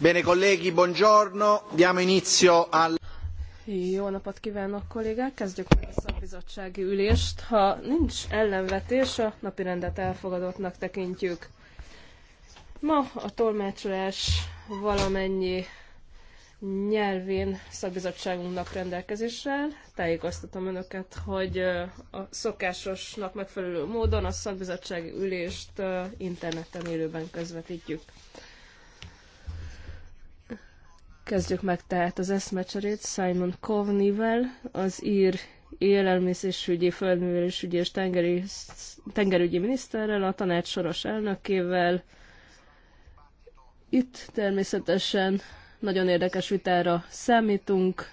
Bene, colleghi, buongiorno. Diamo inizio al... Jó napot kívánok, kollégák! Kezdjük meg a szakbizottsági ülést. Ha nincs ellenvetés, a napi rendet elfogadottnak tekintjük. Ma a tolmácsolás valamennyi nyelvén szakbizottságunknak rendelkezéssel. Tájékoztatom önöket, hogy a szokásosnak megfelelő módon a szakbizottsági ülést interneten élőben közvetítjük. Kezdjük meg tehát az eszmecserét Simon Kovnivel, az ír élelmiszerügyi, földművelésügyi és tengeri, tengerügyi miniszterrel, a tanács soros elnökével. Itt természetesen nagyon érdekes vitára számítunk.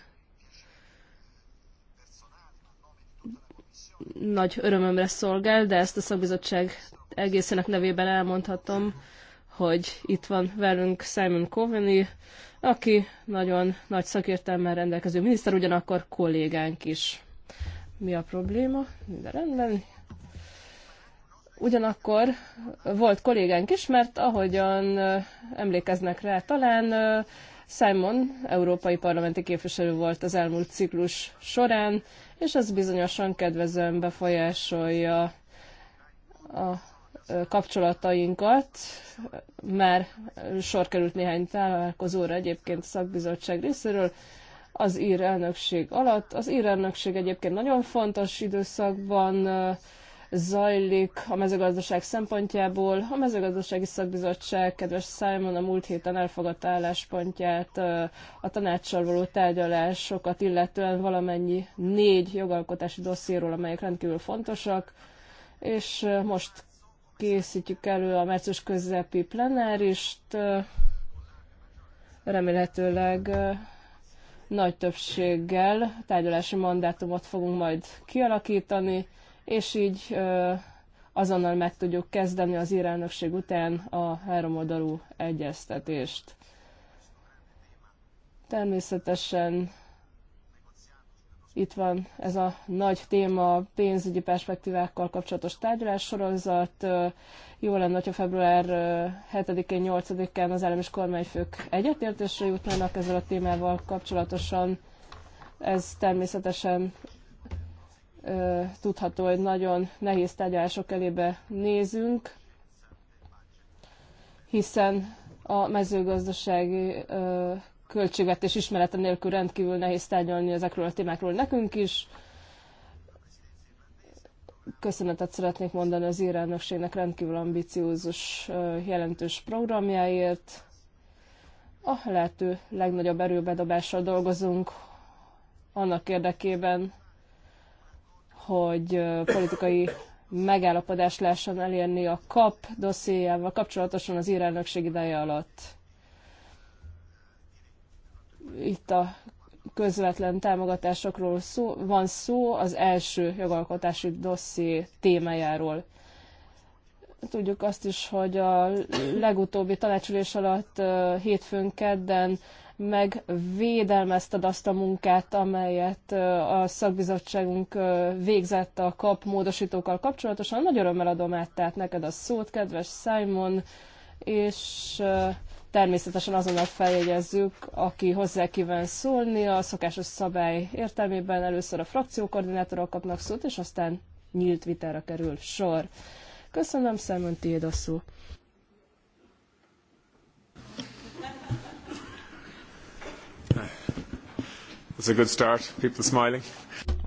Nagy örömömre szolgál, de ezt a szakbizottság egészének nevében elmondhatom, hogy itt van velünk Simon Coveney, aki nagyon nagy szakértelmmel rendelkező miniszter, ugyanakkor kollégánk is. Mi a probléma? Minden rendben. Ugyanakkor volt kollégánk is, mert ahogyan emlékeznek rá talán, Simon európai parlamenti képviselő volt az elmúlt ciklus során, és ez bizonyosan kedvezően befolyásolja a kapcsolatainkat. Már sor került néhány találkozóra egyébként szakbizottság részéről az ír elnökség alatt. Az ír elnökség egyébként nagyon fontos időszakban zajlik a mezőgazdaság szempontjából. A mezőgazdasági szakbizottság, kedves Simon, a múlt héten elfogadta álláspontját a tanácssal való tárgyalásokat, illetően valamennyi négy jogalkotási dosszéről, amelyek rendkívül fontosak, és most készítjük elő a március közepi plenárist. Remélhetőleg nagy többséggel tárgyalási mandátumot fogunk majd kialakítani, és így azonnal meg tudjuk kezdeni az irányokség után a háromoldalú egyeztetést. Természetesen itt van ez a nagy téma pénzügyi perspektívákkal kapcsolatos tárgyalás sorozat. Jó lenne, hogyha február 7-én, 8-án az állam kormányfők egyetértésre jutnának ezzel a témával kapcsolatosan. Ez természetesen tudható, hogy nagyon nehéz tárgyalások elébe nézünk, hiszen a mezőgazdasági költségvetés ismerete nélkül rendkívül nehéz tárgyalni ezekről a témákról nekünk is. Köszönetet szeretnék mondani az írelnökségnek rendkívül ambiciózus, jelentős programjáért. A lehető legnagyobb erőbedobással dolgozunk annak érdekében, hogy politikai megállapodást lehessen elérni a KAP dossziéjával kapcsolatosan az írelnökség ideje alatt itt a közvetlen támogatásokról szó, van szó, az első jogalkotási dosszi témájáról. Tudjuk azt is, hogy a legutóbbi tanácsülés alatt hétfőn kedden megvédelmezted azt a munkát, amelyet a szakbizottságunk végzett a kap módosítókkal kapcsolatosan. Nagy örömmel adom át tehát neked a szót, kedves Simon, és Természetesen azonnal feljegyezzük, aki hozzá kíván szólni. A szokásos szabály értelmében először a frakciókoordinátorok kapnak szót, és aztán nyílt vitára kerül sor. Köszönöm, Simon, tiéd a szó. It's a good start. People smiling.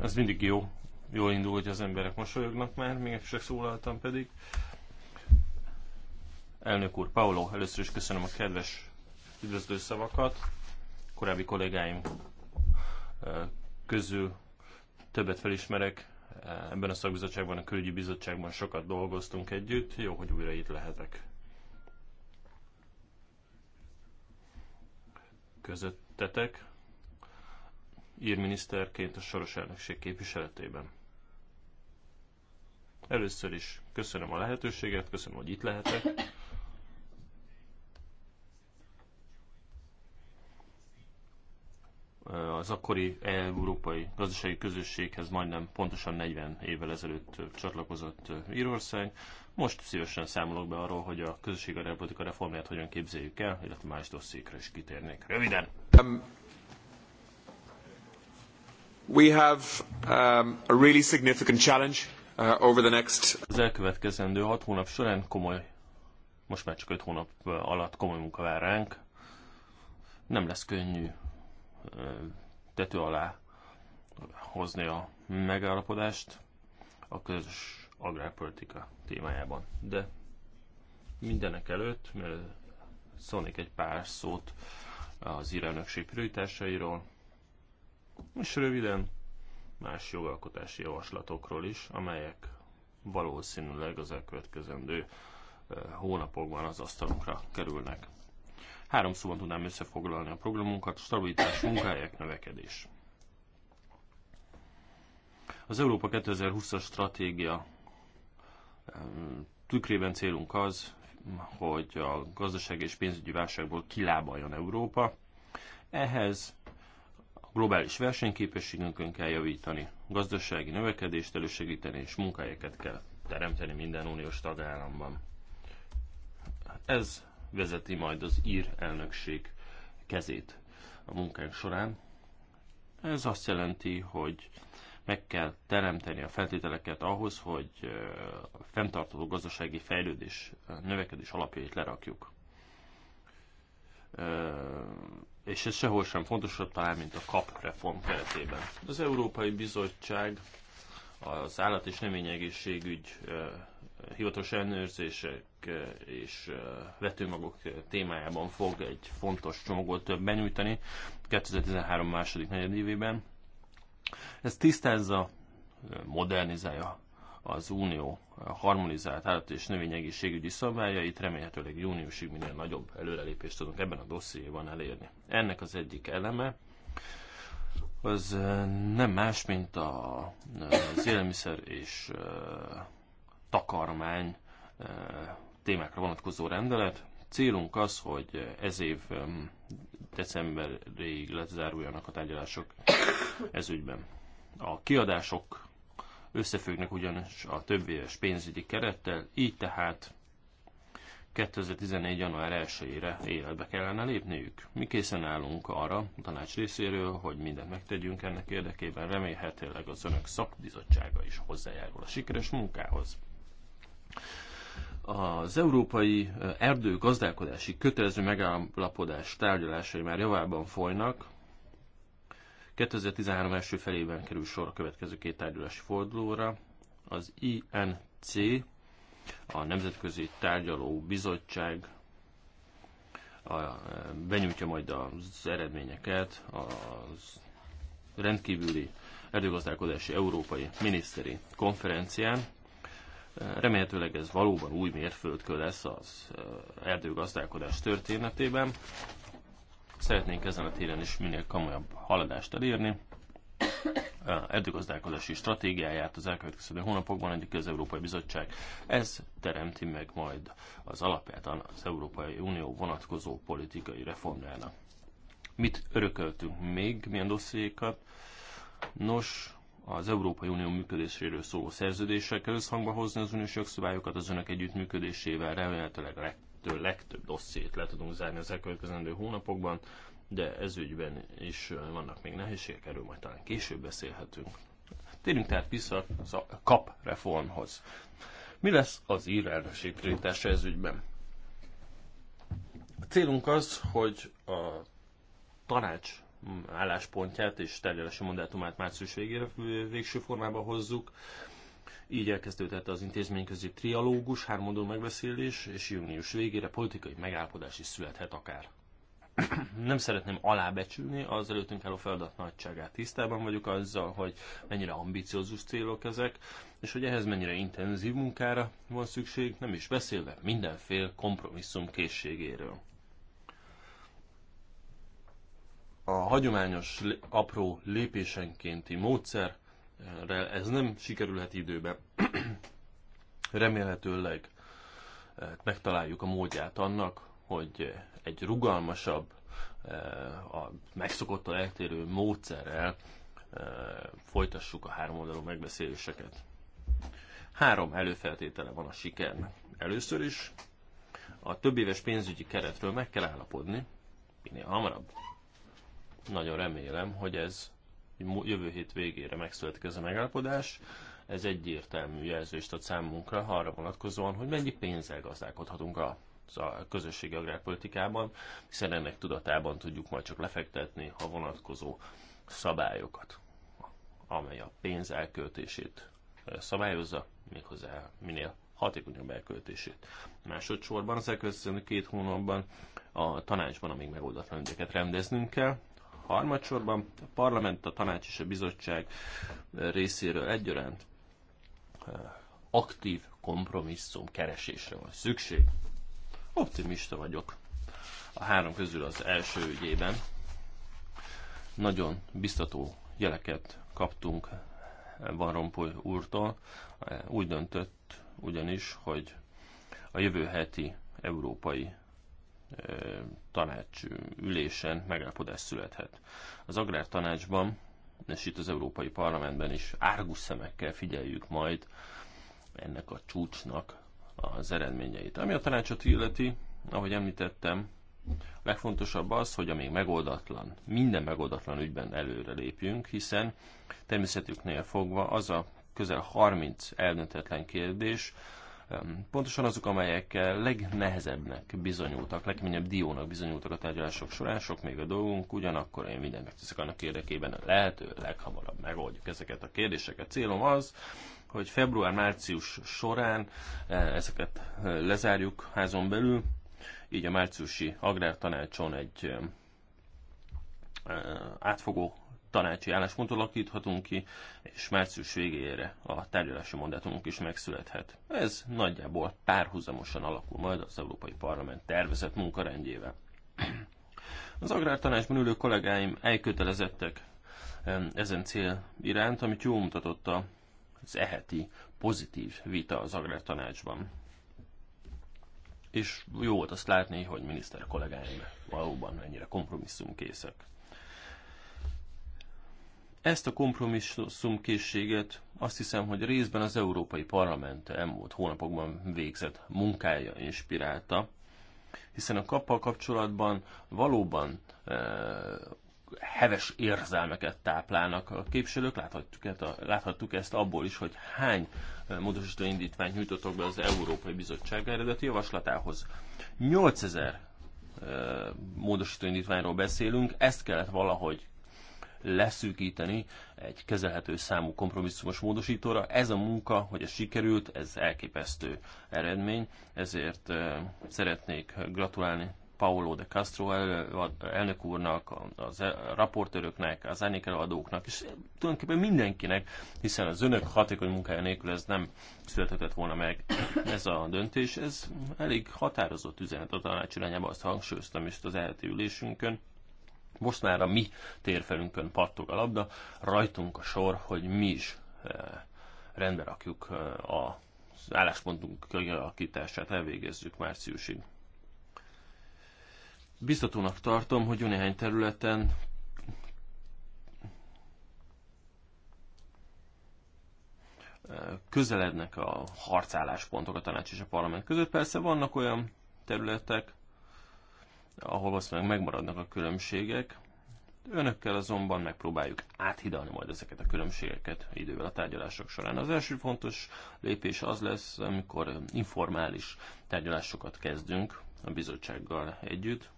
Ez mindig jó. Jól indul, hogy az emberek mosolyognak már, még egyszer szólaltam pedig. Elnök úr, Paulo, először is köszönöm a kedves üdvözlő szavakat. Korábbi kollégáim közül többet felismerek. Ebben a szakbizottságban, a külügyi bizottságban sokat dolgoztunk együtt. Jó, hogy újra itt lehetek. Közöttetek írminiszterként a soros elnökség képviseletében. Először is köszönöm a lehetőséget, köszönöm, hogy itt lehetek. Eh, az akkori európai gazdasági közösséghez majdnem pontosan 40 évvel ezelőtt eh, csatlakozott eh, Írország. Most szívesen számolok be arról, hogy a közösség a reformját hogyan képzeljük el, illetve más dosszékra is kitérnék. Röviden! Um, we have um, a really significant challenge uh, over the next... Az elkövetkezendő hat hónap során komoly, most már csak öt hónap alatt komoly munka vár ránk. Nem lesz könnyű tető alá hozni a megállapodást a közös agrárpolitika témájában. De mindenek előtt, mert szólnék egy pár szót az irányokség prioritásairól, és röviden más jogalkotási javaslatokról is, amelyek valószínűleg az elkövetkezendő hónapokban az asztalunkra kerülnek. Három szóban tudnám összefoglalni a programunkat, stabilitás, munkahelyek, növekedés. Az Európa 2020-as stratégia tükrében célunk az, hogy a gazdaság és pénzügyi válságból kilábaljon Európa. Ehhez a globális versenyképességünkön kell javítani, gazdasági növekedést elősegíteni és munkahelyeket kell teremteni minden uniós tagállamban. Ez vezeti majd az ír elnökség kezét a munkánk során. Ez azt jelenti, hogy meg kell teremteni a feltételeket ahhoz, hogy a fenntartó gazdasági fejlődés, növekedés alapjait lerakjuk. És ez sehol sem fontosabb talán, mint a KAP reform keretében. Az Európai Bizottság az állat és növényegészségügy hivatalos ellenőrzések eh, és eh, vetőmagok eh, témájában fog egy fontos csomagot benyújtani 2013 második negyedévében. Ez tisztázza, modernizálja az Unió harmonizált állat és növényegészségügyi szabályait, remélhetőleg júniusig minél nagyobb előrelépést tudunk ebben a dossziéban elérni. Ennek az egyik eleme az nem más, mint a, az élelmiszer és takarmány témákra vonatkozó rendelet. Célunk az, hogy ez év decemberéig lezáruljanak a tárgyalások ügyben. A kiadások összefüggnek ugyanis a éves pénzügyi kerettel, így tehát 2014. január 1-ére életbe kellene lépniük. Mi készen állunk arra a tanács részéről, hogy mindent megtegyünk ennek érdekében, remélhetőleg az önök szakbizottsága is hozzájárul a sikeres munkához. Az európai eh, erdőgazdálkodási kötelező megállapodás tárgyalásai már javában folynak. 2013 első felében kerül sor a következő két tárgyalási fordulóra. Az INC, a Nemzetközi Tárgyaló Bizottság a, eh, benyújtja majd az eredményeket az rendkívüli erdőgazdálkodási európai miniszteri konferencián, Remélhetőleg ez valóban új mérföldkő lesz az erdőgazdálkodás történetében. Szeretnénk ezen a téren is minél komolyabb haladást elérni. erdőgazdálkodási stratégiáját az elkövetkező hónapokban egyik az Európai Bizottság. Ez teremti meg majd az alapját az Európai Unió vonatkozó politikai reformjának. Mit örököltünk még, milyen dossziékat? Nos, az Európai Unió működéséről szóló szerződésekkel összhangba hozni az uniós jogszabályokat, az önök együttműködésével remélhetőleg legtöbb, legtöbb dossziét le tudunk zárni az elkövetkezendő hónapokban, de ez ügyben is vannak még nehézségek, erről majd talán később beszélhetünk. Térjünk tehát vissza a kap reformhoz. Mi lesz az ír elnökség prioritása ez ügyben? A célunk az, hogy a tanács álláspontját és tárgyalási mandátumát március végére végső formába hozzuk. Így elkezdődhet az intézményközi trialógus, hármondó megbeszélés, és június végére politikai megállapodás is születhet akár. Nem szeretném alábecsülni az előttünk álló feladat nagyságát. Tisztában vagyok azzal, hogy mennyire ambiciózus célok ezek, és hogy ehhez mennyire intenzív munkára van szükség, nem is beszélve mindenfél kompromisszum készségéről. a hagyományos apró lépésenkénti módszerrel ez nem sikerülhet időben. Remélhetőleg eh, megtaláljuk a módját annak, hogy egy rugalmasabb, eh, a megszokottal eltérő módszerrel eh, folytassuk a három oldalú megbeszéléseket. Három előfeltétele van a sikernek. Először is a több éves pénzügyi keretről meg kell állapodni, minél hamarabb. Nagyon remélem, hogy ez jövő hét végére megszületik ez a megállapodás. Ez egyértelmű jelzést ad számunkra arra vonatkozóan, hogy mennyi pénzzel gazdálkodhatunk a a közösségi agrárpolitikában, hiszen ennek tudatában tudjuk majd csak lefektetni a vonatkozó szabályokat, amely a pénz elköltését eh, szabályozza, méghozzá minél hatékonyabb elköltését. Másodszorban az elkövetkező két hónapban a tanácsban, amíg megoldatlan ügyeket rendeznünk kell, Harmadsorban a parlament, a tanács és a bizottság részéről egyaránt aktív kompromisszum keresésre van szükség. Optimista vagyok a három közül az első ügyében. Nagyon biztató jeleket kaptunk Van Rompuy úrtól. Úgy döntött ugyanis, hogy a jövő heti európai tanács ülésen megállapodás születhet. Az agrártanácsban, és itt az Európai Parlamentben is árgus szemekkel figyeljük majd ennek a csúcsnak az eredményeit. Ami a tanácsot illeti, ahogy említettem, a legfontosabb az, hogy a még megoldatlan, minden megoldatlan ügyben előre lépjünk, hiszen természetüknél fogva az a közel 30 elnöntetlen kérdés, Pontosan azok, amelyek legnehezebbnek bizonyultak, legkeményebb diónak bizonyultak a tárgyalások során, sok még a dolgunk, ugyanakkor én mindent megteszek annak érdekében, lehető leghamarabb megoldjuk ezeket a kérdéseket. Célom az, hogy február-március során e, ezeket e, lezárjuk házon belül, így a márciusi agrártanácson egy e, átfogó tanácsi álláspontot alakíthatunk ki, és március végére a tárgyalási mandátumunk is megszülethet. Ez nagyjából párhuzamosan alakul majd az Európai Parlament tervezett munkarendjével. Az Agrártanácsban ülő kollégáim elkötelezettek ezen cél iránt, amit jól mutatott az eheti pozitív vita az Agrártanácsban. És jó volt azt látni, hogy miniszter kollégáim valóban ennyire kompromisszumkészek. Ezt a kompromisszumkészséget azt hiszem, hogy részben az Európai Parlament elmúlt hónapokban végzett munkája inspirálta, hiszen a kappal kapcsolatban valóban e, heves érzelmeket táplálnak a képviselők. Láthatjuk, ezt a, láthattuk ezt abból is, hogy hány e, módosító indítványt nyújtottak be az Európai Bizottság eredeti javaslatához. 8000 e, módosító indítványról beszélünk, ezt kellett valahogy leszűkíteni egy kezelhető számú kompromisszumos módosítóra. Ez a munka, hogy ez sikerült, ez elképesztő eredmény, ezért szeretnék gratulálni Paolo de Castro el, elnök úrnak, az e-, raportőröknek, az árnyékelőadóknak, és tulajdonképpen mindenkinek, hiszen az önök hatékony munkája nélkül ez nem születhetett volna meg ez a döntés. Ez elég határozott üzenet a tanács irányába, azt hangsúlyoztam is az elheti ülésünkön. Most már a mi térfelünkön pattog a labda, rajtunk a sor, hogy mi is eh, rendbe rakjuk eh, az álláspontunk kialakítását, elvégezzük márciusig. Biztatónak tartom, hogy jó néhány területen eh, közelednek a harcálláspontok a tanács és a parlament között. Persze vannak olyan területek, ahol valószínűleg megmaradnak a különbségek. Önökkel azonban megpróbáljuk áthidalni majd ezeket a különbségeket idővel a tárgyalások során. Az első fontos lépés az lesz, amikor informális tárgyalásokat kezdünk a bizottsággal együtt,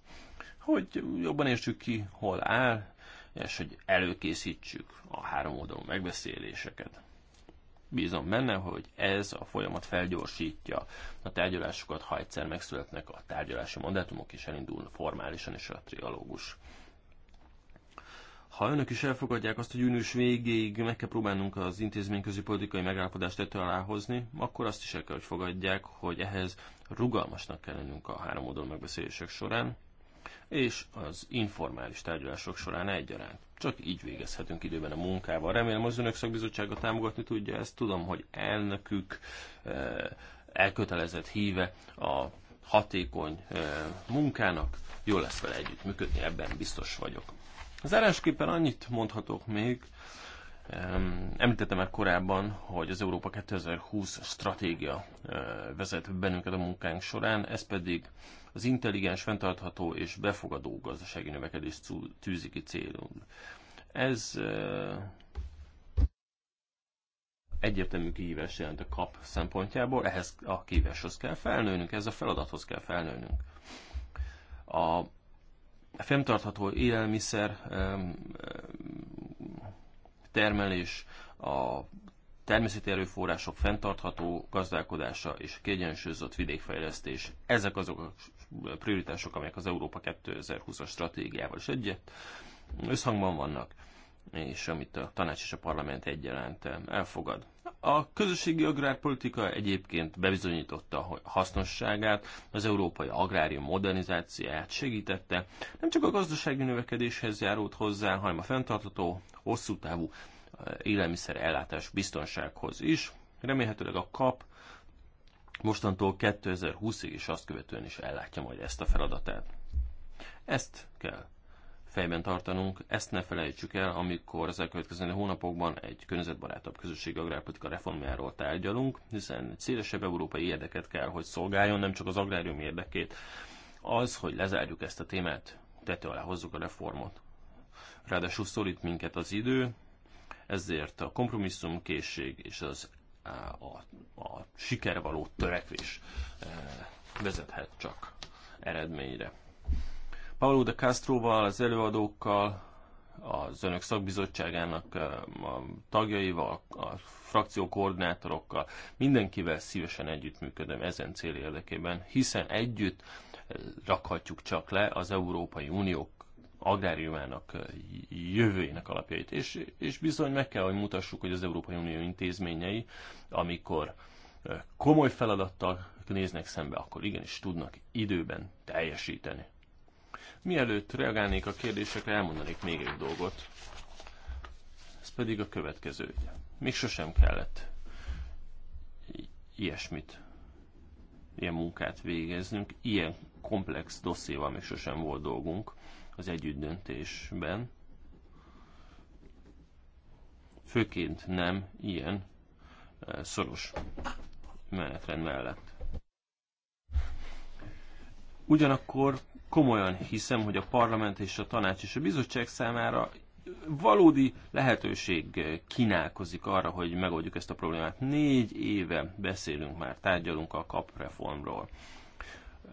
hogy jobban értsük ki, hol áll, és hogy előkészítsük a három oldalú megbeszéléseket. Bízom benne, hogy ez a folyamat felgyorsítja a tárgyalásokat, ha egyszer megszületnek a tárgyalási mandátumok, és elindul formálisan is a trialógus. Ha önök is elfogadják azt, hogy június végéig meg kell próbálnunk az intézményközi politikai megállapodást tető alá hozni, akkor azt is el kell, hogy fogadják, hogy ehhez rugalmasnak kell lennünk a három oldal megbeszélések során, és az informális tárgyalások során egyaránt. Csak így végezhetünk időben a munkával. Remélem az önök szakbizottsága támogatni tudja ezt. Tudom, hogy elnökük eh, elkötelezett híve a hatékony eh, munkának. Jó lesz vele együtt működni ebben biztos vagyok. Zárásképpen annyit mondhatok még, Említettem már korábban, hogy az Európa 2020 stratégia eh, vezet bennünket a munkánk során, ez pedig az intelligens, fenntartható és befogadó gazdasági növekedés tűzi ki célul. Ez eh, egyértelmű kihívás jelent a kap szempontjából, ehhez a kihíváshoz kell felnőnünk, ez a feladathoz kell felnőnünk. A fenntartható élelmiszer termelés, a természeti erőforrások fenntartható gazdálkodása és kiegyensúlyozott vidékfejlesztés, ezek azok prioritások, amelyek az Európa 2020-as stratégiával is egyet összhangban vannak, és amit a tanács és a parlament egyaránt elfogad. A közösségi agrárpolitika egyébként bebizonyította hasznosságát, az európai agrárium modernizációját segítette, nem csak a gazdasági növekedéshez járult hozzá, hanem a fenntartató, hosszú távú eh, élelmiszer ellátás biztonsághoz is. Remélhetőleg a kap mostantól 2020-ig és azt követően is ellátja majd ezt a feladatát. Ezt kell fejben tartanunk, ezt ne felejtsük el, amikor az elkövetkező hónapokban egy környezetbarátabb közösségi agrárpolitika reformjáról tárgyalunk, hiszen egy szélesebb európai érdeket kell, hogy szolgáljon, nem csak az agrárium érdekét. Az, hogy lezárjuk ezt a témát, tető alá hozzuk a reformot. Ráadásul szorít minket az idő, ezért a kompromisszumkészség és az a, a siker való törekvés eh, vezethet csak eredményre. Paulo de Castroval, az előadókkal, az önök szakbizottságának eh, a tagjaival, a frakció koordinátorokkal, mindenkivel szívesen együttműködöm ezen cél érdekében, hiszen együtt eh, rakhatjuk csak le az Európai Unió agráriumának jövőjének alapjait. És, és bizony meg kell, hogy mutassuk, hogy az Európai Unió intézményei, amikor komoly feladattal néznek szembe, akkor igenis tudnak időben teljesíteni. Mielőtt reagálnék a kérdésekre, elmondanék még egy dolgot. Ez pedig a következő. Még sosem kellett ilyesmit, ilyen munkát végeznünk, ilyen komplex dosszéval még sosem volt dolgunk az együttdöntésben. Főként nem ilyen eh, szoros menetrend mellett. Ugyanakkor komolyan hiszem, hogy a parlament és a tanács és a bizottság számára valódi lehetőség kínálkozik arra, hogy megoldjuk ezt a problémát. Négy éve beszélünk már, tárgyalunk a kapreformról. reformról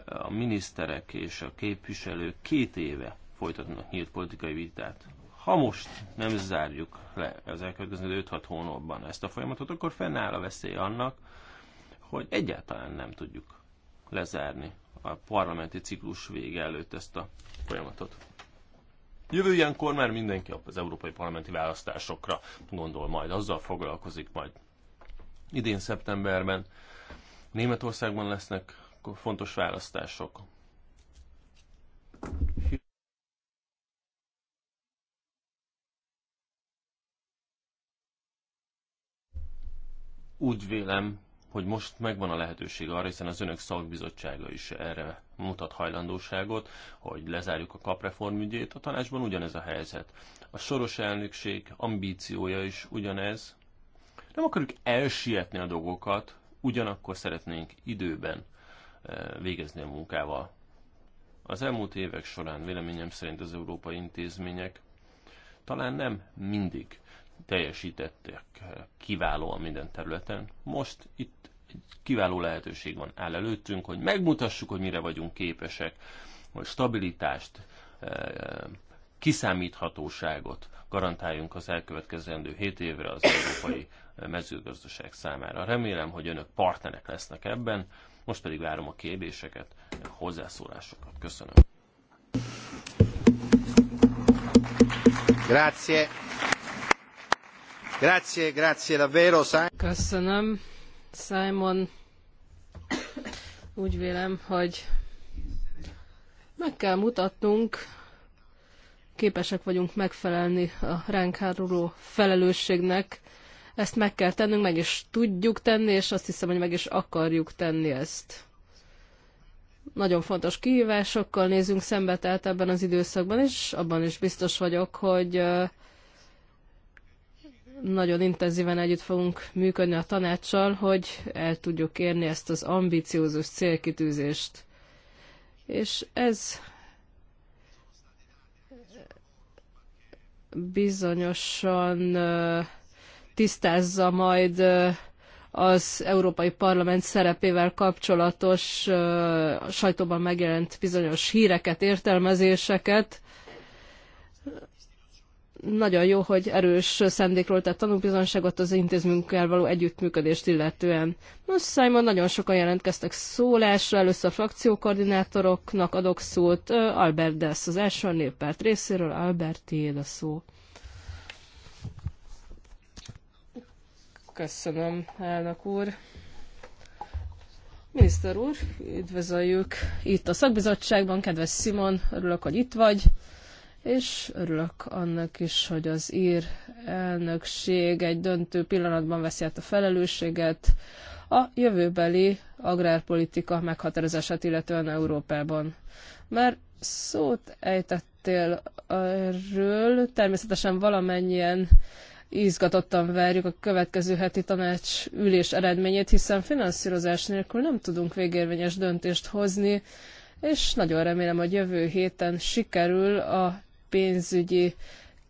a miniszterek és a képviselők két éve folytatnak nyílt politikai vitát. Ha most nem zárjuk le az elkövetkező 5-6 hónapban ezt a folyamatot, akkor fennáll a veszély annak, hogy egyáltalán nem tudjuk lezárni a parlamenti ciklus vége előtt ezt a folyamatot. Jövő ilyenkor már mindenki az európai parlamenti választásokra gondol majd, azzal foglalkozik majd. Idén szeptemberben Németországban lesznek fontos választások. Úgy vélem, hogy most megvan a lehetőség arra, hiszen az önök szakbizottsága is erre mutat hajlandóságot, hogy lezárjuk a kapreform ügyét. A tanácsban ugyanez a helyzet. A soros elnökség ambíciója is ugyanez. Nem akarjuk elsietni a dolgokat, ugyanakkor szeretnénk időben Eh, végezni a munkával. Az elmúlt évek során véleményem szerint az európai intézmények talán nem mindig teljesítettek eh, kiválóan minden területen. Most itt egy kiváló lehetőség van áll előttünk, hogy megmutassuk, hogy mire vagyunk képesek, hogy stabilitást, eh, kiszámíthatóságot garantáljunk az elkövetkezendő 7 évre az európai mezőgazdaság számára. Remélem, hogy önök partnerek lesznek ebben, most pedig várom a kérdéseket, a hozzászólásokat. Köszönöm. Grazie. Grazie, grazie davvero, Simon. Köszönöm, Simon. Úgy vélem, hogy meg kell mutatnunk, képesek vagyunk megfelelni a ránk háruló felelősségnek, ezt meg kell tennünk, meg is tudjuk tenni, és azt hiszem, hogy meg is akarjuk tenni ezt. Nagyon fontos kihívásokkal nézünk szembe, tehát ebben az időszakban is, abban is biztos vagyok, hogy nagyon intenzíven együtt fogunk működni a tanácssal, hogy el tudjuk érni ezt az ambiciózus célkitűzést. És ez bizonyosan tisztázza majd az Európai Parlament szerepével kapcsolatos a sajtóban megjelent bizonyos híreket, értelmezéseket. Nagyon jó, hogy erős szendékról tett tanúbizonságot az intézményünkkel való együttműködést illetően. Nos, Simon, nagyon sokan jelentkeztek szólásra, először a frakciókoordinátoroknak adok szót. Albert Dess az első néppárt részéről, Albert tiéd a szó. Köszönöm, elnök úr. Miniszter úr, üdvözöljük itt a szakbizottságban. Kedves Simon, örülök, hogy itt vagy, és örülök annak is, hogy az ír elnökség egy döntő pillanatban veszi át a felelősséget a jövőbeli agrárpolitika meghatározását illetően Európában. Mert szót ejtettél erről, természetesen valamennyien izgatottan várjuk a következő heti tanács ülés eredményét, hiszen finanszírozás nélkül nem tudunk végérvényes döntést hozni, és nagyon remélem, hogy jövő héten sikerül a pénzügyi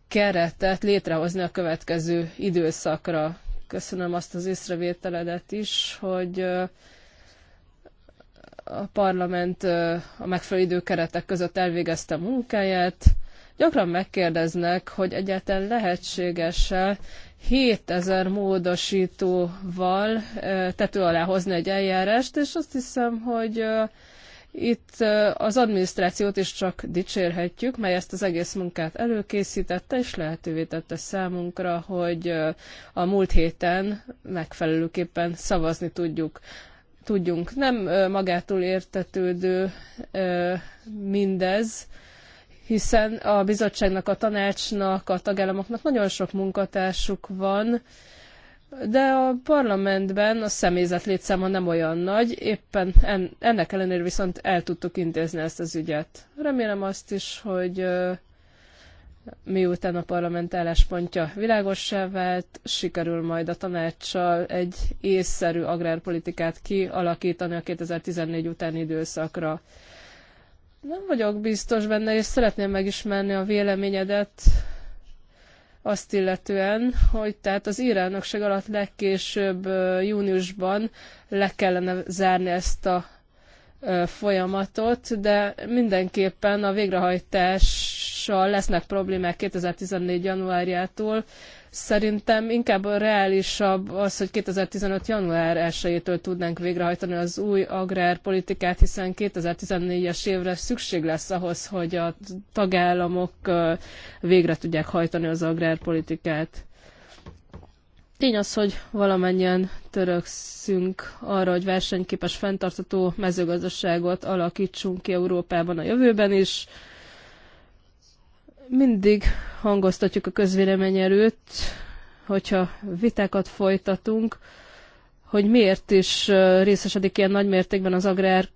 keretet létrehozni a következő időszakra. Köszönöm azt az észrevételedet is, hogy a parlament a megfelelő időkeretek között elvégezte munkáját, Gyakran megkérdeznek, hogy egyáltalán lehetséges-e 7000 módosítóval tető alá hozni egy eljárást, és azt hiszem, hogy itt az adminisztrációt is csak dicsérhetjük, mely ezt az egész munkát előkészítette, és lehetővé tette számunkra, hogy a múlt héten megfelelőképpen szavazni tudjuk. Tudjunk. Nem magától értetődő mindez, hiszen a bizottságnak, a tanácsnak, a tagállamoknak nagyon sok munkatársuk van, de a parlamentben a személyzet létszáma nem olyan nagy, éppen ennek ellenére viszont el tudtuk intézni ezt az ügyet. Remélem azt is, hogy miután a parlament álláspontja világossá vált, sikerül majd a tanácssal egy észszerű agrárpolitikát kialakítani a 2014 utáni időszakra. Nem vagyok biztos benne, és szeretném megismerni a véleményedet azt illetően, hogy tehát az írelnökség alatt legkésőbb júniusban le kellene zárni ezt a folyamatot, de mindenképpen a végrehajtással lesznek problémák 2014. januárjától, Szerintem inkább reálisabb az, hogy 2015. január 1-től tudnánk végrehajtani az új agrárpolitikát, hiszen 2014-es évre szükség lesz ahhoz, hogy a tagállamok végre tudják hajtani az agrárpolitikát. Tény az, hogy valamennyien törökszünk arra, hogy versenyképes, fenntartató mezőgazdaságot alakítsunk ki Európában a jövőben is mindig hangoztatjuk a közvélemény előtt, hogyha vitákat folytatunk, hogy miért is részesedik ilyen nagy mértékben az agrár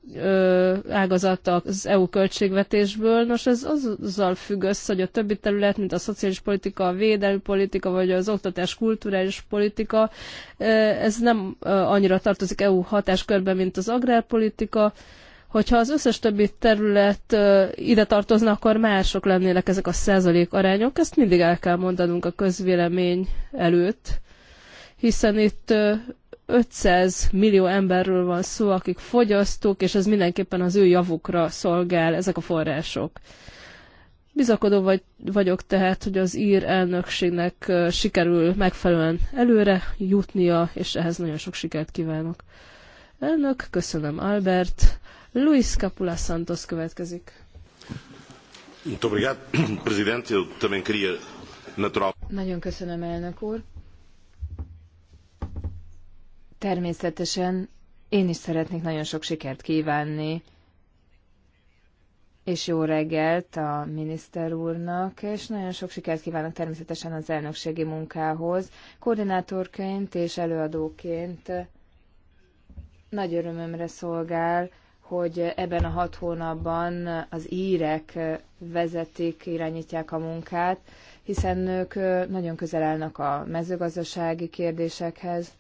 ágazat az EU költségvetésből. Nos, ez azzal függ össze, hogy a többi terület, mint a szociális politika, a védelmi politika, vagy az oktatás kulturális politika, ez nem annyira tartozik EU hatáskörbe, mint az agrárpolitika. politika Hogyha az összes többi terület ide tartozna, akkor mások lennének ezek a százalék arányok. Ezt mindig el kell mondanunk a közvélemény előtt, hiszen itt 500 millió emberről van szó, akik fogyasztók, és ez mindenképpen az ő javukra szolgál ezek a források. Bizakodó vagy, vagyok tehát, hogy az ír elnökségnek sikerül megfelelően előre jutnia, és ehhez nagyon sok sikert kívánok. Elnök, köszönöm Albert. Luis Capula Santos következik. Muito obrigado, Presidente. Eu também queria natural... Nagyon köszönöm, elnök úr. Természetesen én is szeretnék nagyon sok sikert kívánni, és jó reggelt a miniszter úrnak, és nagyon sok sikert kívánok természetesen az elnökségi munkához. Koordinátorként és előadóként nagy örömömre szolgál, hogy ebben a hat hónapban az írek vezetik, irányítják a munkát, hiszen ők nagyon közel állnak a mezőgazdasági kérdésekhez.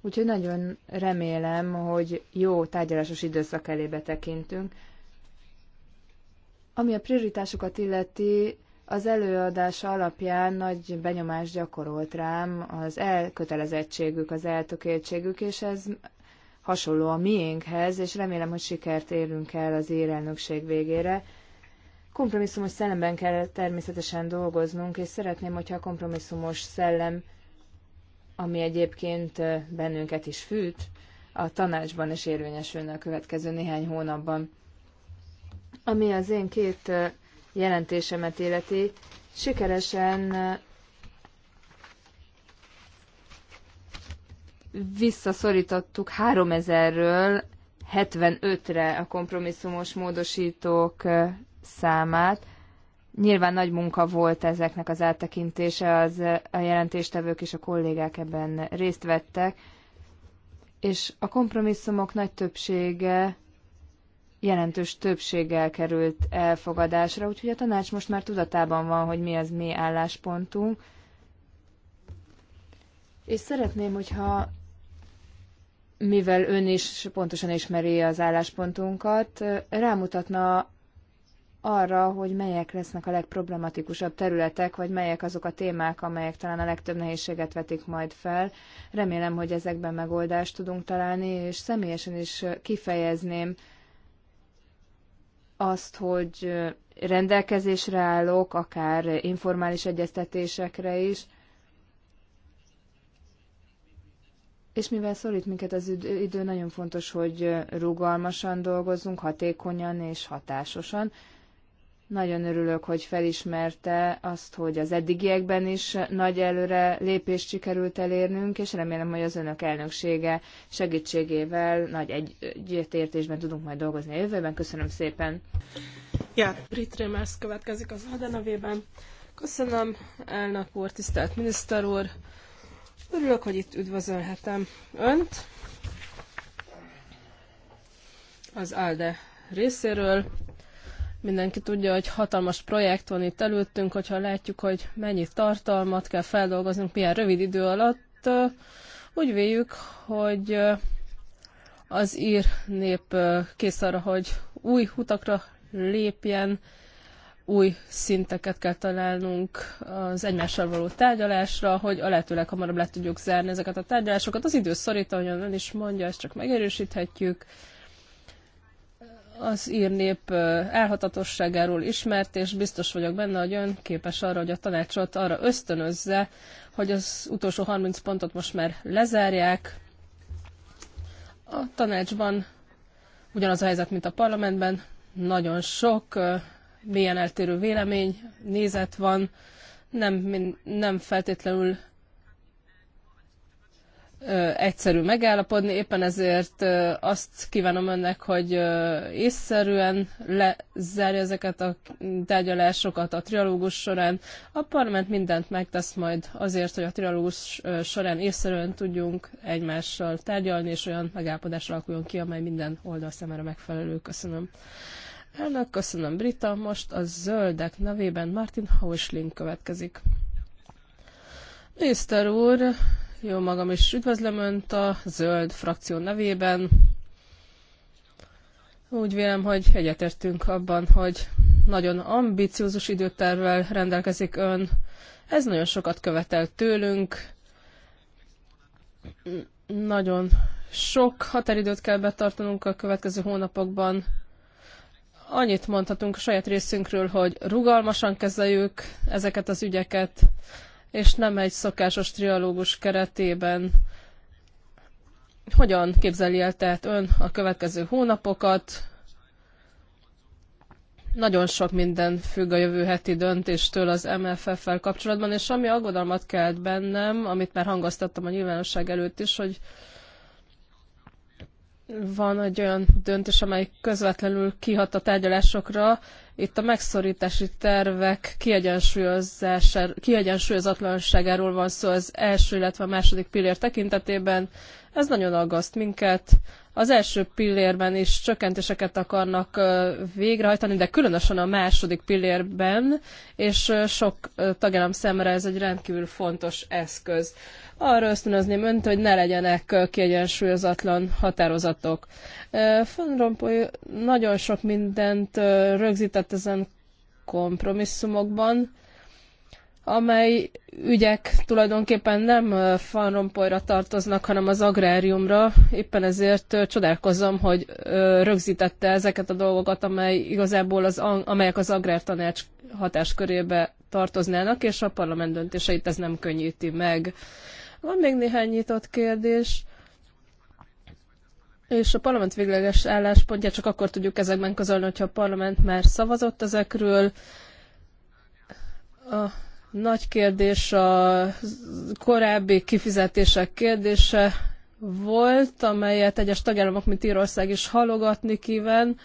Úgyhogy nagyon remélem, hogy jó tárgyalásos időszak elébe tekintünk. Ami a prioritásokat illeti, az előadása alapján nagy benyomást gyakorolt rám az elkötelezettségük, az eltökéltségük, és ez hasonló a miénkhez, és remélem, hogy sikert érünk el az érelnökség végére. Kompromisszumos szellemben kell természetesen dolgoznunk, és szeretném, hogyha a kompromisszumos szellem, ami egyébként bennünket is fűt, a tanácsban is érvényesülne a következő néhány hónapban. Ami az én két jelentésemet életi, sikeresen visszaszorítottuk 3000-ről 75-re a kompromisszumos módosítók számát. Nyilván nagy munka volt ezeknek az áttekintése, az a jelentéstevők és a kollégák ebben részt vettek, és a kompromisszumok nagy többsége jelentős többséggel került elfogadásra, úgyhogy a tanács most már tudatában van, hogy mi az mi álláspontunk. És szeretném, hogyha mivel ön is pontosan ismeri az álláspontunkat, rámutatna arra, hogy melyek lesznek a legproblematikusabb területek, vagy melyek azok a témák, amelyek talán a legtöbb nehézséget vetik majd fel. Remélem, hogy ezekben megoldást tudunk találni, és személyesen is kifejezném azt, hogy rendelkezésre állok, akár informális egyeztetésekre is, És mivel szorít minket az idő, nagyon fontos, hogy rugalmasan dolgozzunk, hatékonyan és hatásosan. Nagyon örülök, hogy felismerte azt, hogy az eddigiekben is nagy előre lépést sikerült elérnünk, és remélem, hogy az önök elnöksége segítségével nagy egy egyetértésben tudunk majd dolgozni a jövőben. Köszönöm szépen! Ja, Brit következik az adenavében. Köszönöm, elnök úr, tisztelt miniszter úr! Örülök, hogy itt üdvözölhetem Önt az ALDE részéről. Mindenki tudja, hogy hatalmas projekt van itt előttünk, hogyha látjuk, hogy mennyi tartalmat kell feldolgoznunk, milyen rövid idő alatt, úgy véljük, hogy az ír nép kész arra, hogy új utakra lépjen, új szinteket kell találnunk az egymással való tárgyalásra, hogy a lehetőleg hamarabb le tudjuk zárni ezeket a tárgyalásokat. Az idő szorít, ahogyan ön is mondja, ezt csak megerősíthetjük. Az írnép elhatatosságáról ismert, és biztos vagyok benne, hogy ön képes arra, hogy a tanácsot arra ösztönözze, hogy az utolsó 30 pontot most már lezárják. A tanácsban ugyanaz a helyzet, mint a parlamentben, nagyon sok mélyen eltérő vélemény, nézet van, nem, nem feltétlenül egyszerű megállapodni, éppen ezért azt kívánom önnek, hogy észszerűen lezárja ezeket a tárgyalásokat a trialógus során. A parlament mindent megtesz majd azért, hogy a trialógus során észszerűen tudjunk egymással tárgyalni, és olyan megállapodás alakuljon ki, amely minden oldal számára megfelelő. Köszönöm. Elnök, köszönöm Brita, most a zöldek nevében Martin Hausling következik. Miniszter úr, jó magam is üdvözlöm Önt a zöld frakció nevében. Úgy vélem, hogy egyetértünk abban, hogy nagyon ambiciózus időtervvel rendelkezik Ön. Ez nagyon sokat követel tőlünk. Nagyon sok határidőt kell betartanunk a következő hónapokban Annyit mondhatunk a saját részünkről, hogy rugalmasan kezeljük ezeket az ügyeket, és nem egy szokásos trialógus keretében. Hogyan képzeli el tehát ön a következő hónapokat? Nagyon sok minden függ a jövő heti döntéstől az MFF-fel kapcsolatban, és ami aggodalmat kelt bennem, amit már hangoztattam a nyilvánosság előtt is, hogy van egy olyan döntés, amely közvetlenül kihat a tárgyalásokra. Itt a megszorítási tervek kiegyensúlyozatlanságáról van szó az első, illetve a második pillér tekintetében. Ez nagyon aggaszt minket. Az első pillérben is csökkentéseket akarnak végrehajtani, de különösen a második pillérben, és sok tagállam szemre ez egy rendkívül fontos eszköz. Arra ösztönözném önt, hogy ne legyenek kiegyensúlyozatlan határozatok. Fön Rompuy nagyon sok mindent rögzített ezen kompromisszumokban, amely ügyek tulajdonképpen nem Van Rompuyra tartoznak, hanem az agráriumra. Éppen ezért csodálkozom, hogy rögzítette ezeket a dolgokat, amely igazából az, amelyek az agrártanács hatáskörébe tartoznának, és a parlament döntéseit ez nem könnyíti meg. Van még néhány nyitott kérdés. És a parlament végleges álláspontját csak akkor tudjuk ezekben közölni, hogyha a parlament már szavazott ezekről. A nagy kérdés a korábbi kifizetések kérdése volt, amelyet egyes tagállamok, mint Írország is halogatni kíván.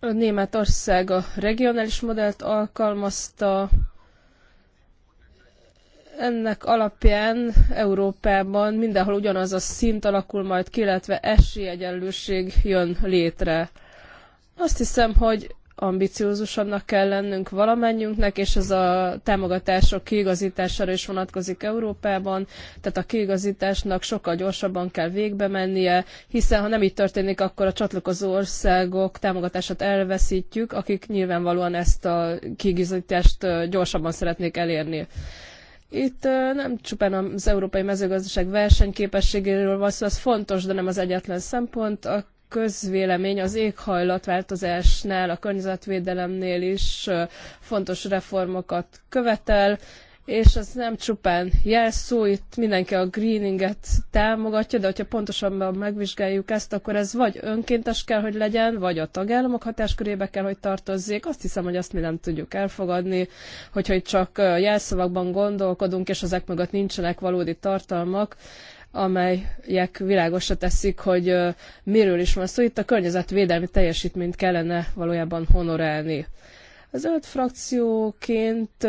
Németország a regionális modellt alkalmazta. Ennek alapján Európában mindenhol ugyanaz a szint alakul majd ki, illetve esélyegyenlőség jön létre. Azt hiszem, hogy ambiciózusabbnak kell lennünk valamennyünknek, és ez a támogatások kiigazítására is vonatkozik Európában, tehát a kiigazításnak sokkal gyorsabban kell végbe mennie, hiszen ha nem így történik, akkor a csatlakozó országok támogatását elveszítjük, akik nyilvánvalóan ezt a kiigazítást gyorsabban szeretnék elérni. Itt nem csupán az európai mezőgazdaság versenyképességéről van szó, ez fontos, de nem az egyetlen szempont. A közvélemény az éghajlatváltozásnál, a környezetvédelemnél is fontos reformokat követel, és ez nem csupán jelszó, itt mindenki a greeninget támogatja, de hogyha pontosabban megvizsgáljuk ezt, akkor ez vagy önkéntes kell, hogy legyen, vagy a tagállamok hatáskörébe kell, hogy tartozzék. Azt hiszem, hogy azt mi nem tudjuk elfogadni, hogyha itt csak jelszavakban gondolkodunk, és ezek mögött nincsenek valódi tartalmak, amelyek világosra teszik, hogy miről is van szó. Itt a környezetvédelmi teljesítményt kellene valójában honorálni. Az öt frakcióként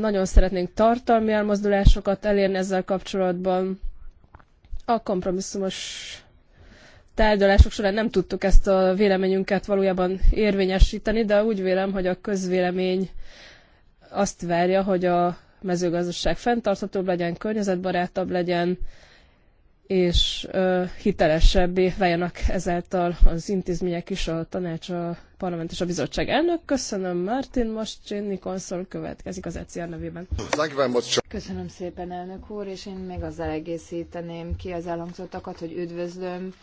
nagyon szeretnénk tartalmi elmozdulásokat elérni ezzel kapcsolatban. A kompromisszumos tárgyalások során nem tudtuk ezt a véleményünket valójában érvényesíteni, de úgy vélem, hogy a közvélemény azt várja, hogy a mezőgazdaság fenntarthatóbb legyen, környezetbarátabb legyen, és hitelesebbé váljanak ezáltal az intézmények is, a tanács, a parlament és a bizottság elnök. Köszönöm, Martin, most Jenny Konszol következik az ECR nevében. Köszönöm szépen, elnök úr, és én még azzal egészíteném ki az elhangzottakat, hogy üdvözlöm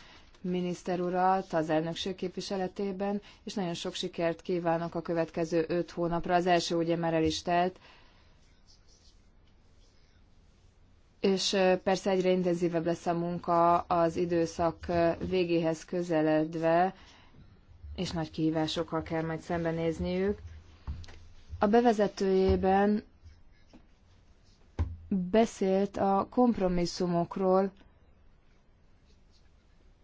miniszter urat az elnökség képviseletében, és nagyon sok sikert kívánok a következő öt hónapra. Az első ugye már el is telt, és persze egyre intenzívebb lesz a munka az időszak végéhez közeledve, és nagy kihívásokkal kell majd szembenézniük. A bevezetőjében beszélt a kompromisszumokról,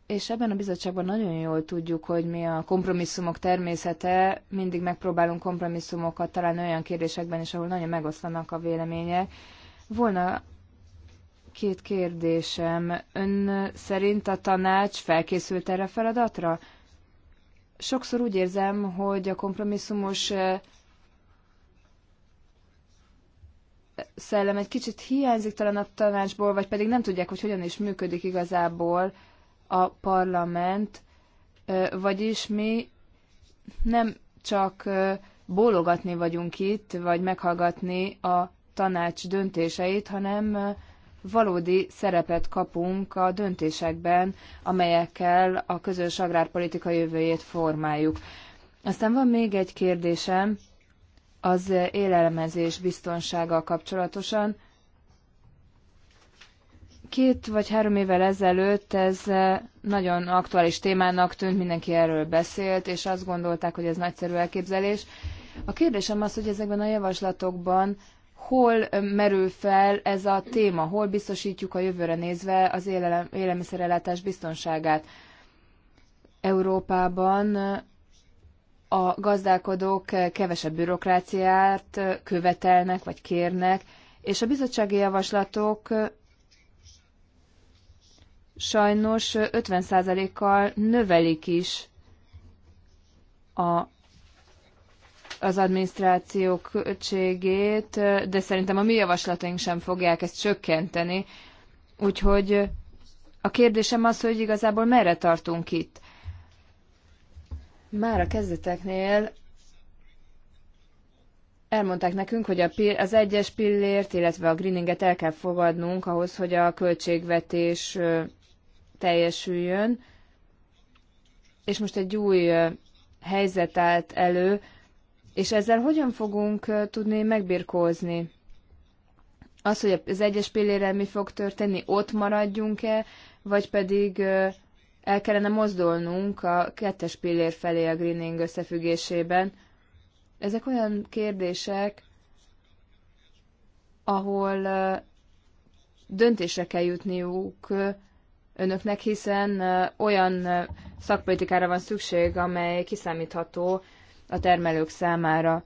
és ebben a bizottságban nagyon jól tudjuk, hogy mi a kompromisszumok természete, mindig megpróbálunk kompromisszumokat találni olyan kérdésekben is, ahol nagyon megoszlanak a vélemények. Volna Két kérdésem. Ön szerint a tanács felkészült erre a feladatra? Sokszor úgy érzem, hogy a kompromisszumos eh, szellem egy kicsit hiányzik talán a tanácsból, vagy pedig nem tudják, hogy hogyan is működik igazából a parlament, eh, vagyis mi nem csak eh, bólogatni vagyunk itt, vagy meghallgatni a tanács döntéseit, hanem valódi szerepet kapunk a döntésekben, amelyekkel a közös agrárpolitika jövőjét formáljuk. Aztán van még egy kérdésem az élelmezés biztonsággal kapcsolatosan. Két vagy három évvel ezelőtt ez eh, nagyon aktuális témának tűnt, mindenki erről beszélt, és azt gondolták, hogy ez nagyszerű elképzelés. A kérdésem az, hogy ezekben a javaslatokban hol merül fel ez a téma, hol biztosítjuk a jövőre nézve az élelem, élelmiszerellátás biztonságát. Európában a gazdálkodók kevesebb bürokráciát követelnek vagy kérnek, és a bizottsági javaslatok sajnos 50%-kal növelik is a az adminisztráció költségét, de szerintem a mi javaslataink sem fogják ezt csökkenteni. Úgyhogy a kérdésem az, hogy igazából merre tartunk itt. Már a kezdeteknél elmondták nekünk, hogy az egyes pillért, illetve a greeninget el kell fogadnunk ahhoz, hogy a költségvetés teljesüljön. És most egy új helyzet állt elő, és ezzel hogyan fogunk tudni megbirkózni? Az, hogy az egyes pillérrel mi fog történni, ott maradjunk-e, vagy pedig el kellene mozdulnunk a kettes pillér felé a greening összefüggésében. Ezek olyan kérdések, ahol döntésre kell jutniuk önöknek, hiszen olyan szakpolitikára van szükség, amely kiszámítható a termelők számára.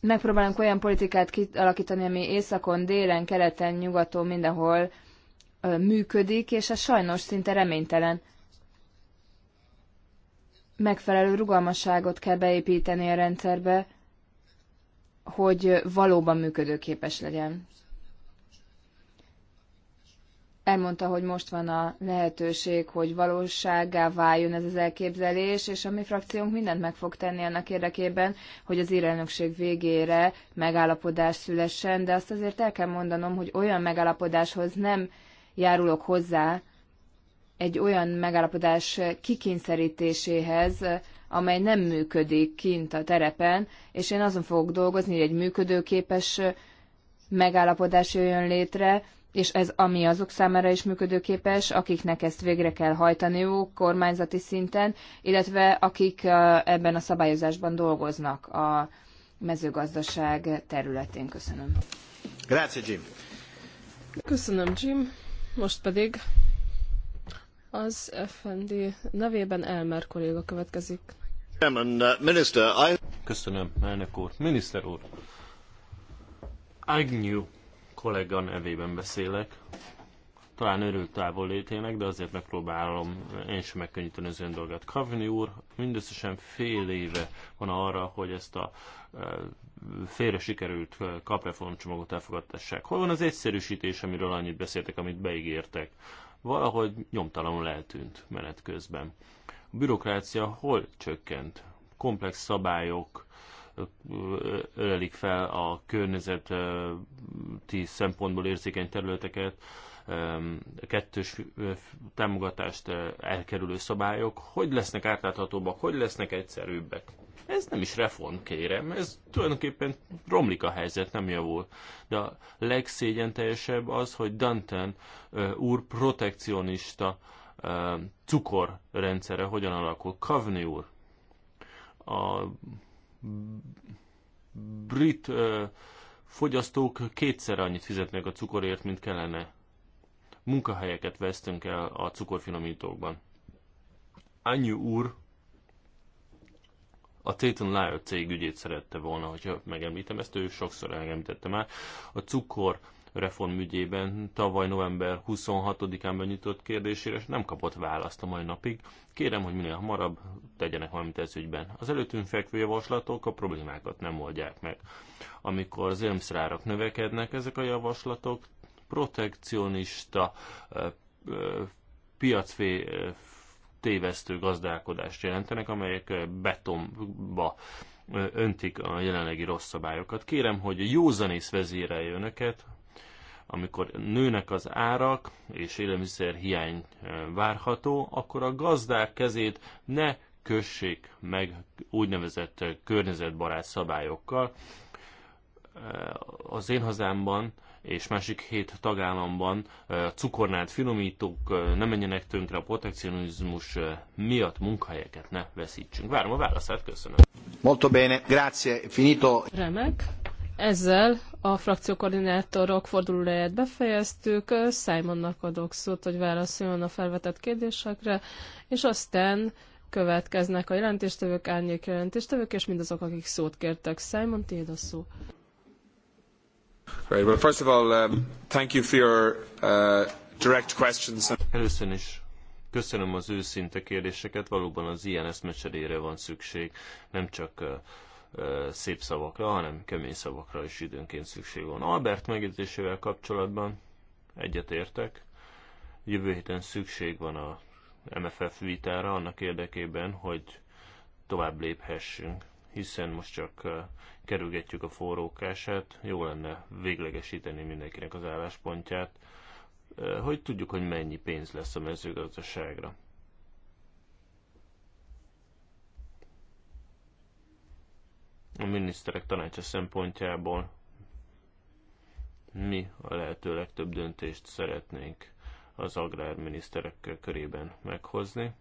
Megpróbálunk olyan politikát kialakítani, ami északon, délen, keleten, nyugaton, mindenhol működik, és ez sajnos szinte reménytelen. Megfelelő rugalmasságot kell beépíteni a rendszerbe, hogy valóban működőképes legyen elmondta, hogy most van a lehetőség, hogy valósággá váljon ez az elképzelés, és a mi frakciónk mindent meg fog tenni annak érdekében, hogy az irelnökség végére megállapodás szülessen, de azt azért el kell mondanom, hogy olyan megállapodáshoz nem járulok hozzá, egy olyan megállapodás kikényszerítéséhez, amely nem működik kint a terepen, és én azon fogok dolgozni, hogy egy működőképes megállapodás jöjjön létre, és ez ami azok számára is működőképes, akiknek ezt végre kell hajtaniuk kormányzati szinten, illetve akik ebben a szabályozásban dolgoznak a mezőgazdaság területén. Köszönöm. Grazie, Jim. Köszönöm, Jim. Most pedig az FND nevében Elmer kolléga következik. Uh, Köszönöm, elnök úr. Miniszter úr, Agnew kollega nevében beszélek. Talán örült távol létének, de azért megpróbálom én sem megkönnyíteni az ön dolgát. Kavni úr mindösszesen fél éve van arra, hogy ezt a e, félre sikerült e, kapreformcsomagot elfogadtassák. Hol van az egyszerűsítés, amiről annyit beszéltek, amit beígértek? Valahogy nyomtalanul eltűnt menet közben. A bürokrácia hol csökkent? Komplex szabályok, ölelik fel a környezeti szempontból érzékeny területeket, kettős támogatást elkerülő szabályok, hogy lesznek átláthatóbbak, hogy lesznek egyszerűbbek. Ez nem is reform, kérem, ez tulajdonképpen romlik a helyzet, nem javul. De a legszégyen teljesebb az, hogy Danten úr protekcionista cukorrendszere hogyan alakul. Kavni úr, a brit fogyasztók kétszer annyit fizetnek a cukorért, mint kellene. Munkahelyeket vesztünk el a cukorfinomítókban. Anyu úr a Tatum Lyle cég ügyét szerette volna, hogyha megemlítem ezt, ő sokszor elemítette már. A cukor reformügyében tavaly november 26-án benyitott kérdésére, és nem kapott választ a mai napig. Kérem, hogy minél hamarabb tegyenek valamit ez ügyben. Az előttünk fekvő javaslatok a problémákat nem oldják meg. Amikor az élmszerárak növekednek, ezek a javaslatok protekcionista piacfé tévesztő gazdálkodást jelentenek, amelyek betonba öntik a jelenlegi rossz szabályokat. Kérem, hogy józanész vezérelje önöket, amikor nőnek az árak és élelmiszer hiány várható, akkor a gazdák kezét ne kössék meg úgynevezett környezetbarát szabályokkal. Az én hazámban és másik hét tagállamban cukornát finomítók ne menjenek tönkre a protekcionizmus miatt munkahelyeket ne veszítsünk. Várom a válaszát, köszönöm. Molto bene, grazie, finito. Remek, ezzel a frakciókoordinátorok fordulóját befejeztük. Simonnak adok szót, hogy válaszoljon a felvetett kérdésekre, és aztán következnek a jelentéstevők, árnyék jelentéstevők, és mindazok, akik szót kértek. Simon, tiéd a szó. Right, well, first of all, um, thank you for your uh, direct questions. Először is köszönöm az őszinte kérdéseket, valóban az ilyen eszmecserére van szükség, nem csak uh, szép szavakra, hanem kemény szavakra is időnként szükség van. Albert megjegyzésével kapcsolatban egyetértek. Jövő héten szükség van a MFF vitára annak érdekében, hogy tovább léphessünk, hiszen most csak kerülgetjük a forrókását, jó lenne véglegesíteni mindenkinek az álláspontját, hogy tudjuk, hogy mennyi pénz lesz a mezőgazdaságra. a miniszterek tanácsa szempontjából mi a lehető legtöbb döntést szeretnénk az agrárminiszterek körében meghozni.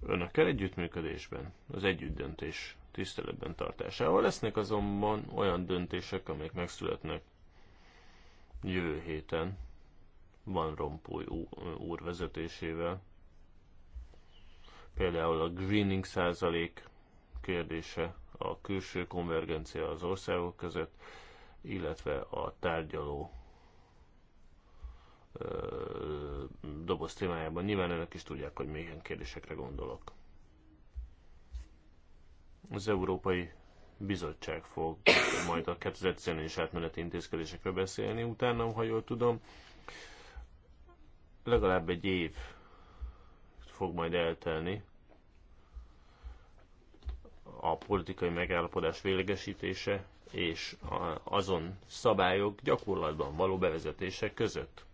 Önökkel együttműködésben, az együttdöntés tiszteletben tartásával lesznek azonban olyan döntések, amelyek megszületnek jövő héten Van Rompuy úr vezetésével. Például a greening százalék kérdése, a külső konvergencia az országok között, illetve a tárgyaló doboz témájában. Nyilván önök is tudják, hogy milyen kérdésekre gondolok. Az Európai Bizottság fog majd a 2014-es átmeneti intézkedésekről beszélni, utána, ha jól tudom, legalább egy év fog majd eltelni a politikai megállapodás vélegesítése és azon szabályok gyakorlatban való bevezetése között.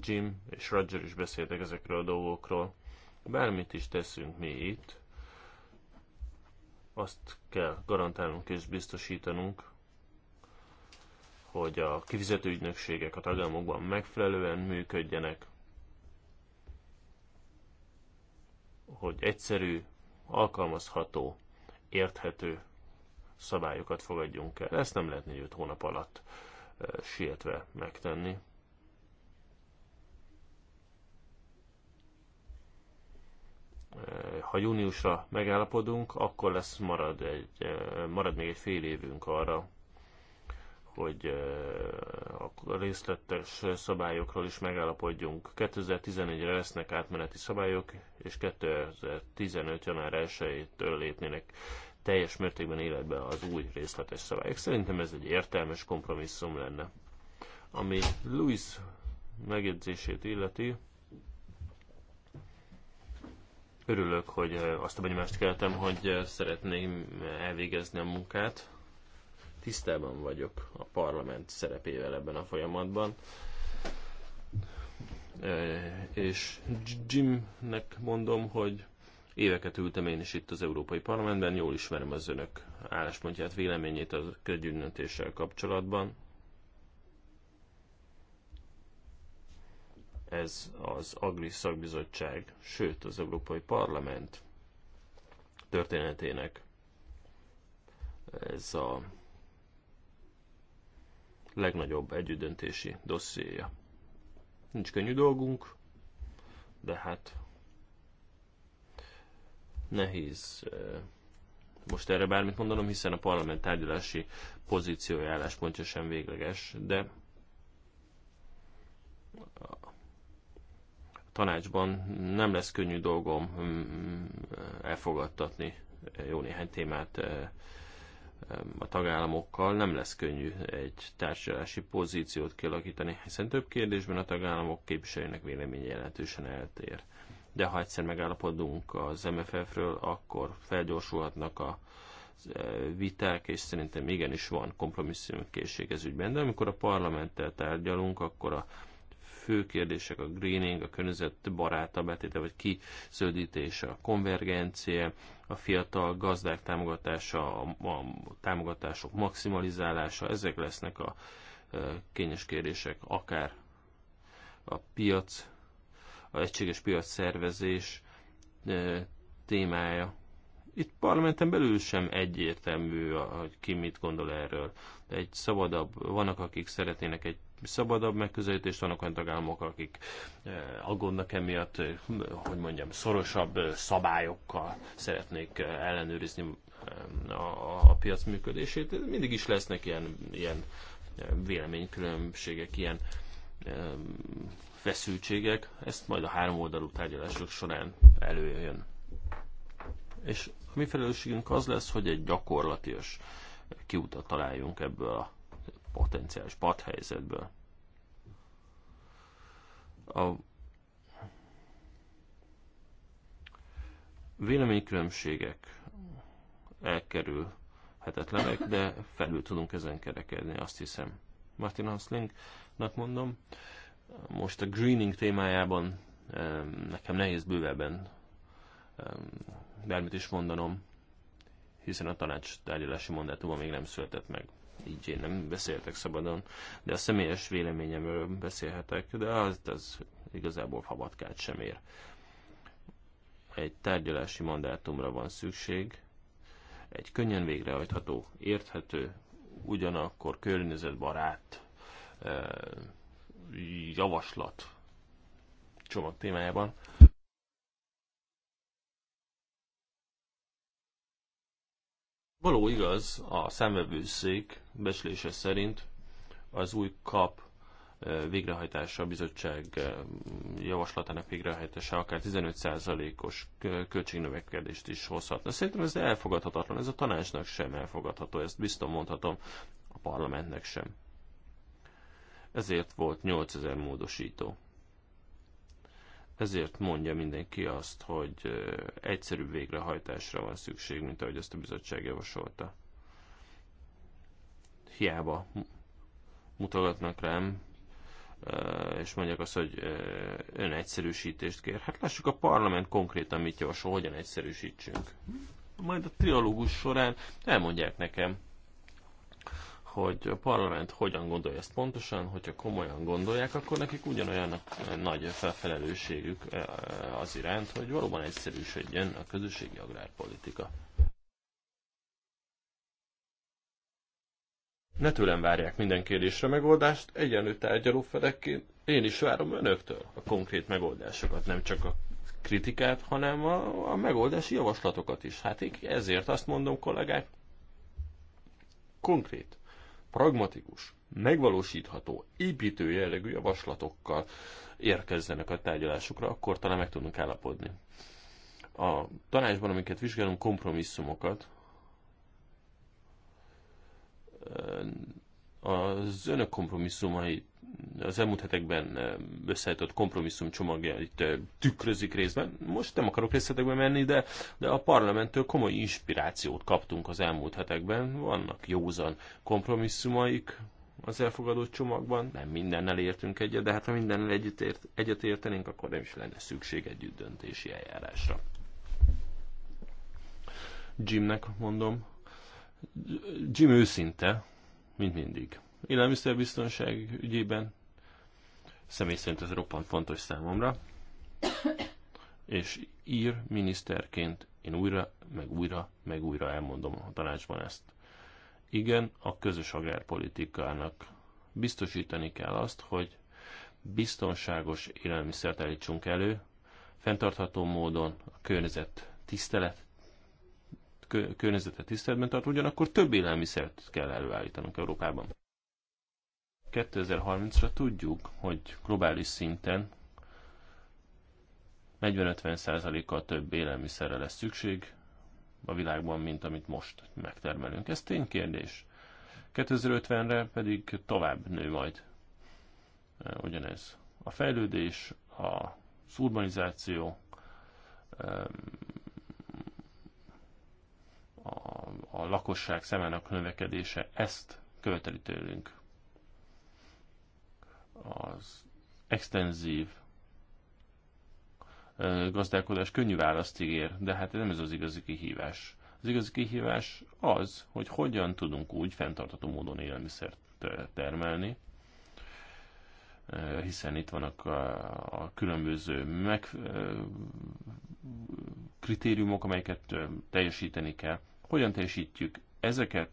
Jim és Roger is beszéltek ezekről a dolgokról. Bármit is teszünk mi itt, azt kell garantálnunk és biztosítanunk, hogy a kifizető ügynökségek a tagállamokban megfelelően működjenek, hogy egyszerű, alkalmazható, érthető szabályokat fogadjunk el. Ezt nem lehet 4-5 hónap alatt sietve megtenni. ha júniusra megállapodunk, akkor lesz marad, egy, marad még egy fél évünk arra, hogy a részletes szabályokról is megállapodjunk. 2014-re lesznek átmeneti szabályok, és 2015. január 1-től lépnének teljes mértékben életbe az új részletes szabályok. Szerintem ez egy értelmes kompromisszum lenne. Ami Louis megjegyzését illeti, örülök, hogy azt a benyomást keltem, hogy szeretném elvégezni a munkát, tisztában vagyok a parlament szerepével ebben a folyamatban. És Jimnek mondom, hogy éveket ültem én is itt az Európai Parlamentben, jól ismerem az önök álláspontját, véleményét a közgyűjtéssel kapcsolatban. Ez az Agri Szakbizottság, sőt az Európai Parlament történetének ez a legnagyobb együttdöntési dossziéja. Nincs könnyű dolgunk, de hát nehéz most erre bármit mondanom, hiszen a parlament tárgyalási pozíciója álláspontja sem végleges, de a tanácsban nem lesz könnyű dolgom mm, mm, elfogadtatni jó néhány témát a tagállamokkal nem lesz könnyű egy társadalási pozíciót kialakítani, hiszen több kérdésben a tagállamok képviselőinek véleménye jelentősen eltér. De ha egyszer megállapodunk az MFF-ről, akkor felgyorsulhatnak a e, viták, és szerintem igenis van kompromisszumkészség ez ügyben, de amikor a parlamenttel tárgyalunk, akkor a fő kérdések a greening, a környezet baráta betéte, vagy kiszöldítése, a konvergencia, a fiatal gazdák támogatása, a, a támogatások maximalizálása, ezek lesznek a e, kényes kérdések, akár a piac, a egységes piac szervezés e, témája. Itt parlamenten belül sem egyértelmű, hogy ki mit gondol erről. Egy szabadabb, vannak akik szeretnének egy szabadabb megközelítést, vannak olyan tagállamok, akik eh, aggódnak emiatt, eh, hogy mondjam, szorosabb eh, szabályokkal szeretnék ellenőrizni a, a, piac működését. Mindig is lesznek ilyen, ilyen véleménykülönbségek, ilyen feszültségek, ezt majd a három oldalú tárgyalások során előjön. És a mi felelősségünk az lesz, hogy egy gyakorlatilag kiutat találjunk ebből a potenciális padhelyzetből. A véleménykülönbségek elkerülhetetlenek, de felül tudunk ezen kerekedni, azt hiszem. Martin Hanslingnak mondom, most a greening témájában nekem nehéz bővebben bármit is mondanom, hiszen a tanács tárgyalási mandátuma még nem született meg így én nem beszéltek szabadon, de a személyes véleményemről beszélhetek, de az, az igazából habatkát sem ér. Egy tárgyalási mandátumra van szükség, egy könnyen végrehajtható, érthető, ugyanakkor környezetbarát eh, javaslat csomag témájában. Való igaz, a számvevőszék beslése szerint az új kap végrehajtása, a bizottság javaslatának végrehajtása akár 15%-os költségnövekedést is hozhatna. Szerintem ez elfogadhatatlan, ez a tanácsnak sem elfogadható, ezt biztos mondhatom, a parlamentnek sem. Ezért volt 8000 módosító. Ezért mondja mindenki azt, hogy egyszerűbb végrehajtásra van szükség, mint ahogy ezt a bizottság javasolta. Hiába mutogatnak rám, és mondják azt, hogy ön egyszerűsítést kér. Hát lássuk a parlament konkrétan mit javasol, hogyan egyszerűsítsünk. Majd a trialógus során elmondják nekem, hogy a parlament hogyan gondolja ezt pontosan, hogyha komolyan gondolják, akkor nekik ugyanolyan nagy felfelelősségük eh, az iránt, hogy valóban egyszerűsödjön a közösségi agrárpolitika. Ne tőlem várják minden kérdésre megoldást, egyenlő tárgyaló felekként én is várom önöktől a konkrét megoldásokat, nem csak a kritikát, hanem a, a megoldási javaslatokat is. Hát én ezért azt mondom, kollégák, konkrét pragmatikus, megvalósítható, építő jellegű javaslatokkal érkezzenek a tárgyalásokra, akkor talán meg tudunk állapodni. A tanácsban, amiket vizsgálunk, kompromisszumokat az önök kompromisszumait az elmúlt hetekben összeállított kompromisszum csomagja itt tükrözik részben. Most nem akarok részletekbe menni, de, de a parlamenttől komoly inspirációt kaptunk az elmúlt hetekben. Vannak józan kompromisszumaik az elfogadott csomagban, nem mindennel értünk egyet, de hát ha mindennel egyet, ért, egyet értenénk, akkor nem is lenne szükség együtt döntési eljárásra. Jimnek mondom. Jim őszinte, mint mindig élelmiszerbiztonság ügyében. Személy szerint ez roppant fontos számomra. És ír miniszterként én újra, meg újra, meg újra elmondom a tanácsban ezt. Igen, a közös agrárpolitikának biztosítani kell azt, hogy biztonságos élelmiszert állítsunk elő, fenntartható módon a környezet tisztelet, környezetet tiszteletben tart, ugyanakkor több élelmiszert kell előállítanunk Európában. 2030-ra tudjuk, hogy globális szinten 40-50%-kal több élelmiszerre lesz szükség a világban, mint amit most megtermelünk. Ez ténykérdés. 2050-re pedig tovább nő majd e, ugyanez. A fejlődés, a urbanizáció, e, a, lakosság szemének növekedése ezt követeli tőlünk az extenzív gazdálkodás könnyű választ ígér, de hát nem ez az igazi kihívás. Az igazi kihívás az, hogy hogyan tudunk úgy fenntartató módon élelmiszert termelni, hiszen itt vannak a, a különböző meg, kritériumok, amelyeket teljesíteni kell. Hogyan teljesítjük ezeket,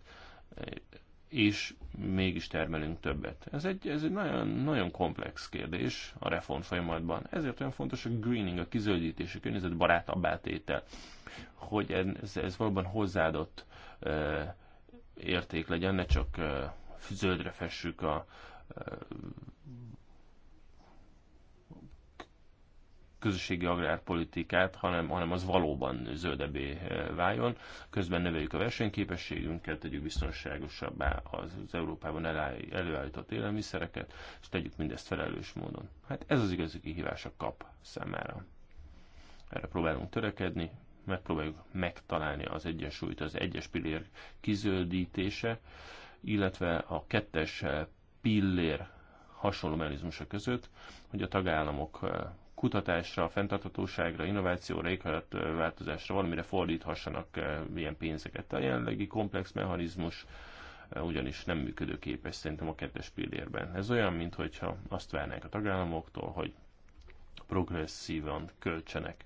és mégis termelünk többet. Ez egy, ez egy nagyon, nagyon komplex kérdés a reform folyamatban. Ezért olyan fontos a greening, a kizöldítés, a környezetbarátabb átétel, hogy ez, ez valóban hozzáadott ö, érték legyen, ne csak ö, zöldre fessük a ö, közösségi agrárpolitikát, hanem, hanem az valóban zöldebbé eh, váljon. Közben növeljük a versenyképességünket, tegyük biztonságosabbá az, az Európában előállított élelmiszereket, és tegyük mindezt felelős módon. Hát ez az igazi kihívás a kap számára. Erre próbálunk törekedni, megpróbáljuk megtalálni az egyensúlyt az egyes pillér kizöldítése, illetve a kettes eh, pillér hasonló mechanizmusa között, hogy a tagállamok eh, kutatásra, fenntarthatóságra, innovációra, éghajlatváltozásra valamire fordíthassanak eh, ilyen pénzeket. A jelenlegi komplex mechanizmus eh, ugyanis nem működőképes szerintem a kettes pillérben. Ez olyan, mintha azt várnánk a tagállamoktól, hogy progresszívan költsenek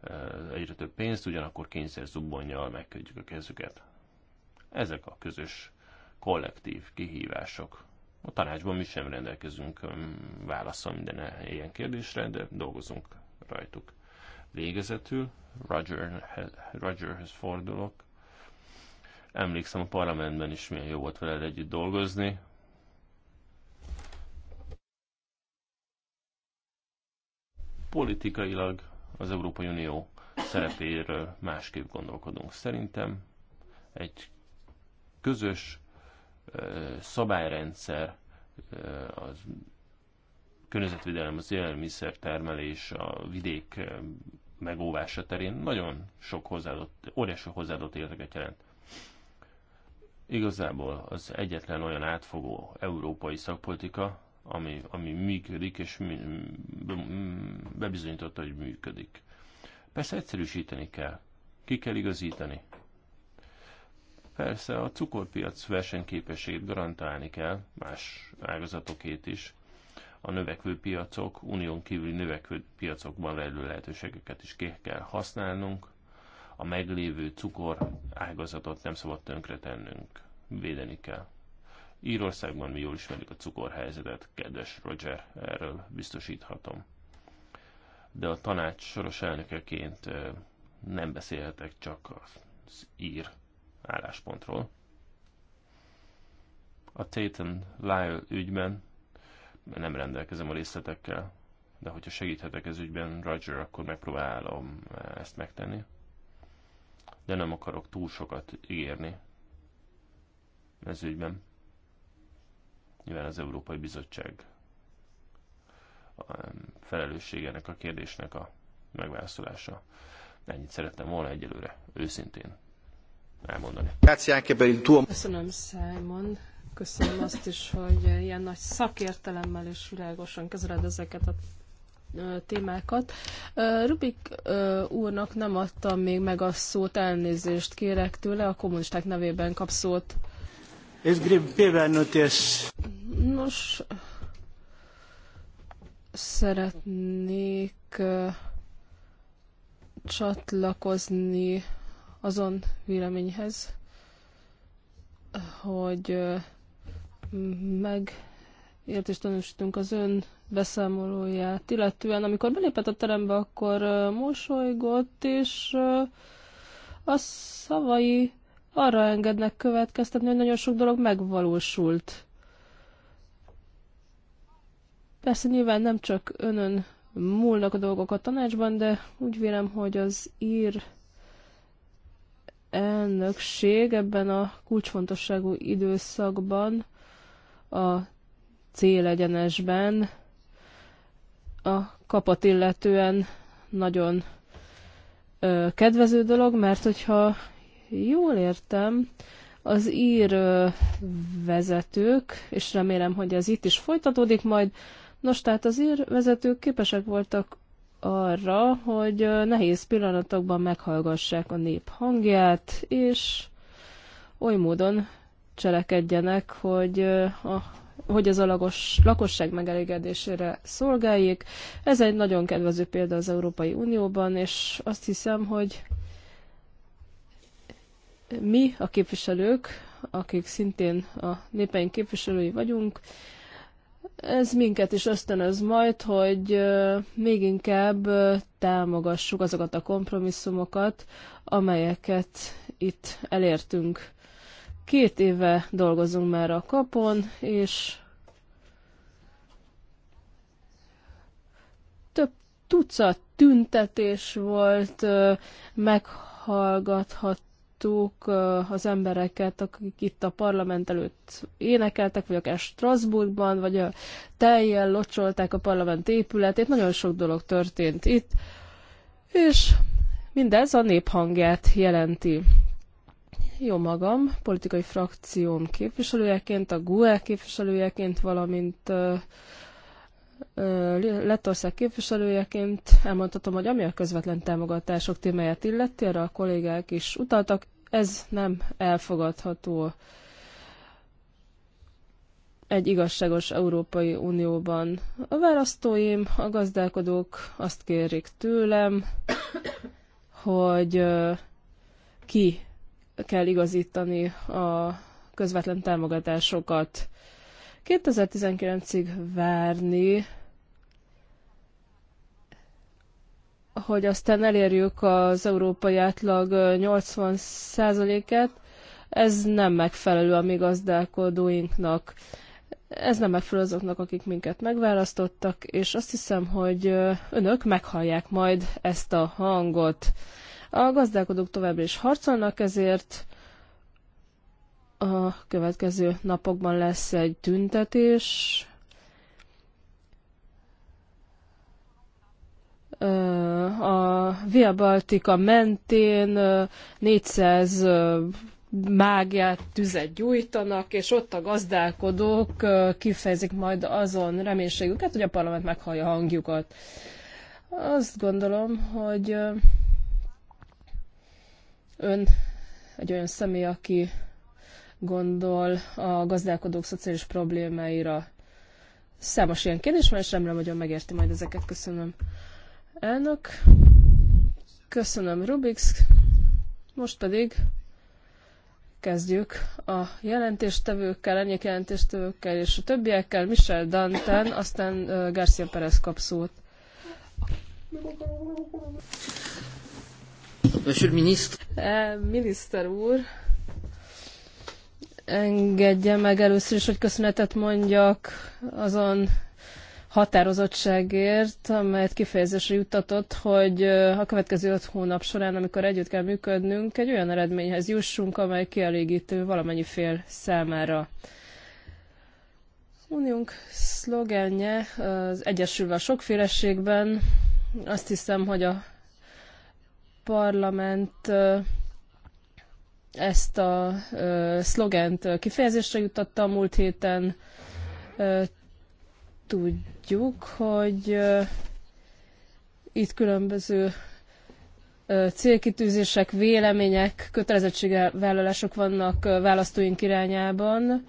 eh, egyre több pénzt, ugyanakkor kényszer zubbonnyal megködjük a kezüket. Ezek a közös kollektív kihívások, a tanácsban mi sem rendelkezünk um, válaszol minden ilyen kérdésre, de dolgozunk rajtuk. Végezetül Roger, Rogerhez fordulok. Emlékszem a parlamentben is milyen jó volt veled együtt dolgozni, politikailag az Európai Unió szerepéről másképp gondolkodunk. Szerintem egy közös szabályrendszer, a környezetvédelem, az termelés, a vidék megóvása terén nagyon sok hozzáadott, óriási hozzáadott érteket jelent. Igazából az egyetlen olyan átfogó európai szakpolitika, ami, ami működik, és bebizonyította, hogy működik. Persze egyszerűsíteni kell, ki kell igazítani, Persze a cukorpiac versenyképességét garantálni kell, más ágazatokét is. A növekvő piacok, unión kívüli növekvő piacokban lehető lehetőségeket is ki kell használnunk. A meglévő cukor ágazatot nem szabad tönkretennünk, védeni kell. Írországban mi jól ismerjük a cukorhelyzetet, kedves Roger, erről biztosíthatom. De a tanács soros elnökeként nem beszélhetek csak az ír álláspontról. A Tatum Lyle ügyben nem rendelkezem a részletekkel, de hogyha segíthetek ez ügyben Roger, akkor megpróbálom eh, ezt megtenni. De nem akarok túl sokat ígérni ez ügyben. Mivel az Európai Bizottság a eh, felelősségenek a kérdésnek a megválaszolása. Ennyit szerettem volna egyelőre, őszintén elmondani. Köszönöm, Simon. Köszönöm azt is, hogy ilyen nagy szakértelemmel és világosan kezeled ezeket a témákat. Rubik úrnak nem adtam még meg a szót, elnézést kérek tőle, a kommunisták nevében kap szót. Es Nos, szeretnék csatlakozni azon véleményhez, hogy megértést tanúsítunk az ön beszámolóját, illetően amikor belépett a terembe, akkor mosolygott, és a szavai arra engednek következtetni, hogy nagyon sok dolog megvalósult. Persze nyilván nem csak önön múlnak a dolgok a tanácsban, de úgy vélem, hogy az ír elnökség ebben a kulcsfontosságú időszakban a célegyenesben a kapat illetően nagyon ö, kedvező dolog, mert hogyha jól értem, az ír ö, vezetők, és remélem, hogy ez itt is folytatódik majd, nos, tehát az ír vezetők képesek voltak arra, hogy nehéz pillanatokban meghallgassák a nép hangját, és oly módon cselekedjenek, hogy, a, hogy az a lagos, lakosság megelégedésére szolgáljék. Ez egy nagyon kedvező példa az Európai Unióban, és azt hiszem, hogy mi, a képviselők, akik szintén a népeink képviselői vagyunk, ez minket is ösztönöz majd, hogy még inkább támogassuk azokat a kompromisszumokat, amelyeket itt elértünk. Két éve dolgozunk már a kapon, és több tucat tüntetés volt, meghallgathat láttuk eh, az embereket, akik itt a parlament előtt énekeltek, vagy akár Strasbourgban, vagy a teljel locsolták a parlament épületét, nagyon sok dolog történt itt, és mindez a néphangját jelenti. Jó magam, politikai frakcióm képviselőjeként, a GUE képviselőjeként, valamint eh, Lettország képviselőjeként elmondhatom, hogy ami a közvetlen támogatások témáját illeti, arra a kollégák is utaltak, ez nem elfogadható egy igazságos Európai Unióban. A választóim, a gazdálkodók azt kérik tőlem, hogy ki kell igazítani a közvetlen támogatásokat. 2019-ig várni, hogy aztán elérjük az európai átlag 80%-et, ez nem megfelelő a mi gazdálkodóinknak. Ez nem megfelelő azoknak, akik minket megválasztottak, és azt hiszem, hogy önök meghallják majd ezt a hangot. A gazdálkodók továbbra is harcolnak ezért, a következő napokban lesz egy tüntetés. A Via Baltica mentén 400 mágiát, tüzet gyújtanak, és ott a gazdálkodók kifejezik majd azon reménységüket, hogy a parlament meghallja hangjukat. Azt gondolom, hogy ön egy olyan személy, aki gondol a gazdálkodók szociális problémáira. Számos ilyen kérdés van, és remélem, hogy megérti majd ezeket. Köszönöm. Elnök, köszönöm Rubix, most pedig kezdjük a jelentéstevőkkel, enyék jelentéstevőkkel és a többiekkel, Michel Danten, aztán Garcia Perez kap szót. Monsieur le ministre. Eh, miniszter úr, Engedje meg először is, hogy köszönetet mondjak azon határozottságért, amelyet kifejezésre juttatott, hogy a következő öt hónap során, amikor együtt kell működnünk, egy olyan eredményhez jussunk, amely kielégítő valamennyi fél számára. Uniunk szlogenje az Egyesülve a sokféleségben. Azt hiszem, hogy a parlament ezt a szlogent kifejezésre juttatta a múlt héten. Tudjuk, hogy itt különböző célkitűzések, vélemények, kötelezettségvállalások vannak választóink irányában.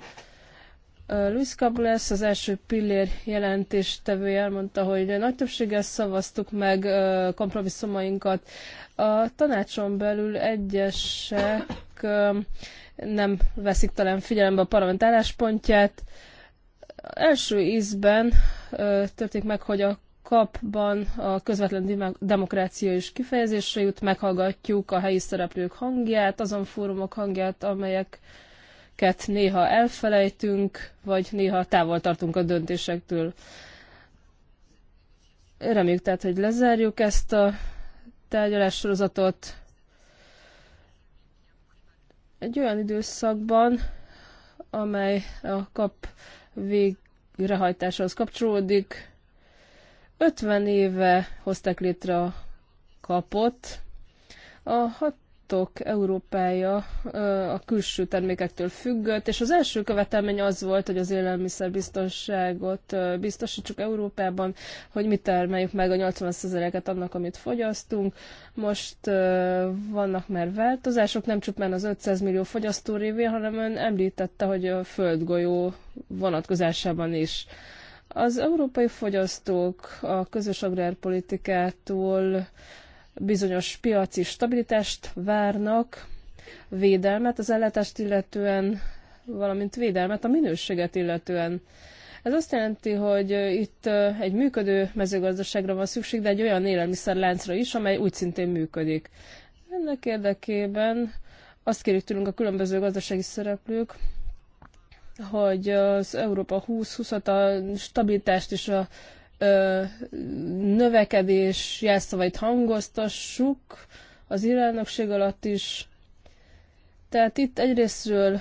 Luis Cabules, az első pillér jelentéstevője elmondta, hogy nagy többséggel szavaztuk meg kompromisszumainkat. A tanácson belül egyesek nem veszik talán figyelembe a parlament álláspontját. Első ízben történik meg, hogy a kapban a közvetlen demokrácia is kifejezésre jut, meghallgatjuk a helyi szereplők hangját, azon fórumok hangját, amelyek amiket néha elfelejtünk, vagy néha távol tartunk a döntésektől. Reméljük tehát, hogy lezárjuk ezt a tárgyalás sorozatot egy olyan időszakban, amely a kap végrehajtásához kapcsolódik. 50 éve hozták létre a kapot. A hat vállalatok Európája a külső termékektől függött, és az első követelmény az volt, hogy az élelmiszerbiztonságot biztosítsuk Európában, hogy mi termeljük meg a 80 ezereket annak, amit fogyasztunk. Most vannak már változások, nem csupán az 500 millió fogyasztó révén, hanem ön említette, hogy a földgolyó vonatkozásában is. Az európai fogyasztók a közös agrárpolitikától bizonyos piaci stabilitást várnak, védelmet az ellátást illetően, valamint védelmet a minőséget illetően. Ez azt jelenti, hogy itt egy működő mezőgazdaságra van szükség, de egy olyan élelmiszerláncra is, amely úgy szintén működik. Ennek érdekében azt kérjük tőlünk a különböző gazdasági szereplők, hogy az Európa 20 at a stabilitást és a növekedés jelszavait hangoztassuk az irányokség alatt is. Tehát itt egyrésztről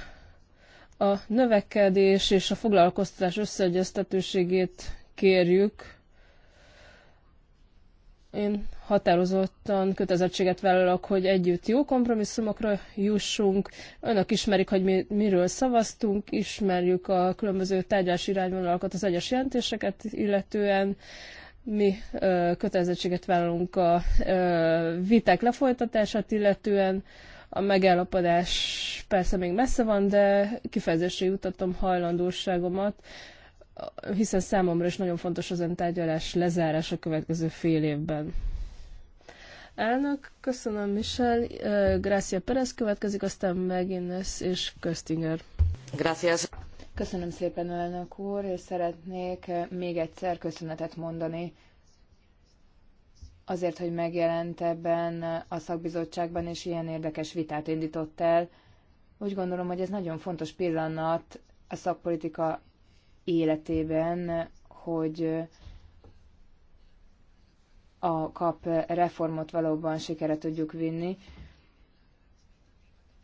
a növekedés és a foglalkoztatás összeegyeztetőségét kérjük, én határozottan kötelezettséget vállalok, hogy együtt jó kompromisszumokra jussunk. Önök ismerik, hogy mi, miről szavaztunk, ismerjük a különböző tárgyás irányvonalakat az egyes jelentéseket illetően. Mi ö, kötelezettséget vállalunk a ö, viták lefolytatását illetően. A megállapodás persze még messze van, de kifejezésre jutatom hajlandóságomat, hiszen számomra is nagyon fontos az tárgyalás lezárása a következő fél évben. Elnök, köszönöm Michel, Gracia Perez következik, aztán Meginnes és Köstinger. Gracias. Köszönöm szépen, elnök úr, és szeretnék még egyszer köszönetet mondani azért, hogy megjelent ebben a szakbizottságban, és ilyen érdekes vitát indított el. Úgy gondolom, hogy ez nagyon fontos pillanat a szakpolitika életében, hogy a kap reformot valóban sikere tudjuk vinni.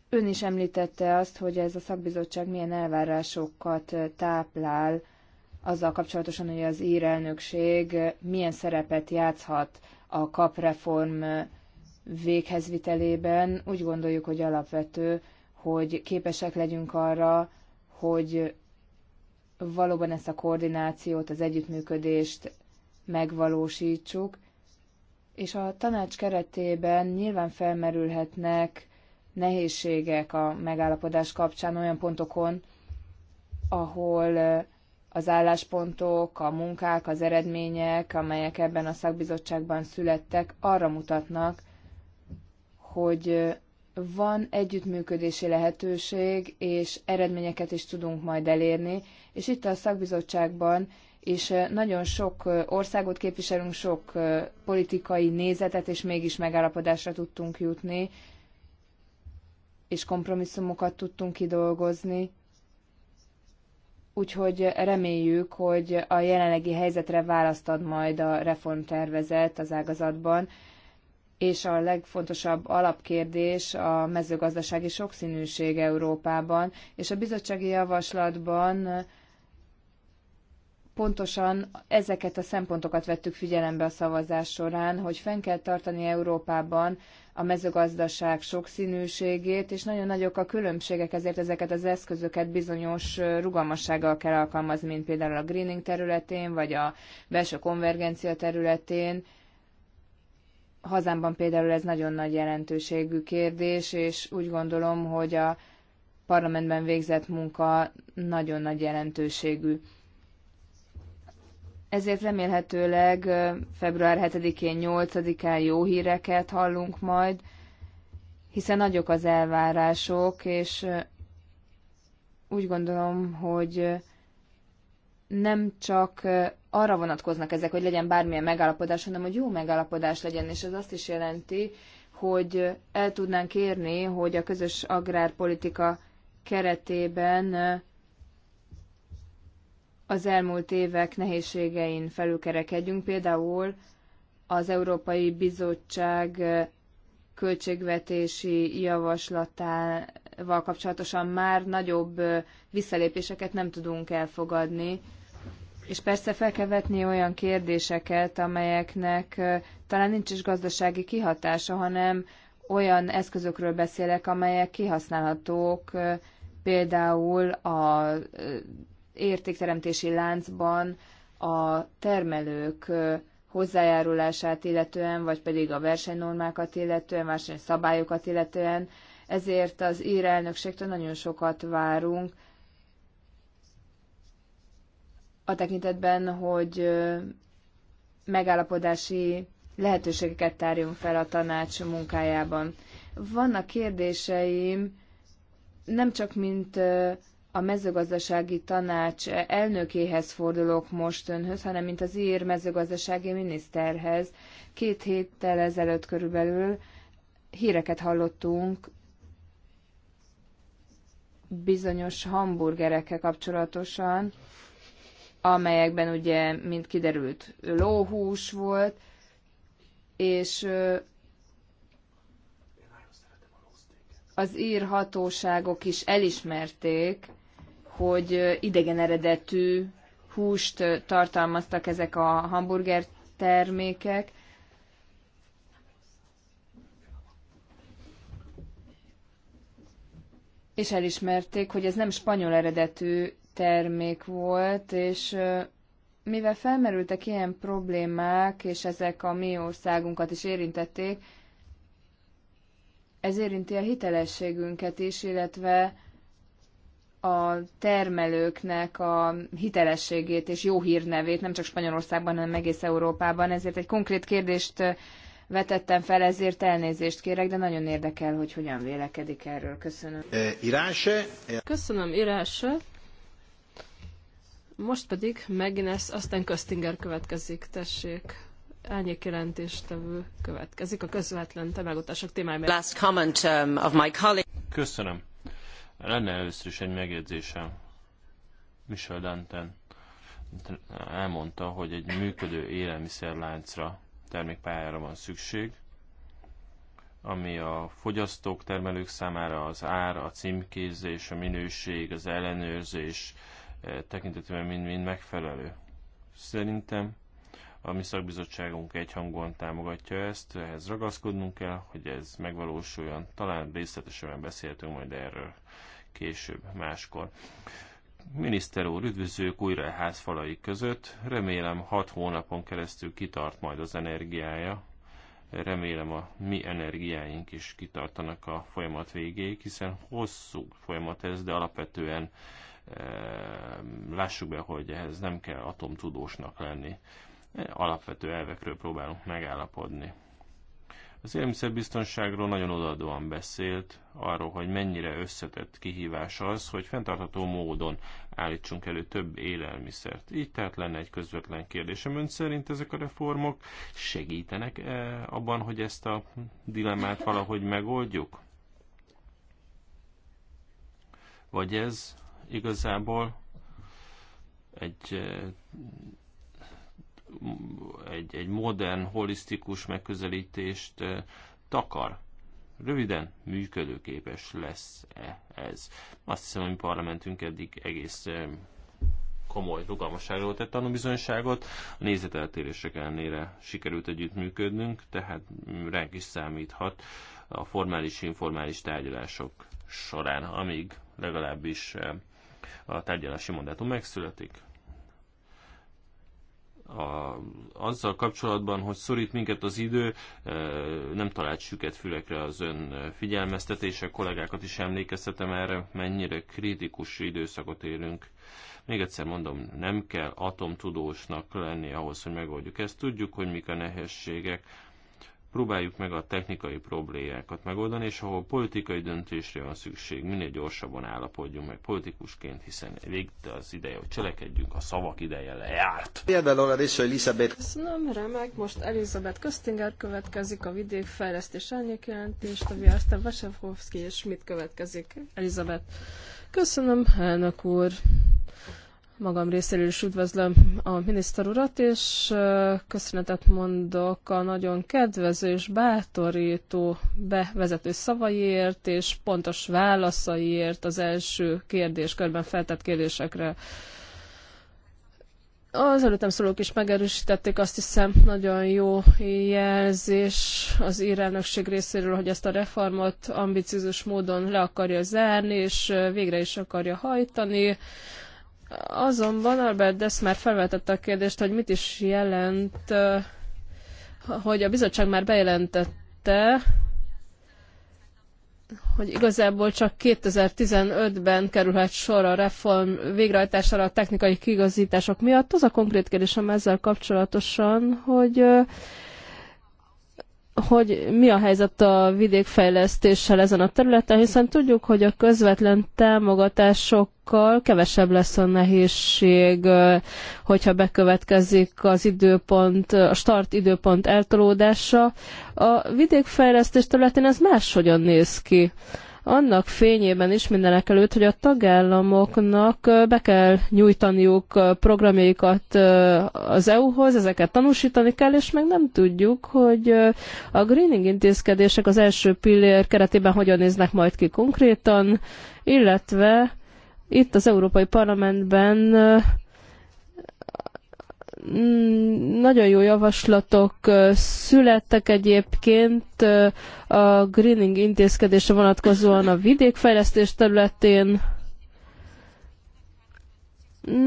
Ön is említette azt, hogy ez a szakbizottság milyen elvárásokat táplál azzal kapcsolatosan, hogy az ír elnökség milyen szerepet játszhat a kap reform véghezvitelében. Úgy gondoljuk, hogy alapvető, hogy képesek legyünk arra, hogy valóban ezt a koordinációt, az együttműködést megvalósítsuk, és a tanács keretében nyilván felmerülhetnek nehézségek a megállapodás kapcsán olyan pontokon, ahol az álláspontok, a munkák, az eredmények, amelyek ebben a szakbizottságban születtek, arra mutatnak, hogy van együttműködési lehetőség, és eredményeket is tudunk majd elérni, és itt a szakbizottságban és nagyon sok országot képviselünk, sok politikai nézetet, és mégis megállapodásra tudtunk jutni, és kompromisszumokat tudtunk kidolgozni. Úgyhogy reméljük, hogy a jelenlegi helyzetre választ ad majd a reformtervezet az ágazatban, és a legfontosabb alapkérdés a mezőgazdasági sokszínűség Európában, és a bizottsági javaslatban pontosan ezeket a szempontokat vettük figyelembe a szavazás során, hogy fenn kell tartani Európában a mezőgazdaság sokszínűségét, és nagyon nagyok a különbségek, ezért ezeket az eszközöket bizonyos rugalmassággal kell alkalmazni, mint például a greening területén, vagy a belső konvergencia területén, Hazámban például ez nagyon nagy jelentőségű kérdés, és úgy gondolom, hogy a parlamentben végzett munka nagyon nagy jelentőségű. Ezért remélhetőleg február 7-én, 8-án jó híreket hallunk majd, hiszen nagyok az elvárások, és úgy gondolom, hogy nem csak arra vonatkoznak ezek, hogy legyen bármilyen megállapodás, hanem hogy jó megállapodás legyen, és ez azt is jelenti, hogy el tudnánk érni, hogy a közös agrárpolitika keretében az elmúlt évek nehézségein felülkerekedjünk. Például az Európai Bizottság költségvetési javaslatával kapcsolatosan már nagyobb visszalépéseket nem tudunk elfogadni, és persze fel kell vetni olyan kérdéseket, amelyeknek talán nincs is gazdasági kihatása, hanem olyan eszközökről beszélek, amelyek kihasználhatók például a értékteremtési láncban a termelők hozzájárulását illetően, vagy pedig a versenynormákat illetően, versenyszabályokat illetően. Ezért az ír elnökségtől nagyon sokat várunk, a tekintetben, hogy megállapodási lehetőségeket tárjon fel a tanács munkájában. Vannak kérdéseim, nem csak mint a mezőgazdasági tanács elnökéhez fordulok most önhöz, hanem mint az ír mezőgazdasági miniszterhez. Két héttel ezelőtt körülbelül híreket hallottunk bizonyos hamburgerekkel kapcsolatosan, amelyekben ugye, mint kiderült, lóhús volt, és az ír hatóságok is elismerték, hogy idegen eredetű húst tartalmaztak ezek a hamburger termékek. És elismerték, hogy ez nem spanyol eredetű termék volt, és mivel felmerültek ilyen problémák, és ezek a mi országunkat is érintették, ez érinti a hitelességünket is, illetve a termelőknek a hitelességét és jó hírnevét, nem csak Spanyolországban, hanem egész Európában. Ezért egy konkrét kérdést vetettem fel, ezért elnézést kérek, de nagyon érdekel, hogy hogyan vélekedik erről. Köszönöm. Eh, Köszönöm, Irása. Most pedig Megines, aztán Köztinger következik, tessék. Árnyék jelentéstevő következik a közvetlen támogatások témájában. Last comment um, of my colleague. Köszönöm. Lenne először is egy megjegyzésem. Michel Danten elmondta, hogy egy működő élelmiszerláncra, termékpályára van szükség, ami a fogyasztók, termelők számára az ár, a címkézés, a minőség, az ellenőrzés, tekintetében mind-mind megfelelő. Szerintem a mi szakbizottságunk egyhangúan támogatja ezt, ehhez ragaszkodnunk kell, hogy ez megvalósuljon. Talán részletesen beszéltünk majd erről később, máskor. Miniszter úr, üdvözlők újra a házfalai között. Remélem hat hónapon keresztül kitart majd az energiája. Remélem a mi energiáink is kitartanak a folyamat végéig, hiszen hosszú folyamat ez, de alapvetően lássuk be, hogy ehhez nem kell atomtudósnak lenni. Alapvető elvekről próbálunk megállapodni. Az élelmiszerbiztonságról nagyon odaadóan beszélt, arról, hogy mennyire összetett kihívás az, hogy fenntartható módon állítsunk elő több élelmiszert. Így tehát lenne egy közvetlen kérdésem. Ön szerint ezek a reformok segítenek -e abban, hogy ezt a dilemmát valahogy megoldjuk? Vagy ez igazából egy eh, egy, egy modern, holisztikus megközelítést eh, takar. Röviden működőképes lesz-e ez? Azt hiszem, hogy parlamentünk eddig egész eh, komoly rugalmasságról tett tanúbizonyságot. A nézeteltérések ellenére sikerült együttműködnünk, tehát ránk is számíthat a formális-informális tárgyalások során, amíg legalábbis a tárgyalási mandátum megszületik. A, azzal kapcsolatban, hogy szorít minket az idő, e, nem talált süket fülekre az ön figyelmeztetése, kollégákat is emlékeztetem erre, mennyire kritikus időszakot élünk. Még egyszer mondom, nem kell atomtudósnak lenni ahhoz, hogy megoldjuk ezt. Tudjuk, hogy mik a nehézségek, Próbáljuk meg a technikai problémákat megoldani, és ahol politikai döntésre van szükség, minél gyorsabban állapodjunk meg politikusként, hiszen rég az ideje, hogy cselekedjünk, a szavak ideje lejárt. Elizabeth. Köszönöm, remek. Most Elizabeth Köstinger következik, a vidékfejlesztés elnyékjelentést, ami aztán Vasevkovszki és mit következik. Elizabeth. Köszönöm, elnök úr. Magam részéről is üdvözlöm a miniszter urat, és köszönetet mondok a nagyon kedvező és bátorító bevezető szavaiért és pontos válaszaiért az első kérdéskörben feltett kérdésekre. Az előttem szólók is megerősítették, azt hiszem nagyon jó jelzés az írelnökség részéről, hogy ezt a reformot ambiciózus módon le akarja zárni, és végre is akarja hajtani. Azonban Albert Dess már felvetette a kérdést, hogy mit is jelent, hogy a bizottság már bejelentette, hogy igazából csak 2015-ben kerülhet sor a reform végrehajtására a technikai kigazítások miatt. Az a konkrét kérdésem ezzel kapcsolatosan, hogy hogy mi a helyzet a vidékfejlesztéssel ezen a területen, hiszen tudjuk, hogy a közvetlen támogatásokkal kevesebb lesz a nehézség, hogyha bekövetkezik az időpont, a start időpont eltolódása. A vidékfejlesztés területén ez máshogyan néz ki annak fényében is mindenek előtt, hogy a tagállamoknak be kell nyújtaniuk programjaikat az EU-hoz, ezeket tanúsítani kell, és meg nem tudjuk, hogy a greening intézkedések az első pillér keretében hogyan néznek majd ki konkrétan, illetve itt az Európai Parlamentben Mm, nagyon jó javaslatok születtek egyébként a greening intézkedése vonatkozóan a vidékfejlesztés területén.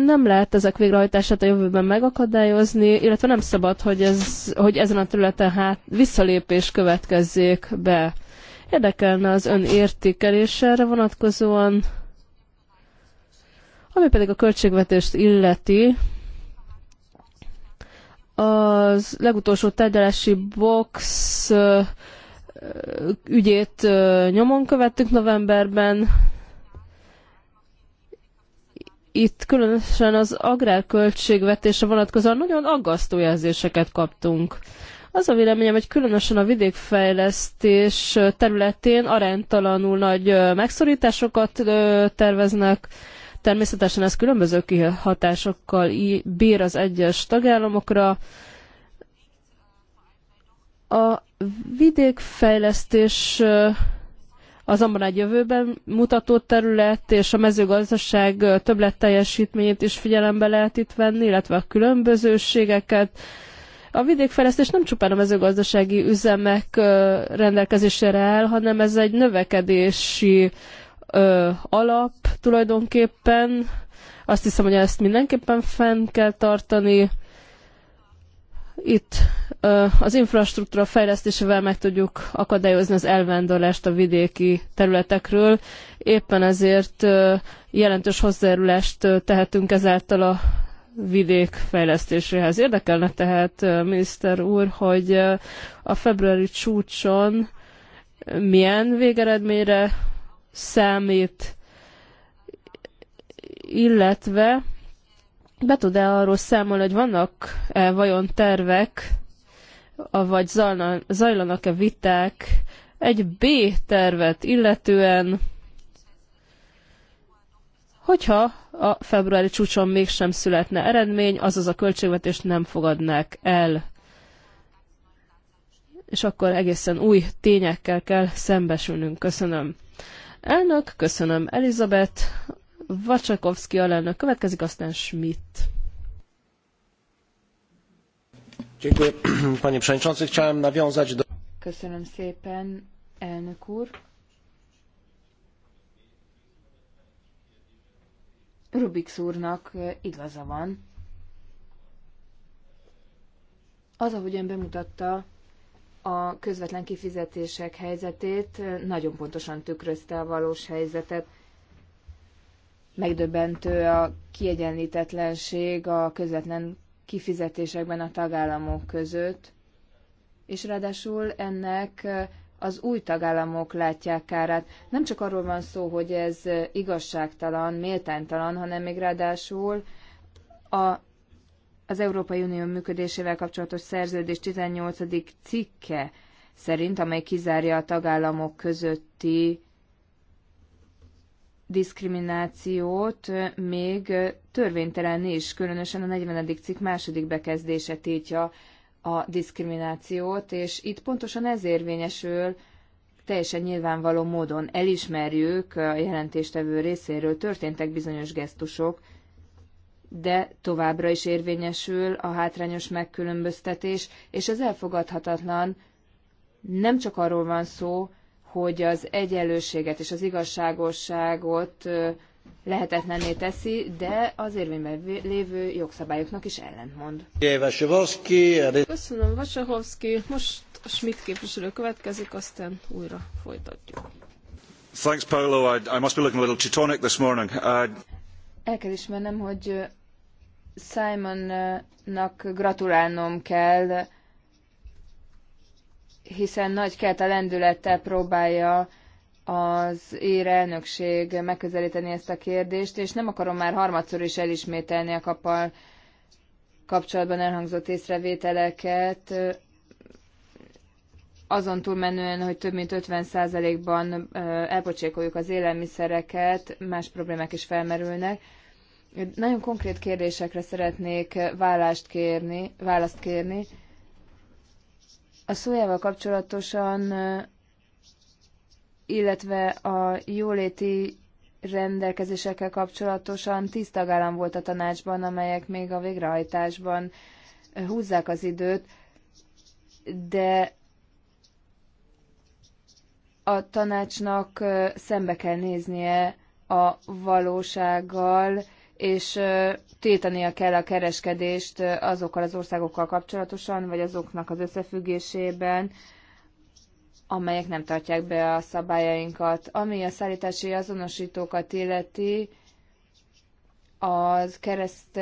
Nem lehet ezek végrehajtását a jövőben megakadályozni, illetve nem szabad, hogy, ez, hogy ezen a területen hát visszalépés következzék be. Érdekelne az ön értékelése erre vonatkozóan, ami pedig a költségvetést illeti, az legutolsó tárgyalási box ügyét nyomon követtük novemberben. Itt különösen az agrárköltségvetése vonatkozóan nagyon aggasztó jelzéseket kaptunk. Az a véleményem, hogy különösen a vidékfejlesztés területén aránytalanul nagy megszorításokat terveznek, Természetesen ez különböző kihatásokkal bír az egyes tagállamokra. A vidékfejlesztés azonban egy jövőben mutató terület, és a mezőgazdaság többlet teljesítményét is figyelembe lehet itt venni, illetve a különbözőségeket. A vidékfejlesztés nem csupán a mezőgazdasági üzemek rendelkezésére áll, hanem ez egy növekedési ö, alap tulajdonképpen. Azt hiszem, hogy ezt mindenképpen fenn kell tartani. Itt ö, az infrastruktúra fejlesztésével meg tudjuk akadályozni az elvándorlást a vidéki területekről. Éppen ezért ö, jelentős hozzájárulást tehetünk ezáltal a vidék fejlesztéséhez. Érdekelne tehát, miniszter úr, hogy a februári csúcson milyen végeredményre szemét, illetve be tud-e arról számolni, hogy vannak -e vajon tervek, vagy zajlanak-e viták egy B tervet illetően, hogyha a februári csúcson mégsem születne eredmény, azaz a költségvetést nem fogadnák el. És akkor egészen új tényekkel kell szembesülnünk. Köszönöm. Elnök, köszönöm Elizabeth, Vacsakovszki alelnök következik, aztán Schmidt. Köszönöm szépen, elnök úr. Rubik úrnak e, igaza van. Az, ahogyan bemutatta a közvetlen kifizetések helyzetét nagyon pontosan tükrözte a valós helyzetet. Megdöbbentő a kiegyenlítetlenség a közvetlen kifizetésekben a tagállamok között, és ráadásul ennek az új tagállamok látják kárát. Nem csak arról van szó, hogy ez igazságtalan, méltánytalan, hanem még ráadásul a az Európai Unió működésével kapcsolatos szerződés 18. cikke szerint, amely kizárja a tagállamok közötti diszkriminációt még törvénytelen is, különösen a 40. cikk második bekezdése tiltja a diszkriminációt, és itt pontosan ez érvényesül teljesen nyilvánvaló módon. Elismerjük a jelentéstevő részéről, történtek bizonyos gesztusok, de továbbra is érvényesül a hátrányos megkülönböztetés, és ez elfogadhatatlan. Nem csak arról van szó, hogy az egyenlőséget és az igazságosságot lehetetlenné teszi, de az érvényben lévő jogszabályoknak is ellentmond. Köszönöm, Vasahovszki. Most a Schmidt képviselő következik, aztán újra folytatjuk. Thanks, Paolo. I, I must be looking a little Teutonic this morning. I... Uh, El kell ismernem, hogy Simonnak gratulálnom kell, hiszen nagy kelt a lendülettel próbálja az ír elnökség megközelíteni ezt a kérdést, és nem akarom már harmadszor is elismételni a kapal kapcsolatban elhangzott észrevételeket, azon túlmenően, hogy több mint 50%-ban elpocsékoljuk az élelmiszereket, más problémák is felmerülnek. Nagyon konkrét kérdésekre szeretnék választ kérni, választ kérni. A szójával kapcsolatosan, illetve a jóléti rendelkezésekkel kapcsolatosan tíz tagállam volt a tanácsban, amelyek még a végrehajtásban húzzák az időt, de a tanácsnak szembe kell néznie a valósággal, és tiltania kell a kereskedést azokkal az országokkal kapcsolatosan, vagy azoknak az összefüggésében, amelyek nem tartják be a szabályainkat. Ami a szállítási azonosítókat illeti, az kereszt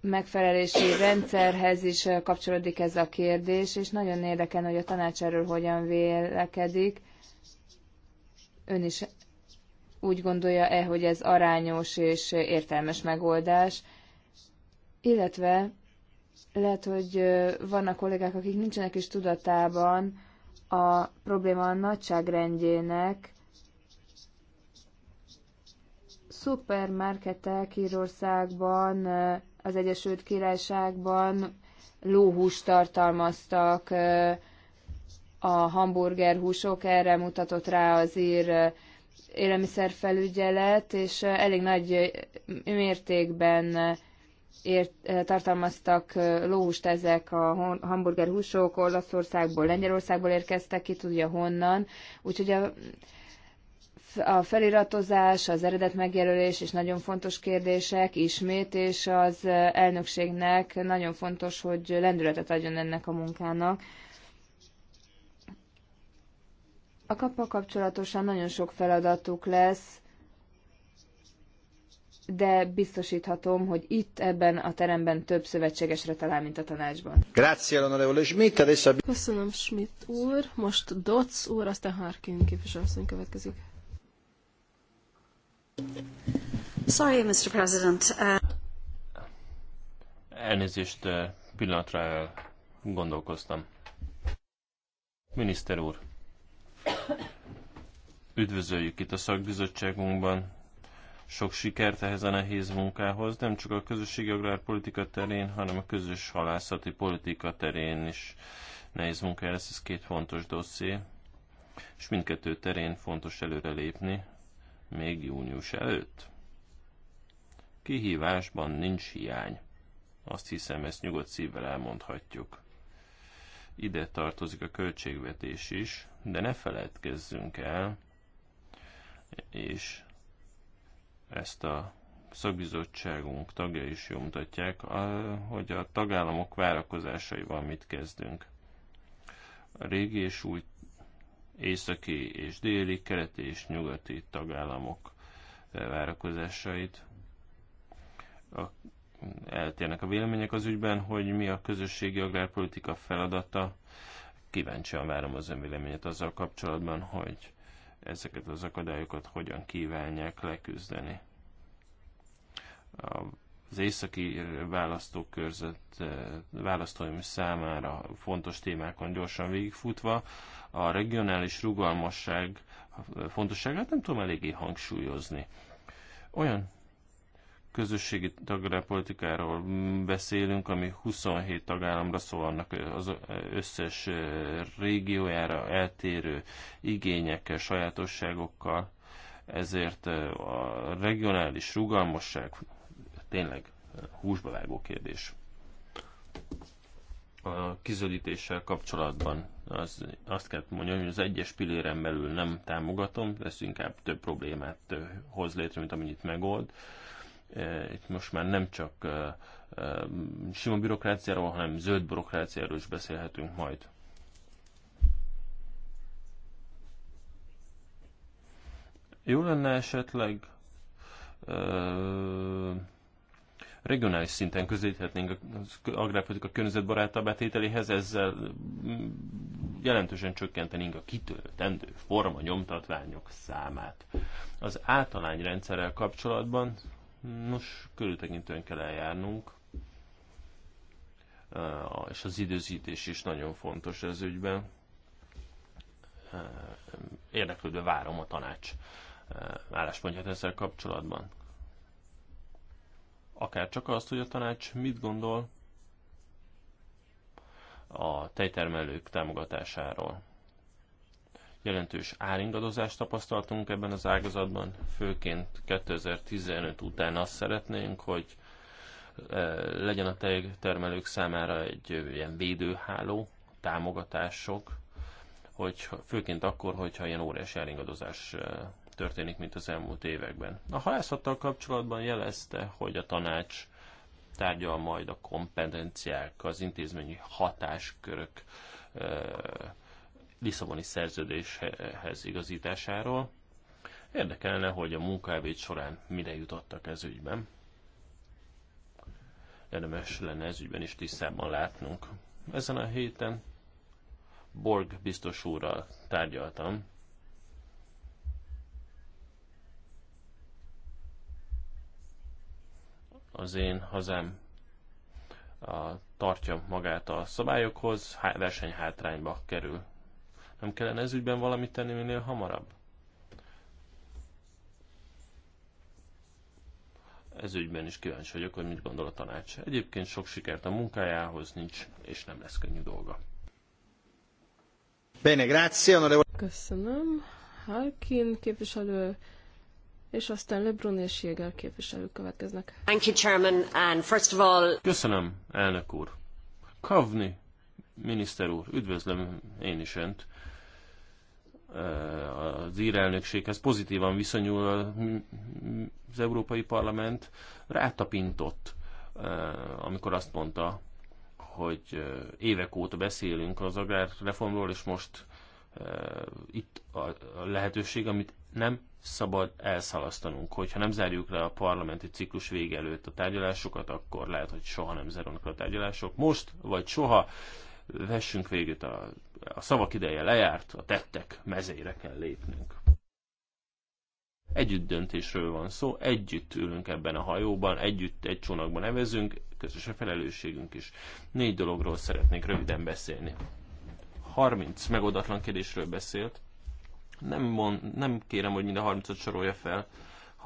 megfelelési rendszerhez is kapcsolódik ez a kérdés, és nagyon érdekel, hogy a tanács erről hogyan vélekedik. Ön is úgy gondolja-e, hogy ez arányos és értelmes megoldás, illetve lehet, hogy vannak kollégák, akik nincsenek is tudatában a probléma nagyságrendjének. Szupermarketek Írországban, az Egyesült Királyságban lóhúst tartalmaztak a hamburgerhúsok, erre mutatott rá az ír élelmiszerfelügyelet, és elég nagy mértékben ért, tartalmaztak lóhúst ezek a hamburger húsok, Olaszországból, Lengyelországból érkeztek, ki tudja honnan. Úgyhogy a, a feliratozás, az eredet megjelölés is nagyon fontos kérdések ismét, és az elnökségnek nagyon fontos, hogy lendületet adjon ennek a munkának. A kappal kapcsolatosan nagyon sok feladatuk lesz, de biztosíthatom, hogy itt ebben a teremben több szövetségesre talál, mint a tanácsban. Grazie, onorevole Schmidt. Adesso... Köszönöm, Schmidt úr. Most Dotz úr, aztán Harkin képviselőasszony következik. Sorry, Mr. President. Uh... Elnézést, uh, pillanatra uh, gondolkoztam. Miniszter úr, Üdvözöljük itt a szakbizottságunkban. Sok sikert ehhez a nehéz munkához, nem csak a közösségi agrárpolitika terén, hanem a közös halászati politika terén is nehéz munka lesz, ez két fontos dosszié, és mindkettő terén fontos előrelépni, még június előtt. Kihívásban nincs hiány. Azt hiszem, ezt nyugodt szívvel elmondhatjuk ide tartozik a költségvetés is, de ne feledkezzünk el, és ezt a szakbizottságunk tagja is jól mutatják, hogy a tagállamok várakozásaival mit kezdünk. A régi és új északi és déli, keleti és nyugati tagállamok eh, várakozásait. A eltérnek a vélemények az ügyben, hogy mi a közösségi agrárpolitika feladata. Kíváncsian várom az véleményet azzal kapcsolatban, hogy ezeket az akadályokat hogyan kívánják leküzdeni. Az északi választókörzet választóim számára fontos témákon gyorsan végigfutva, a regionális rugalmasság fontosságát nem tudom eléggé hangsúlyozni. Olyan közösségi politikáról beszélünk, ami 27 tagállamra szól, annak az összes régiójára eltérő igényekkel, sajátosságokkal, ezért a regionális rugalmasság tényleg húsba vágó kérdés. A kizöldítéssel kapcsolatban az, azt kell mondjam, hogy az egyes pilléren belül nem támogatom, ez inkább több problémát hoz létre, mint amennyit megold. Uh, itt most már nem csak sima bürokráciáról, hanem zöld bürokráciáról is beszélhetünk majd. Jó lenne esetleg regionális szinten közéthetnénk az agrárpolitika környezetbarátabb tételéhez, ezzel jelentősen csökkentenénk a kitöltendő forma nyomtatványok számát. Az általányrendszerrel kapcsolatban Nos, körültekintően kell eljárnunk, és az időzítés is nagyon fontos ez ügyben. Érdeklődve várom a tanács álláspontját ezzel kapcsolatban. Akár csak azt, hogy a tanács mit gondol a tejtermelők támogatásáról. Jelentős áringadozást tapasztaltunk ebben az ágazatban, főként 2015 után azt szeretnénk, hogy e, legyen a tejtermelők számára egy ilyen védőháló, támogatások, hogy főként akkor, hogyha ilyen óriási elingadozás e, történik, mint az elmúlt években. A halászattal kapcsolatban jelezte, hogy a tanács tárgyal majd a kompetenciák, az intézményi hatáskörök e, Lisszaboni szerződéshez igazításáról. Érdekelne, hogy a munkávéd során mire jutottak ez ügyben. Érdemes lenne ez ügyben is tisztában látnunk. Ezen a héten Borg biztos úrral tárgyaltam. Az én hazám a, tartja magát a szabályokhoz, versenyhátrányba kerül nem kellene ez ügyben valamit tenni minél hamarabb? Ez ügyben is kíváncsi vagyok, hogy mit gondol a tanács. Egyébként sok sikert a munkájához nincs, és nem lesz könnyű dolga. Bene, grazie, onore... Köszönöm. Halkin képviselő, és aztán Lebrun és Jäger képviselők következnek. Thank you, Chairman, and first of all... Köszönöm, elnök úr. Kavni, miniszter úr, üdvözlöm én is önt. Eh, az írelnökséghez pozitívan viszonyul az Európai Parlament, rátapintott, eh, amikor azt mondta, hogy eh, évek óta beszélünk az agrárreformról, és most itt a lehetőség, amit nem szabad elszalasztanunk. Hogyha nem zárjuk le a parlamenti ciklus vége előtt a tárgyalásokat, akkor lehet, hogy soha nem zárulnak a tárgyalások. Most vagy soha vessünk végét, a, a szavak ideje lejárt, a tettek mezére kell lépnünk. Együtt döntésről van szó, együtt ülünk ebben a hajóban, együtt egy csónakban nevezünk, közös a felelősségünk is. Négy dologról szeretnék röviden beszélni. 30 megoldatlan kérdésről beszélt. Nem, mond, nem kérem, hogy mind a 30 ot sorolja fel,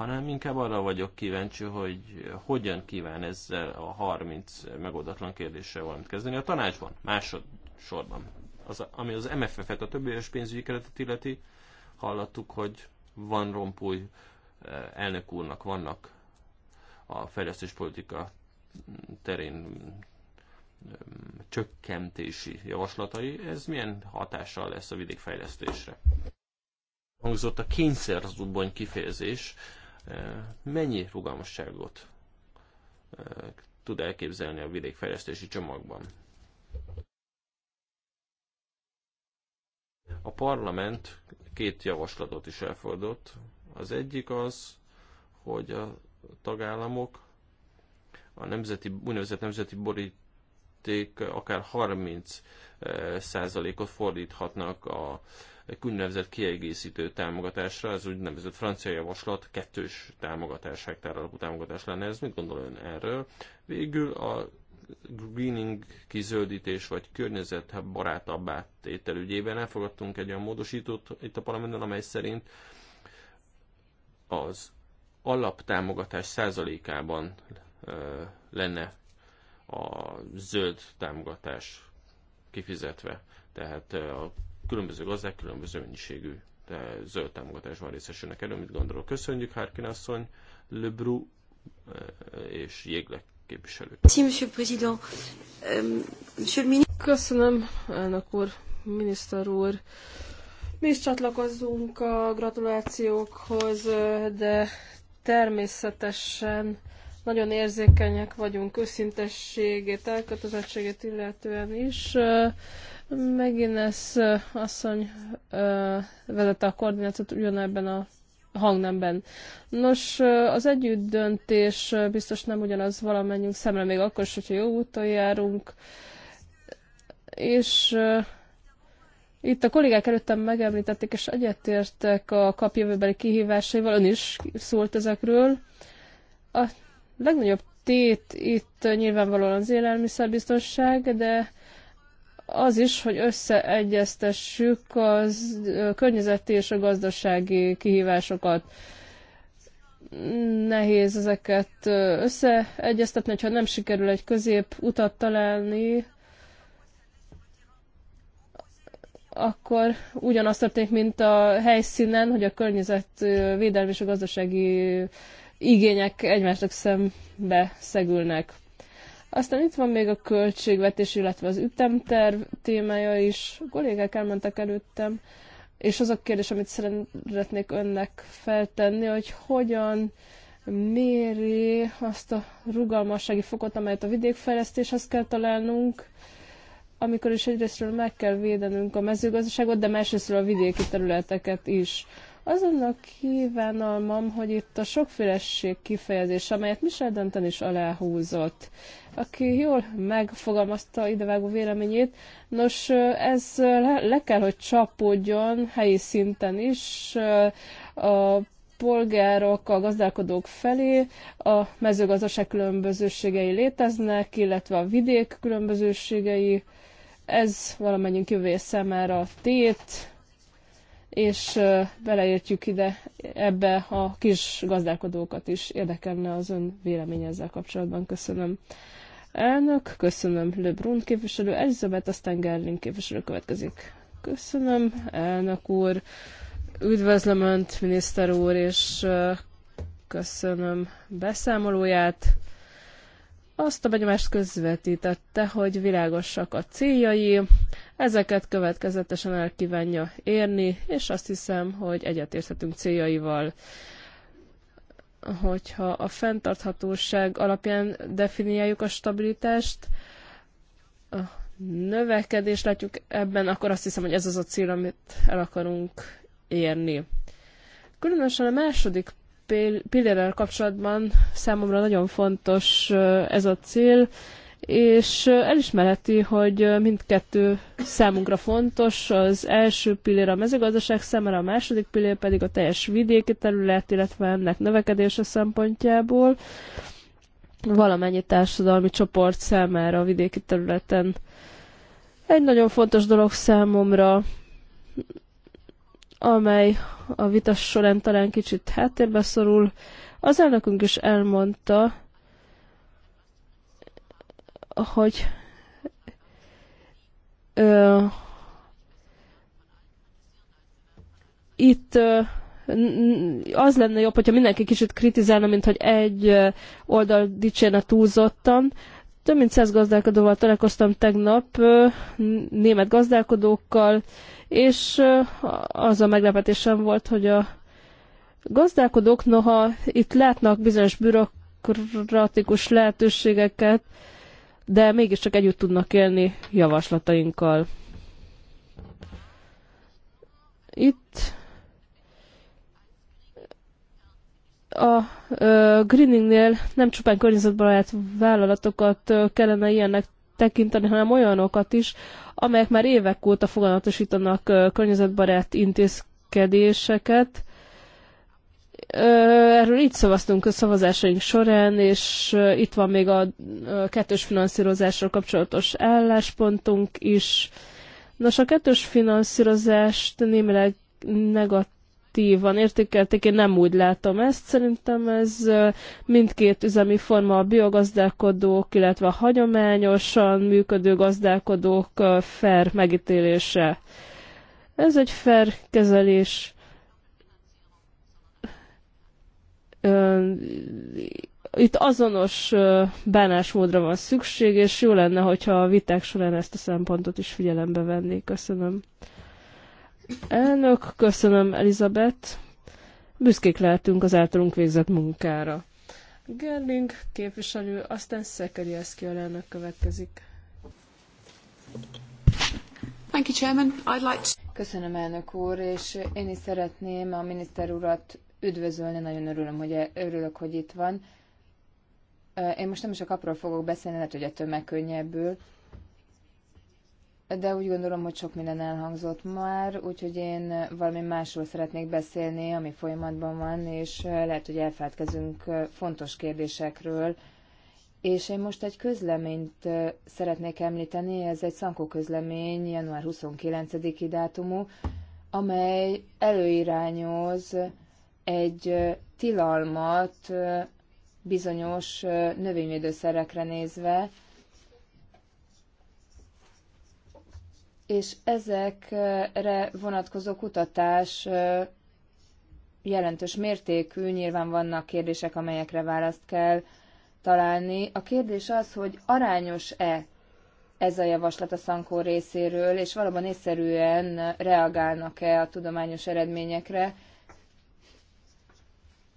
hanem inkább arra vagyok kíváncsi, hogy hogyan kíván ezzel a 30 megoldatlan kérdéssel valamit kezdeni a tanácsban, másodszorban. Az, ami az MFF-et, a többi pénzügyi keretet illeti, hallattuk, hogy Van rompúj eh, elnök úrnak vannak a fejlesztéspolitika terén eh, csökkentési javaslatai. Ez milyen hatással lesz a vidékfejlesztésre? Hangzott a kényszerzubbony kifejezés, Mennyi rugalmasságot tud elképzelni a vidékfejlesztési csomagban? A parlament két javaslatot is elfordult. Az egyik az, hogy a tagállamok a nemzeti, úgynevezett nemzeti boríték akár 30 százalékot fordíthatnak a egy úgynevezett kiegészítő támogatásra, az úgynevezett francia javaslat kettős támogatás, hektár alapú támogatás lenne. Ez mit gondol ön erről? Végül a greening kizöldítés vagy környezetbarátabbá tétel ügyében elfogadtunk egy olyan módosítót itt a parlamentben, amely szerint az alaptámogatás százalékában lenne a zöld támogatás kifizetve. Tehát a különböző gazdák különböző mennyiségű zöld támogatásban részesülnek elő, mit gondolok. Köszönjük, Harkin asszony, Lebru eh, és Jégle képviselő. Euh, Köszönöm, elnök úr, miniszter úr. Mi is csatlakozunk a gratulációkhoz, de természetesen nagyon érzékenyek vagyunk őszintességét, elkötelezettségét illetően is. Megint ez asszony vezette a koordinációt ugyanebben a hangnemben. Nos, az együtt döntés biztos nem ugyanaz valamennyünk szemre, még akkor is, hogyha jó úton járunk. És itt a kollégák előttem megemlítették, és egyetértek a kapjövőbeli kihívásaival, ön is szólt ezekről. A legnagyobb tét itt nyilvánvalóan az élelmiszerbiztonság, de az is, hogy összeegyeztessük a környezeti és a gazdasági kihívásokat. Nehéz ezeket összeegyeztetni, ha nem sikerül egy közép utat találni, akkor ugyanaz történik, mint a helyszínen, hogy a környezet védelmi és a gazdasági igények egymásnak szembe szegülnek. Aztán itt van még a költségvetés, illetve az ütemterv témája is. A kollégák elmentek előttem, és az a kérdés, amit szeretnék önnek feltenni, hogy hogyan méri azt a rugalmassági fokot, amelyet a vidékfejlesztéshez kell találnunk, amikor is egyrésztről meg kell védenünk a mezőgazdaságot, de másrésztről a vidéki területeket is. Azon a kívánalmam, hogy itt a sokféleség kifejezés, amelyet Michel Danton is aláhúzott, aki jól megfogalmazta idevágó véleményét, nos, ez le kell, hogy csapódjon helyi szinten is a polgárok, a gazdálkodók felé, a mezőgazdaság különbözőségei léteznek, illetve a vidék különbözőségei, ez valamennyi kövés számára tét, és beleértjük ide ebbe a kis gazdálkodókat is. Érdekelne az ön véleménye ezzel kapcsolatban. Köszönöm. Elnök, köszönöm Lebrun képviselő, Elizabeth, aztán Gerling képviselő következik. Köszönöm, elnök úr, üdvözlöm Önt, miniszter úr, és köszönöm beszámolóját azt a benyomást közvetítette, hogy világosak a céljai, ezeket következetesen el kívánja érni, és azt hiszem, hogy egyetérthetünk céljaival. Hogyha a fenntarthatóság alapján definiáljuk a stabilitást, a növekedést látjuk ebben, akkor azt hiszem, hogy ez az a cél, amit el akarunk érni. Különösen a második pillérrel kapcsolatban számomra nagyon fontos ez a cél, és elismerheti, hogy mindkettő számunkra fontos, az első pillér a mezőgazdaság számára, a második pillér pedig a teljes vidéki terület, illetve ennek növekedése szempontjából valamennyi társadalmi csoport számára a vidéki területen. Egy nagyon fontos dolog számomra amely a vita során talán kicsit háttérbe szorul. Az elnökünk is elmondta, hogy ö, itt ö, az lenne jobb, hogyha mindenki kicsit kritizálna, mint hogy egy oldal dicsérne túlzottan. Több mint száz gazdálkodóval találkoztam tegnap, német gazdálkodókkal, és az a meglepetésem volt, hogy a gazdálkodók, noha itt látnak bizonyos bürokratikus lehetőségeket, de mégiscsak együtt tudnak élni javaslatainkkal. Itt a greeningnél nem csupán környezetbarát vállalatokat kellene ilyennek tekinteni, hanem olyanokat is, amelyek már évek óta foganatosítanak környezetbarát intézkedéseket. Erről így szavaztunk a szavazásaink során, és itt van még a kettős finanszírozásra kapcsolatos álláspontunk is. Nos, a kettős finanszírozást némileg negatív negatívan értékelték, én nem úgy látom ezt. Szerintem ez mindkét üzemi forma a biogazdálkodók, illetve a hagyományosan működő gazdálkodók fair megítélése. Ez egy fair kezelés itt azonos bánásmódra van szükség, és jó lenne, hogyha a viták során ezt a szempontot is figyelembe vennék. Köszönöm. Elnök, köszönöm Elizabeth. Büszkék lehetünk az általunk végzett munkára. Gerling képviselő, aztán a alelnök következik. Thank you, Chairman. I'd like to... Köszönöm, elnök úr, és én is szeretném a miniszter urat üdvözölni, nagyon örülöm, hogy e- örülök, hogy itt van. Én most nem is a kapról fogok beszélni, lehet, hogy ettől megkönnyebbül de úgy gondolom, hogy sok minden elhangzott már, úgyhogy én valami másról szeretnék beszélni, ami folyamatban van, és lehet, hogy elfeledkezünk fontos kérdésekről. És én most egy közleményt szeretnék említeni, ez egy szankó közlemény, január 29-i dátumú, amely előirányoz egy tilalmat bizonyos növényvédőszerekre nézve, és ezekre vonatkozó kutatás jelentős mértékű, nyilván vannak kérdések, amelyekre választ kell találni. A kérdés az, hogy arányos-e ez a javaslat a Szankó részéről, és valóban észszerűen reagálnak-e a tudományos eredményekre.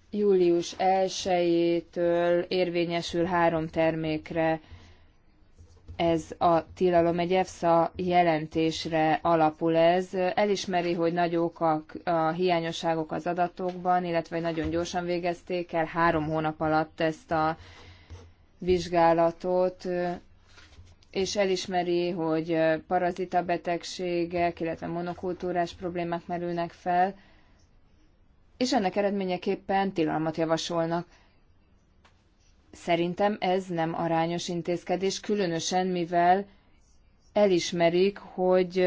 Július 1-től érvényesül három termékre ez a tilalom egy EFSA jelentésre alapul ez. Elismeri, hogy nagyok a, a hiányosságok az adatokban, illetve nagyon gyorsan végezték el három hónap alatt ezt a vizsgálatot, és elismeri, hogy parazita betegségek, illetve monokultúrás problémák merülnek fel, és ennek eredményeképpen tilalmat javasolnak. Szerintem ez nem arányos intézkedés, különösen mivel elismerik, hogy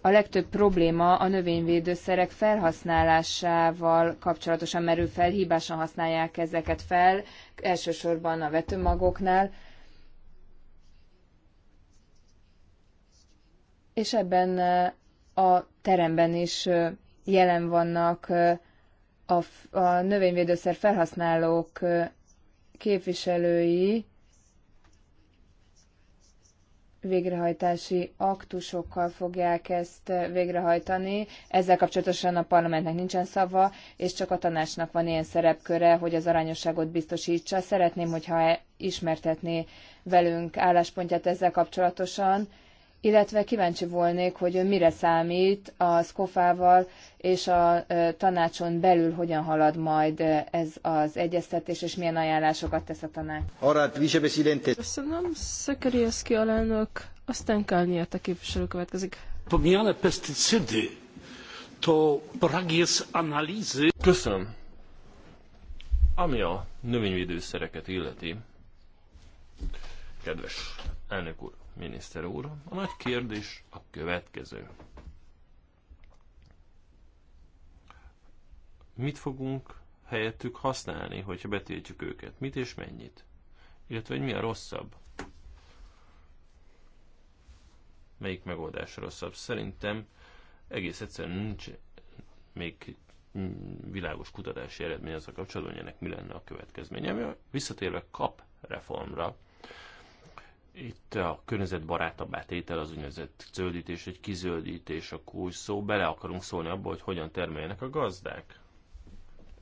a legtöbb probléma a növényvédőszerek felhasználásával kapcsolatosan merül fel, hibásan használják ezeket fel, elsősorban a vetőmagoknál. És ebben eh, a teremben is eh, jelen vannak eh, a, növényvédőszer felhasználók képviselői végrehajtási aktusokkal fogják ezt végrehajtani. Ezzel kapcsolatosan a parlamentnek nincsen szava, és csak a tanácsnak van ilyen szerepköre, hogy az arányosságot biztosítsa. Szeretném, hogyha ismertetné velünk álláspontját ezzel kapcsolatosan, illetve kíváncsi volnék, hogy ön mire számít a SCOFával és a tanácson belül hogyan halad majd ez az egyeztetés, és milyen ajánlásokat tesz a tanács. Arát, vicepresidente. Köszönöm, Szekeriaszki alelnök, aztán Kálniát a képviselő következik. Pomiane peszticidy, to brak jest analizy. Köszönöm. Ami a növényvédőszereket illeti, kedves elnök úr, miniszter úr. A nagy kérdés a következő. Mit fogunk helyettük használni, hogyha betiltjuk őket? Mit és mennyit? Illetve, hogy mi a rosszabb? Melyik megoldás a rosszabb? Szerintem egész egyszerűen nincs még világos kutatási eredmény az a kapcsolatban, hogy ennek mi lenne a következménye. Visszatérve kap reformra, itt a környezetbarátabb tétel az úgynevezett zöldítés, egy kizöldítés a kulcs szó. Bele akarunk szólni abba, hogy hogyan termeljenek a gazdák.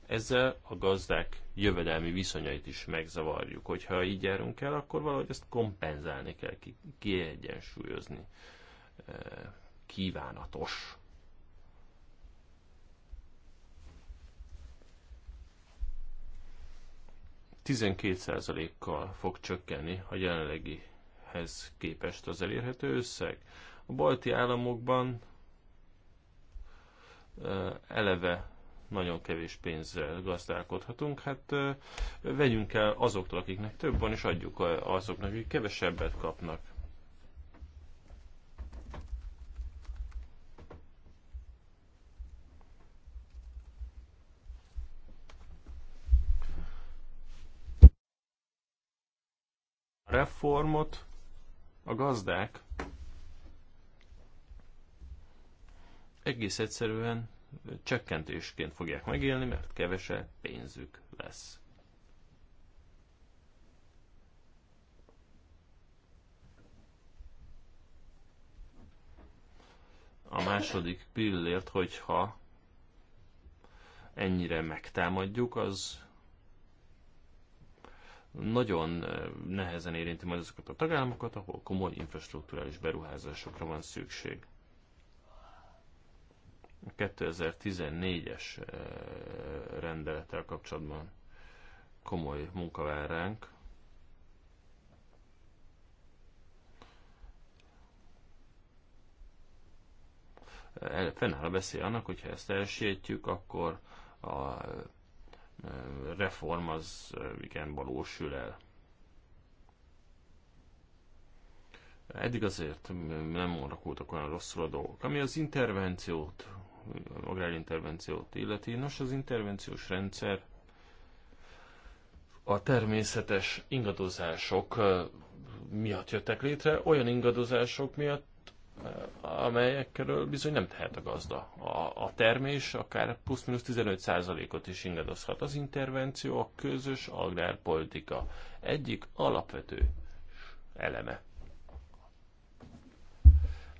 Ezzel a gazdák jövedelmi viszonyait is megzavarjuk. Hogyha így járunk el, akkor valahogy ezt kompenzálni kell, kiegyensúlyozni. E, kívánatos. százalékkal fog csökkenni a jelenlegi hez képest az elérhető összeg. A balti államokban eleve nagyon kevés pénzzel gazdálkodhatunk, hát vegyünk el azoktól, akiknek több van, és adjuk azoknak, akik kevesebbet kapnak. reformot a gazdák egész egyszerűen csökkentésként fogják megélni, mert kevesebb pénzük lesz. A második pillért, hogyha ennyire megtámadjuk, az nagyon nehezen érinti majd azokat a tagállamokat, ahol komoly infrastruktúrális beruházásokra van szükség. A 2014-es rendelettel kapcsolatban komoly munka vár ránk. Fennáll a veszély annak, hogyha ezt elsietjük, akkor a reform az igen valósul el. Eddig azért nem alakultak olyan rosszul a dolgok. Ami az intervenciót, agrárintervenciót illeti, nos az intervenciós rendszer a természetes ingadozások miatt jöttek létre, olyan ingadozások miatt, amelyekről bizony nem tehet a gazda. A, a termés akár plusz-minusz 15%-ot is ingadozhat. Az intervenció a közös agrárpolitika egyik alapvető eleme.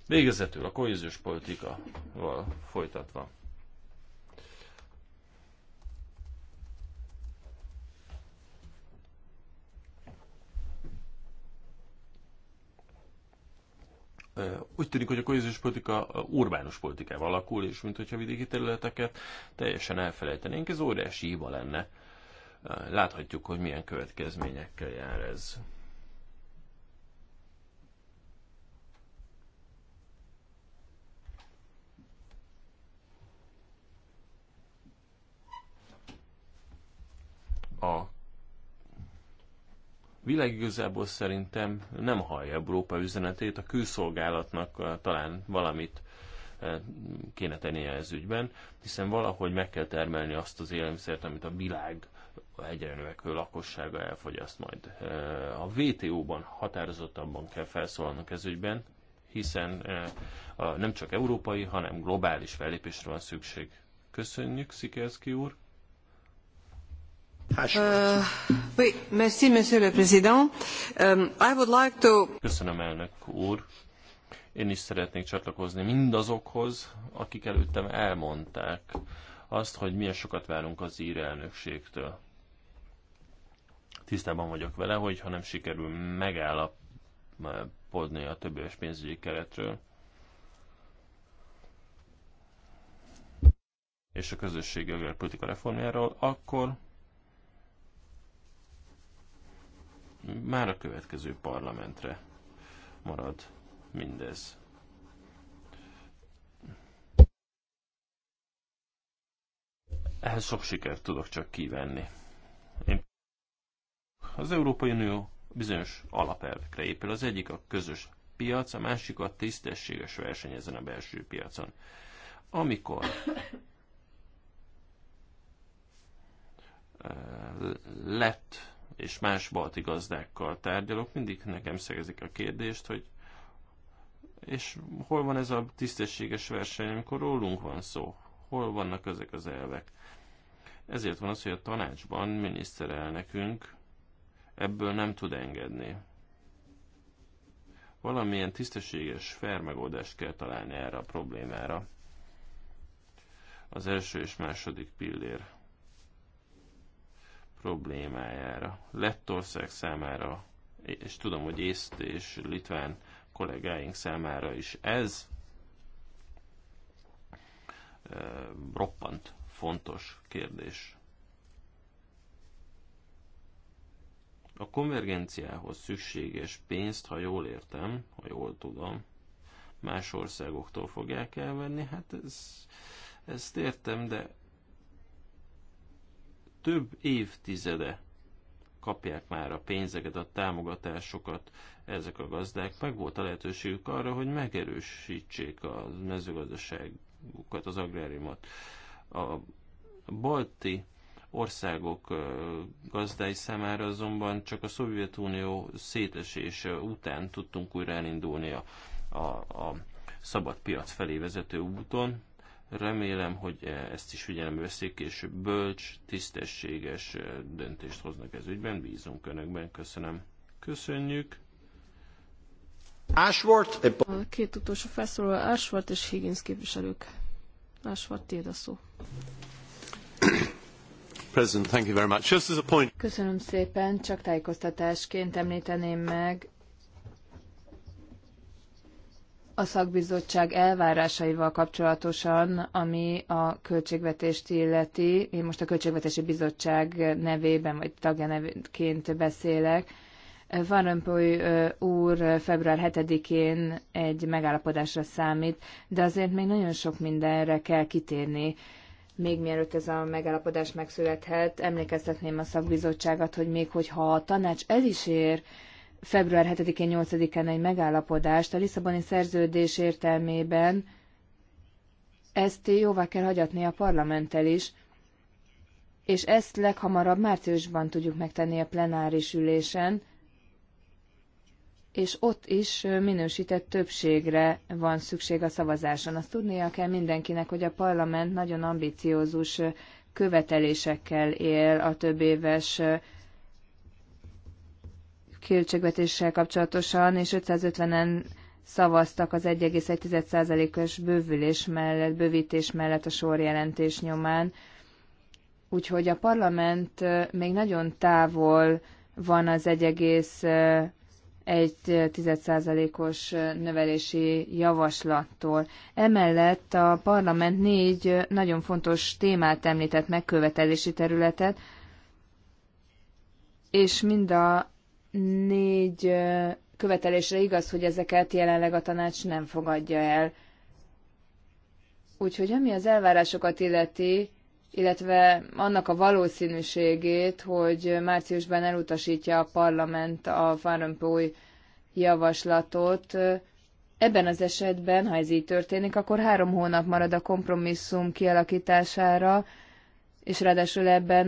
Végezetül a kohéziós politikával folytatva. úgy tűnik, hogy a kohéziós politika urbánus politikával alakul, és mint hogyha vidéki területeket teljesen elfelejtenénk, ez óriási hiba lenne. Láthatjuk, hogy milyen következményekkel jár ez. A világ igazából szerintem nem hallja Európa üzenetét, a külszolgálatnak eh, talán valamit eh, kéne tennie ez ügyben, hiszen valahogy meg kell termelni azt az élelmiszert, amit a világ egyre növekvő lakossága elfogyaszt majd. Eh, a WTO-ban határozottabban kell felszólalnunk ez ügyben, hiszen nem csak európai, hanem globális fellépésre van szükség. Köszönjük, Szikerszki úr! Uh, um, Köszönöm, elnök úr. Én is szeretnék csatlakozni mindazokhoz, akik előttem elmondták azt, hogy milyen sokat várunk az ír elnökségtől. Tisztában vagyok vele, hogy ha nem sikerül megállapodni a többéves pénzügyi keretről, és a közösségi politika reformjáról, akkor már a következő parlamentre marad mindez. Ehhez sok sikert tudok csak kívánni. Én az Európai Unió bizonyos alapelvekre épül. Az egyik a közös piac, a másik a tisztességes verseny ezen a belső piacon. Amikor eh, lett és más balti gazdákkal tárgyalok, mindig nekem szegezik a kérdést, hogy és hol van ez a tisztességes verseny, amikor rólunk van szó? Hol vannak ezek az elvek? Ezért van az, hogy a tanácsban miniszterelnökünk ebből nem tud engedni. Valamilyen tisztességes, fair kell találni erre a problémára. Az első és második pillér problémájára. Lettország számára, és tudom, hogy észt és litván kollégáink számára is ez roppant fontos kérdés. A konvergenciához szükséges pénzt, ha jól értem, ha jól tudom, más országoktól fogják elvenni. Hát ez, ezt értem, de több évtizede kapják már a pénzeket, a támogatásokat ezek a gazdák. Meg volt a lehetőségük arra, hogy megerősítsék a mezőgazdaságukat, az agráriumot. A balti országok gazdái számára azonban csak a Szovjetunió szétesése után tudtunk újra elindulni a, a, a szabad piac felé vezető úton. Remélem, hogy ezt is figyelembe veszik, és bölcs, tisztességes döntést hoznak ez ügyben. Bízunk Önökben, köszönöm. Köszönjük. Ashworth. A két utolsó felszóló, Ashworth és Higgins képviselők. Ashworth, tiéd a szó. President, thank you very much. Just as a point. Köszönöm szépen, csak tájékoztatásként említeném meg, a szakbizottság elvárásaival kapcsolatosan, ami a költségvetést illeti. Én most a Költségvetési Bizottság nevében, vagy nevénként beszélek. Van Rompuy úr február 7-én egy megállapodásra számít, de azért még nagyon sok mindenre kell kitérni. Még mielőtt ez a megállapodás megszülethet, emlékeztetném a szakbizottságot, hogy még hogyha a tanács el is ér február 7-én, 8-án egy megállapodást a Lisszaboni szerződés értelmében, ezt jóvá kell hagyatni a parlamenttel is, és ezt leghamarabb márciusban tudjuk megtenni a plenáris ülésen, és ott is minősített többségre van szükség a szavazáson. Azt tudnia kell mindenkinek, hogy a parlament nagyon ambiciózus követelésekkel él a több éves költségvetéssel kapcsolatosan, és 550-en szavaztak az 1,1%-os bővülés mellett, bővítés mellett a sorjelentés nyomán. Úgyhogy a parlament még nagyon távol van az 1,1%-os növelési javaslattól. Emellett a parlament négy nagyon fontos témát említett megkövetelési területet, és mind a négy követelésre igaz, hogy ezeket jelenleg a tanács nem fogadja el. Úgyhogy ami az elvárásokat illeti, illetve annak a valószínűségét, hogy márciusban elutasítja a parlament a Fárenpói javaslatot, ebben az esetben, ha ez így történik, akkor három hónap marad a kompromisszum kialakítására, és ráadásul ebben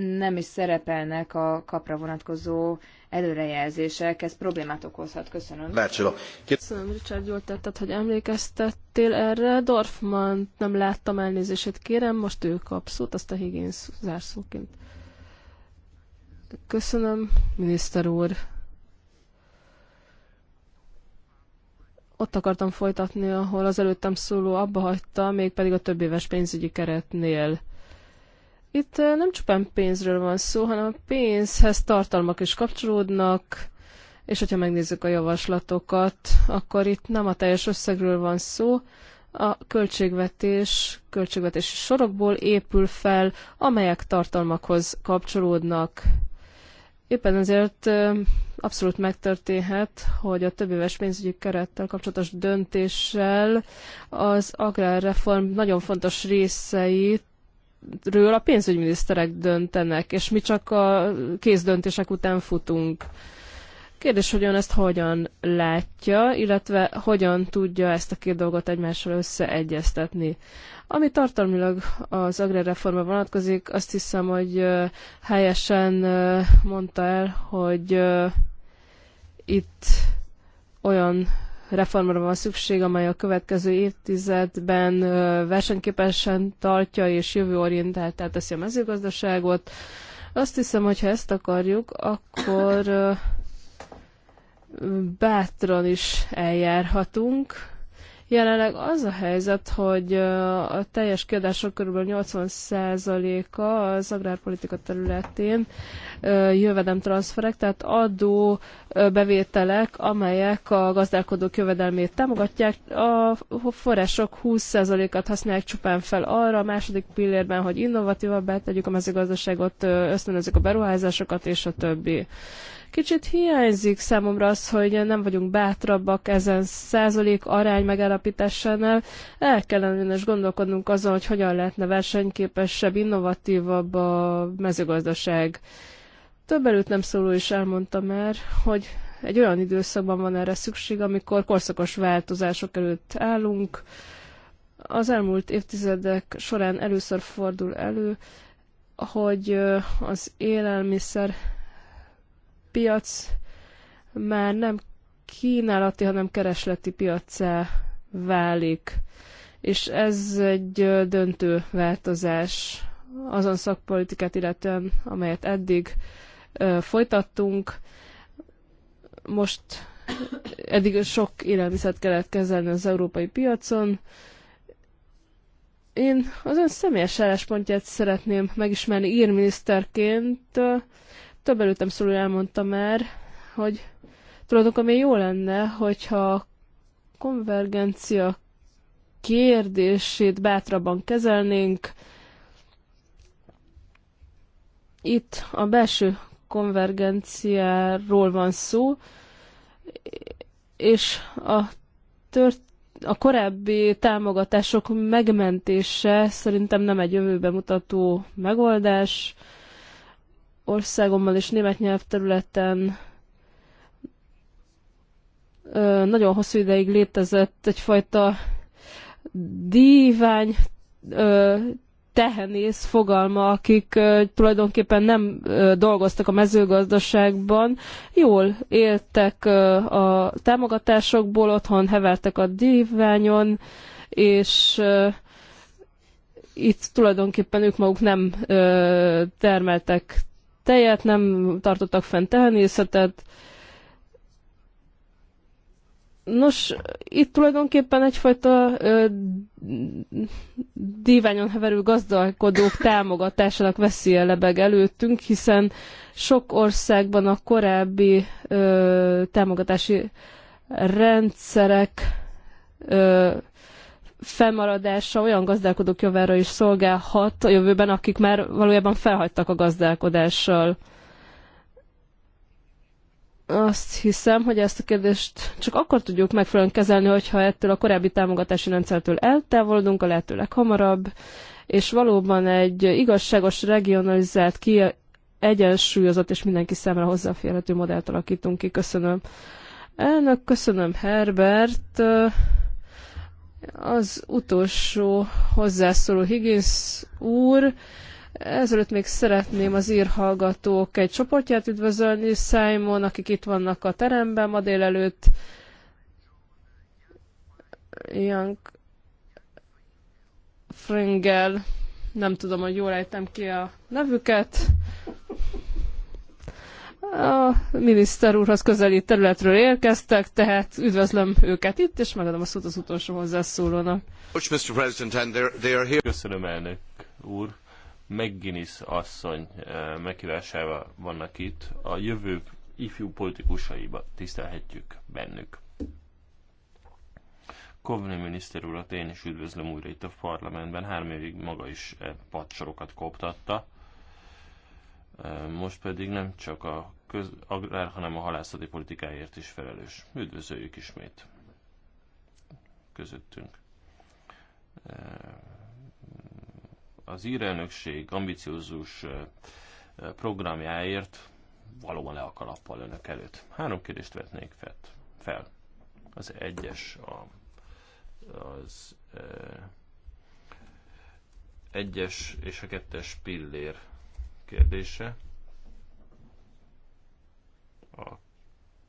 nem is szerepelnek a kapra vonatkozó előrejelzések, ez problémát okozhat. Köszönöm. Bárcsoló. Köszönöm, Richard, jól tetted, hogy emlékeztettél erre. Dorfman nem láttam elnézését, kérem, most ő kap szót, azt a higién zárszóként. Köszönöm, miniszter úr. Ott akartam folytatni, ahol az előttem szóló abba hagyta, mégpedig a több éves pénzügyi keretnél. Itt nem csupán pénzről van szó, hanem a pénzhez tartalmak is kapcsolódnak, és hogyha megnézzük a javaslatokat, akkor itt nem a teljes összegről van szó, a költségvetés költségvetési sorokból épül fel, amelyek tartalmakhoz kapcsolódnak. Éppen ezért abszolút megtörténhet, hogy a több éves pénzügyi kerettel kapcsolatos döntéssel az agrárreform nagyon fontos részeit ről a pénzügyminiszterek döntenek, és mi csak a kézdöntések után futunk. Kérdés, hogy ön ezt hogyan látja, illetve hogyan tudja ezt a két dolgot egymással összeegyeztetni. Ami tartalmilag az agrárreforma vonatkozik, azt hiszem, hogy helyesen mondta el, hogy itt olyan reformra van szükség, amely a következő évtizedben versenyképesen tartja és jövőorientáltá teszi a mezőgazdaságot. Azt hiszem, hogy ha ezt akarjuk, akkor bátran is eljárhatunk, Jelenleg az a helyzet, hogy a teljes kiadások kb. 80%-a az agrárpolitika területén jövedemtranszferek, tehát adó bevételek, amelyek a gazdálkodók jövedelmét támogatják. A források 20%-at használják csupán fel arra a második pillérben, hogy innovatívabbá tegyük a mezőgazdaságot, ösztönözzük a beruházásokat és a többi. Kicsit hiányzik számomra az, hogy nem vagyunk bátrabbak ezen százalék arány megállapításánál. El kellene ugyanis gondolkodnunk azon, hogy hogyan lehetne versenyképesebb, innovatívabb a mezőgazdaság. Több előtt nem szóló is elmondta már, hogy egy olyan időszakban van erre szükség, amikor korszakos változások előtt állunk. Az elmúlt évtizedek során először fordul elő, hogy az élelmiszer piac már nem kínálati, hanem keresleti piacá válik. És ez egy döntő változás azon szakpolitikát illetően, amelyet eddig folytattunk. Most eddig sok élelmiszert kellett kezelni az európai piacon. Én az ön személyes álláspontját szeretném megismerni írminiszterként. Több előttem szóló elmondta már, hogy tulajdonképpen jó lenne, hogyha a konvergencia kérdését bátrabban kezelnénk. Itt a belső konvergenciáról van szó, és a, tört, a korábbi támogatások megmentése szerintem nem egy jövőbe mutató megoldás országommal és német nyelvterületen nagyon hosszú ideig létezett egyfajta dívány tehenész fogalma, akik tulajdonképpen nem dolgoztak a mezőgazdaságban, jól éltek a támogatásokból, otthon hevertek a díványon, és itt tulajdonképpen ők maguk nem termeltek tejet, nem tartottak fent tehenészetet. Nos, itt tulajdonképpen egyfajta ö, díványon heverő gazdálkodók támogatásának veszélye lebeg előttünk, hiszen sok országban a korábbi ö, támogatási rendszerek ö, felmaradása olyan gazdálkodók javára is szolgálhat a jövőben, akik már valójában felhagytak a gazdálkodással. Azt hiszem, hogy ezt a kérdést csak akkor tudjuk megfelelően kezelni, hogyha ettől a korábbi támogatási rendszertől eltávolodunk a lehető leghamarabb, és valóban egy igazságos, regionalizált, ki egyensúlyozott és mindenki számára hozzáférhető modellt alakítunk ki. Köszönöm. Elnök, köszönöm Herbert. Az utolsó hozzászóló Higgins úr, ezelőtt még szeretném az írhallgatók egy csoportját üdvözölni, Simon, akik itt vannak a teremben ma délelőtt, Young Fringel, nem tudom, hogy jól ejtem ki a nevüket, a miniszter úrhoz közeli területről érkeztek, tehát üdvözlöm őket itt, és megadom a szót az utolsó hozzászólónak. Köszönöm elnök úr. McGuinness asszony eh, meghívásával vannak itt. A jövő ifjú politikusaiba tisztelhetjük bennük. Kovné miniszter urat én is üdvözlöm újra itt a parlamentben. Három évig maga is eh, padsorokat koptatta. Eh, most pedig nem csak a köz, agrár, hanem a halászati politikáért is felelős. Üdvözöljük ismét közöttünk. Eh, az írelnökség ambiciózus eh, programjáért valóban le a kalappal önök előtt. Három kérdést vetnék fel. Az egyes a, az e, egyes és a kettes pillér kérdése a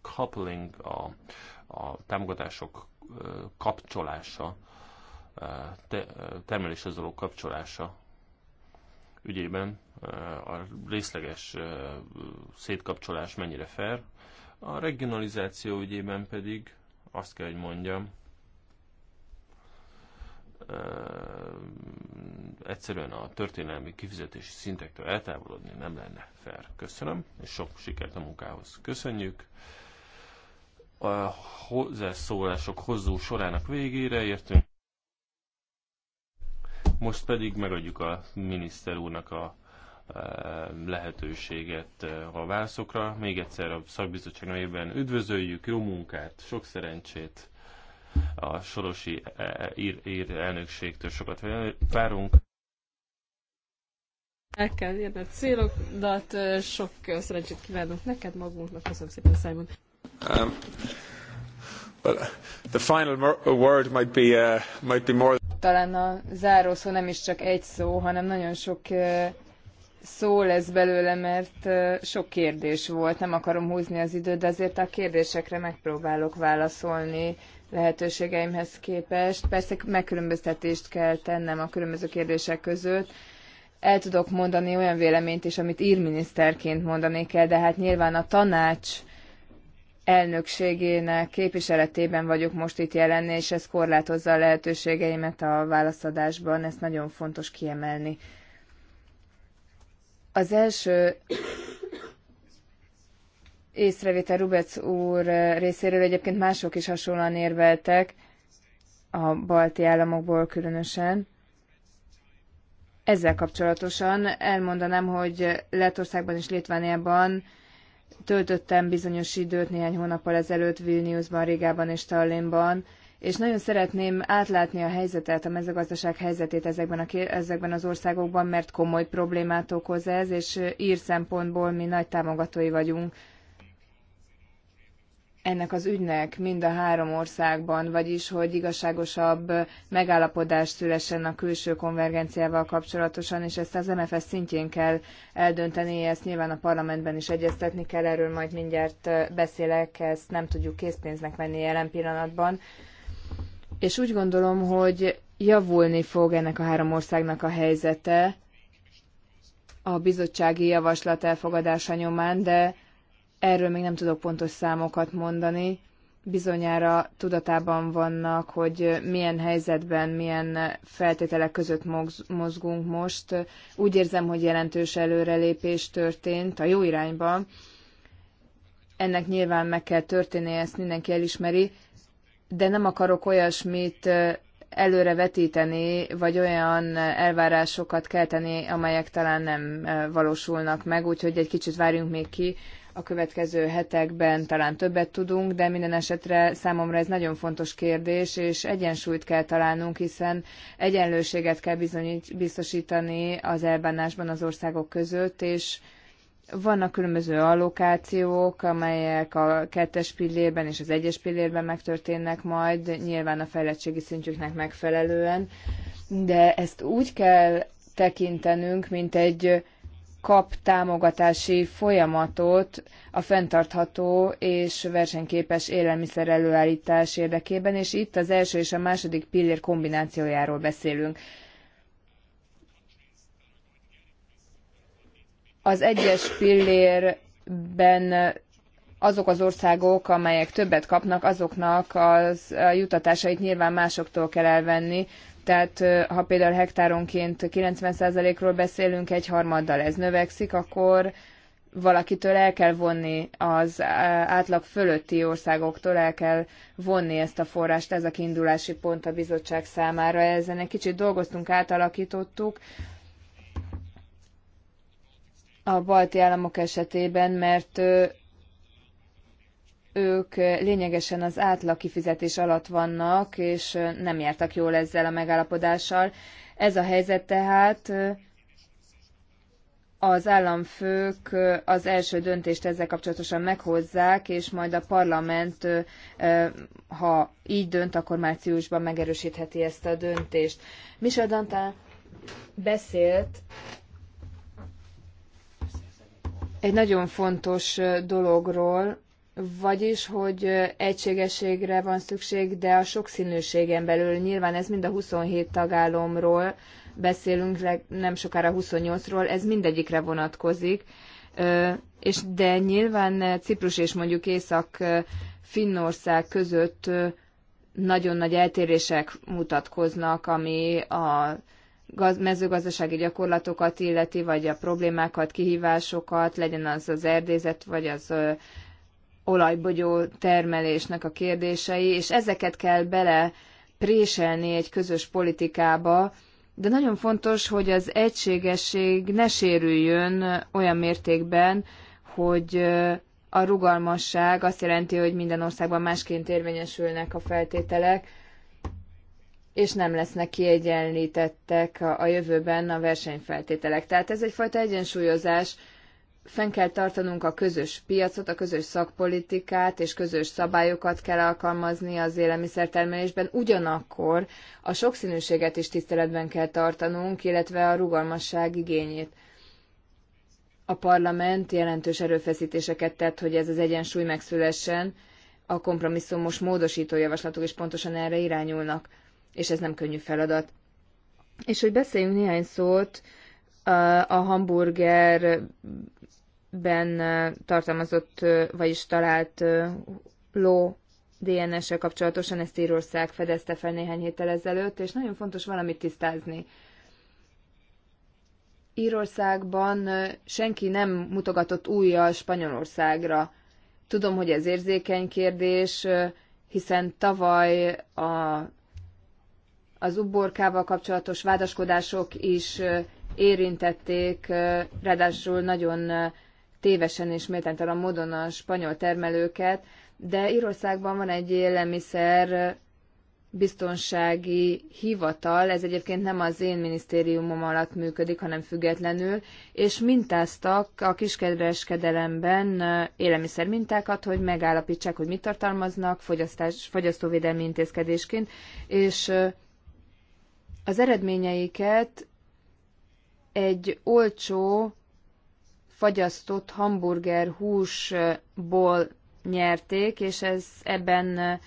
coupling, a, a támogatások kapcsolása, te, termeléshez való kapcsolása ügyében a részleges szétkapcsolás mennyire fair. A regionalizáció ügyében pedig azt kell, hogy mondjam, egyszerűen a történelmi kifizetési szintektől eltávolodni nem lenne fair. Köszönöm, és sok sikert a munkához. Köszönjük! A hozzászólások hozzó sorának végére értünk. Most pedig megadjuk a miniszter úrnak a lehetőséget a válaszokra. Még egyszer a szakbizottság nevében üdvözöljük, jó munkát, sok szerencsét! a sorosi e, e, ír, ír elnökségtől sokat várunk. El kell érni a célokat, sok szerencsét kívánok neked magunknak. Köszönöm szépen, Simon. Um, well, the final word might be, uh, might be more... Talán a záró szó nem is csak egy szó, hanem nagyon sok uh, szó lesz belőle, mert sok kérdés volt, nem akarom húzni az időt, de azért a kérdésekre megpróbálok válaszolni lehetőségeimhez képest. Persze megkülönböztetést kell tennem a különböző kérdések között. El tudok mondani olyan véleményt is, amit írminiszterként mondani kell, de hát nyilván a tanács elnökségének képviseletében vagyok most itt jelen, és ez korlátozza a lehetőségeimet a válaszadásban, ezt nagyon fontos kiemelni. Az első észrevétel Rubec úr részéről egyébként mások is hasonlóan érveltek, a balti államokból különösen. Ezzel kapcsolatosan elmondanám, hogy Lettországban és Litvániában töltöttem bizonyos időt néhány hónappal ezelőtt Vilniusban, Rigában és Tallinnban, és nagyon szeretném átlátni a helyzetet, a mezőgazdaság helyzetét ezekben, a, ezekben az országokban, mert komoly problémát okoz ez, és ír szempontból mi nagy támogatói vagyunk ennek az ügynek mind a három országban, vagyis hogy igazságosabb megállapodás szülessen a külső konvergenciával kapcsolatosan, és ezt az MFS szintjén kell eldönteni, ezt nyilván a parlamentben is egyeztetni kell, erről majd mindjárt beszélek, ezt nem tudjuk készpénznek venni jelen pillanatban. És úgy gondolom, hogy javulni fog ennek a három országnak a helyzete a bizottsági javaslat elfogadása nyomán, de Erről még nem tudok pontos számokat mondani. Bizonyára tudatában vannak, hogy milyen helyzetben, milyen feltételek között mozgunk most. Úgy érzem, hogy jelentős előrelépés történt a jó irányba. Ennek nyilván meg kell történnie, ezt mindenki elismeri, de nem akarok olyasmit előre vetíteni, vagy olyan elvárásokat kelteni, amelyek talán nem valósulnak meg, úgyhogy egy kicsit várjunk még ki a következő hetekben talán többet tudunk, de minden esetre számomra ez nagyon fontos kérdés, és egyensúlyt kell találnunk, hiszen egyenlőséget kell bizonyít, biztosítani az elbánásban az országok között, és vannak különböző allokációk, amelyek a kettes pillérben és az egyes pillérben megtörténnek majd, nyilván a fejlettségi szintjüknek megfelelően, de ezt úgy kell tekintenünk, mint egy kap támogatási folyamatot a fenntartható és versenyképes élelmiszer előállítás érdekében, és itt az első és a második pillér kombinációjáról beszélünk. Az egyes pillérben azok az országok, amelyek többet kapnak, azoknak az jutatásait nyilván másoktól kell elvenni, tehát ha például hektáronként 90%-ról beszélünk, egy harmaddal ez növekszik, akkor valakitől el kell vonni, az átlag fölötti országoktól el kell vonni ezt a forrást, ez a kiindulási pont a bizottság számára. Ezen egy kicsit dolgoztunk, átalakítottuk a balti államok esetében, mert ők lényegesen az átlag kifizetés alatt vannak, és nem jártak jól ezzel a megállapodással. Ez a helyzet tehát az államfők az első döntést ezzel kapcsolatosan meghozzák, és majd a parlament, ha így dönt, akkor márciusban megerősítheti ezt a döntést. Michel Dantá beszélt egy nagyon fontos dologról, vagyis, hogy egységességre van szükség, de a sokszínűségen belül nyilván ez mind a 27 tagállomról beszélünk, nem sokára 28-ról, ez mindegyikre vonatkozik, és de nyilván Ciprus és mondjuk Észak-Finnország között nagyon nagy eltérések mutatkoznak, ami a mezőgazdasági gyakorlatokat illeti, vagy a problémákat, kihívásokat, legyen az az erdészet, vagy az olajbogyó termelésnek a kérdései, és ezeket kell bele préselni egy közös politikába, de nagyon fontos, hogy az egységesség ne sérüljön olyan mértékben, hogy a rugalmasság azt jelenti, hogy minden országban másként érvényesülnek a feltételek, és nem lesznek kiegyenlítettek a jövőben a versenyfeltételek. Tehát ez egyfajta egyensúlyozás, fenn kell tartanunk a közös piacot, a közös szakpolitikát és közös szabályokat kell alkalmazni az élelmiszertermelésben, ugyanakkor a sokszínűséget is tiszteletben kell tartanunk, illetve a rugalmasság igényét. A parlament jelentős erőfeszítéseket tett, hogy ez az egyensúly megszülessen, a kompromisszumos módosító javaslatok is pontosan erre irányulnak, és ez nem könnyű feladat. És hogy beszéljünk néhány szót a hamburger ben tartalmazott, vagyis talált ló DNS-sel kapcsolatosan, ezt Írország fedezte fel néhány héttel ezelőtt, és nagyon fontos valamit tisztázni. Írországban senki nem mutogatott újjal Spanyolországra. Tudom, hogy ez érzékeny kérdés, hiszen tavaly a, az uborkával kapcsolatos vádaskodások is érintették, ráadásul nagyon tévesen és méltánytalan módon a spanyol termelőket, de Írországban van egy élelmiszer biztonsági hivatal, ez egyébként nem az én minisztériumom alatt működik, hanem függetlenül, és mintáztak a kiskereskedelemben élelmiszer mintákat, hogy megállapítsák, hogy mit tartalmaznak fogyasztás, fogyasztóvédelmi intézkedésként, és az eredményeiket egy olcsó fagyasztott hamburger húsból nyerték, és ez ebben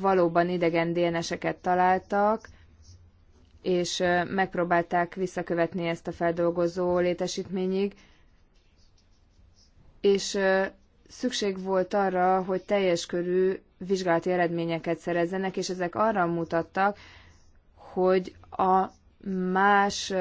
valóban idegen DNS-eket találtak, és megpróbálták visszakövetni ezt a feldolgozó létesítményig, és szükség volt arra, hogy teljes körű vizsgálati eredményeket szerezzenek, és ezek arra mutattak, hogy a más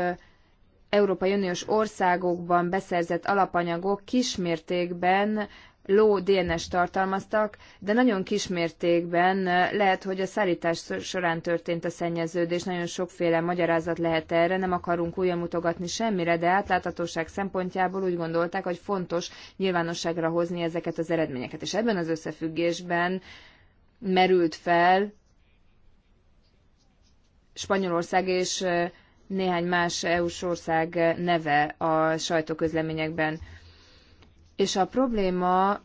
Európai Uniós országokban beszerzett alapanyagok kismértékben ló DNS tartalmaztak, de nagyon kismértékben eh, lehet, hogy a szállítás során történt a szennyeződés, nagyon sokféle magyarázat lehet erre, nem akarunk újra mutogatni semmire, de átláthatóság szempontjából úgy gondolták, hogy fontos nyilvánosságra hozni ezeket az eredményeket. És ebben az összefüggésben merült fel Spanyolország és eh, néhány más EU-s ország neve a sajtóközleményekben. És a probléma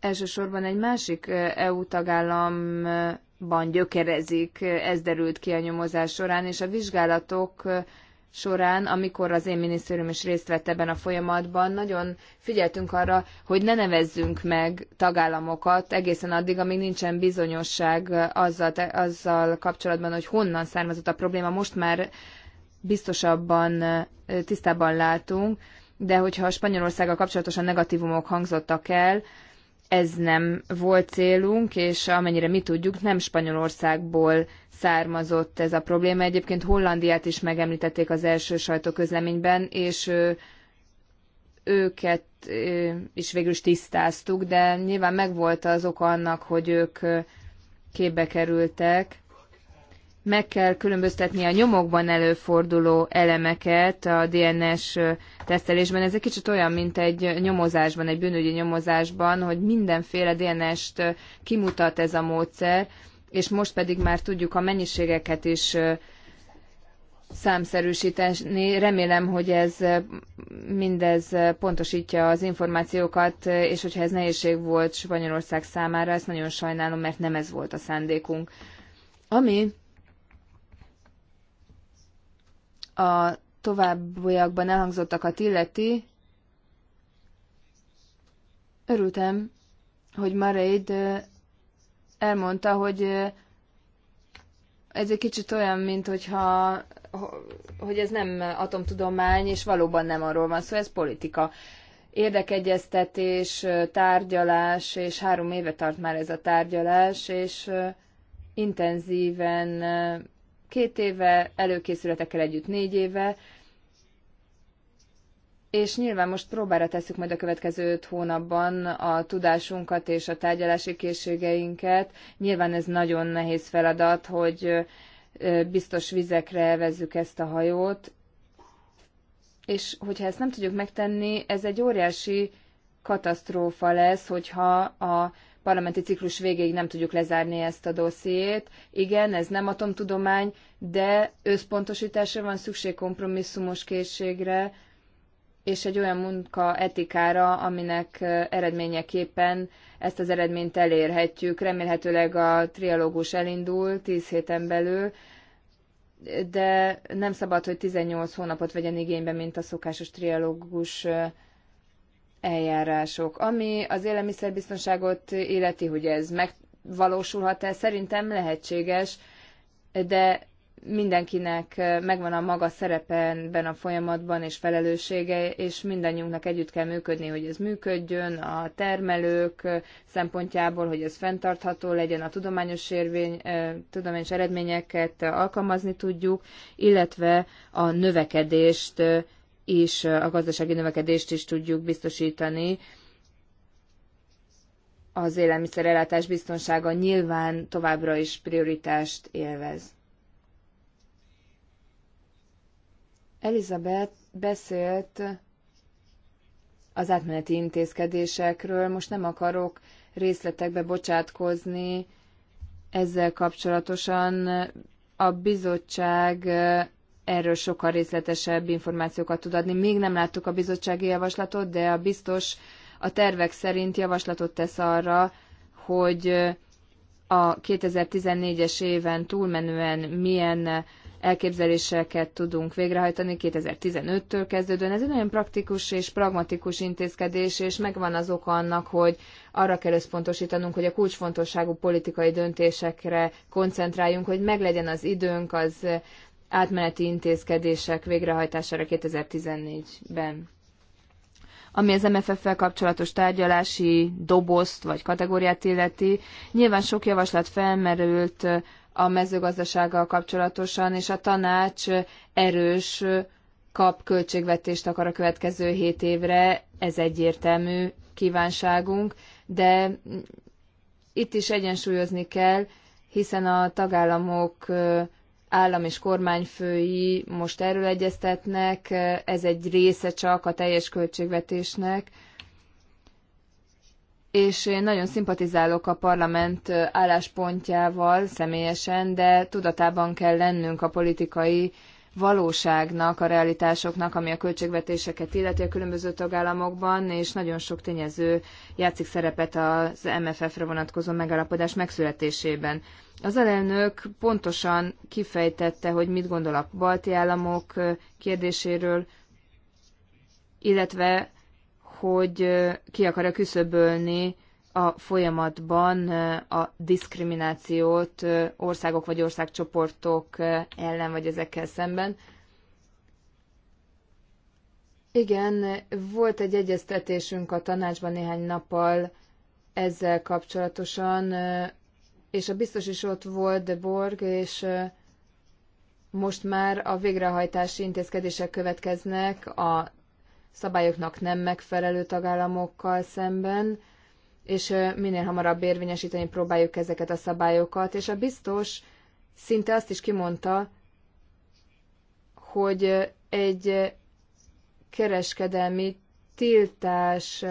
elsősorban egy másik EU tagállamban gyökerezik, ez derült ki a nyomozás során, és a vizsgálatok során, amikor az én minisztérium is részt vett ebben a folyamatban, nagyon figyeltünk arra, hogy ne nevezzünk meg tagállamokat egészen addig, amíg nincsen bizonyosság azzal, azzal kapcsolatban, hogy honnan származott a probléma. Most már biztosabban, tisztában látunk, de hogyha a Spanyolországgal kapcsolatosan negatívumok hangzottak el, ez nem volt célunk, és amennyire mi tudjuk, nem Spanyolországból származott ez a probléma. Egyébként Hollandiát is megemlítették az első sajtóközleményben, és őket is végül is tisztáztuk, de nyilván megvolt az oka annak, hogy ők képbe kerültek. Meg kell különböztetni a nyomokban előforduló elemeket a DNS tesztelésben. Ez egy kicsit olyan, mint egy nyomozásban, egy bűnügyi nyomozásban, hogy mindenféle DNS-t kimutat ez a módszer, és most pedig már tudjuk a mennyiségeket is számszerűsíteni. Remélem, hogy ez mindez pontosítja az információkat, és hogyha ez nehézség volt Spanyolország számára, ezt nagyon sajnálom, mert nem ez volt a szándékunk. Ami a továbbiakban elhangzottakat illeti, örültem, hogy Mareid elmondta, hogy ez egy kicsit olyan, mint hogyha hogy ez nem atomtudomány, és valóban nem arról van szó, ez politika. Érdekegyeztetés, tárgyalás, és három éve tart már ez a tárgyalás, és intenzíven két éve, előkészületekkel együtt négy éve, és nyilván most próbára tesszük majd a következő öt hónapban a tudásunkat és a tárgyalási készségeinket. Nyilván ez nagyon nehéz feladat, hogy biztos vizekre elvezzük ezt a hajót, és hogyha ezt nem tudjuk megtenni, ez egy óriási katasztrófa lesz, hogyha a parlamenti ciklus végéig nem tudjuk lezárni ezt a dossziét. Igen, ez nem atomtudomány, de összpontosításra van szükség kompromisszumos készségre, és egy olyan munka etikára, aminek eredményeképpen ezt az eredményt elérhetjük. Remélhetőleg a trialógus elindul 10 héten belül, de nem szabad, hogy 18 hónapot vegyen igénybe, mint a szokásos trialógus eljárások. Ami az élelmiszerbiztonságot illeti, hogy ez megvalósulhat-e, szerintem lehetséges, de mindenkinek megvan a maga szerepe ebben a folyamatban és felelőssége, és mindannyiunknak együtt kell működni, hogy ez működjön a termelők szempontjából, hogy ez fenntartható legyen, a tudományos, érvény, tudományos eredményeket alkalmazni tudjuk, illetve a növekedést is, a gazdasági növekedést is tudjuk biztosítani, az élelmiszerellátás biztonsága nyilván továbbra is prioritást élvez. Elizabeth beszélt az átmeneti intézkedésekről, most nem akarok részletekbe bocsátkozni ezzel kapcsolatosan. A bizottság erről sokkal részletesebb információkat tud adni. Még nem láttuk a bizottsági javaslatot, de a biztos a tervek szerint javaslatot tesz arra, hogy a 2014-es éven túlmenően milyen elképzeléseket tudunk végrehajtani 2015-től kezdődően. Ez egy nagyon praktikus és pragmatikus intézkedés, és megvan az oka annak, hogy arra kell összpontosítanunk, hogy a kulcsfontosságú politikai döntésekre koncentráljunk, hogy meglegyen az időnk az átmeneti intézkedések végrehajtására 2014-ben ami az MFF-fel kapcsolatos tárgyalási dobozt vagy kategóriát illeti. Nyilván sok javaslat felmerült a mezőgazdasággal kapcsolatosan, és a tanács erős kap költségvetést akar a következő hét évre, ez egyértelmű kívánságunk, de itt is egyensúlyozni kell, hiszen a tagállamok állam és kormányfői most erről egyeztetnek, ez egy része csak a teljes költségvetésnek, és én nagyon szimpatizálok a parlament álláspontjával személyesen, de tudatában kell lennünk a politikai valóságnak, a realitásoknak, ami a költségvetéseket illeti a különböző tagállamokban, és nagyon sok tényező játszik szerepet az MFF-re vonatkozó megállapodás megszületésében. Az alelnök pontosan kifejtette, hogy mit gondol a balti államok kérdéséről, illetve hogy ki akarja küszöbölni a folyamatban a diszkriminációt országok vagy országcsoportok ellen vagy ezekkel szemben. Igen, volt egy egyeztetésünk a tanácsban néhány nappal ezzel kapcsolatosan, és a biztos is ott volt de Borg, és most már a végrehajtási intézkedések következnek a szabályoknak nem megfelelő tagállamokkal szemben, és minél hamarabb érvényesíteni próbáljuk ezeket a szabályokat, és a biztos szinte azt is kimondta, hogy egy kereskedelmi tiltás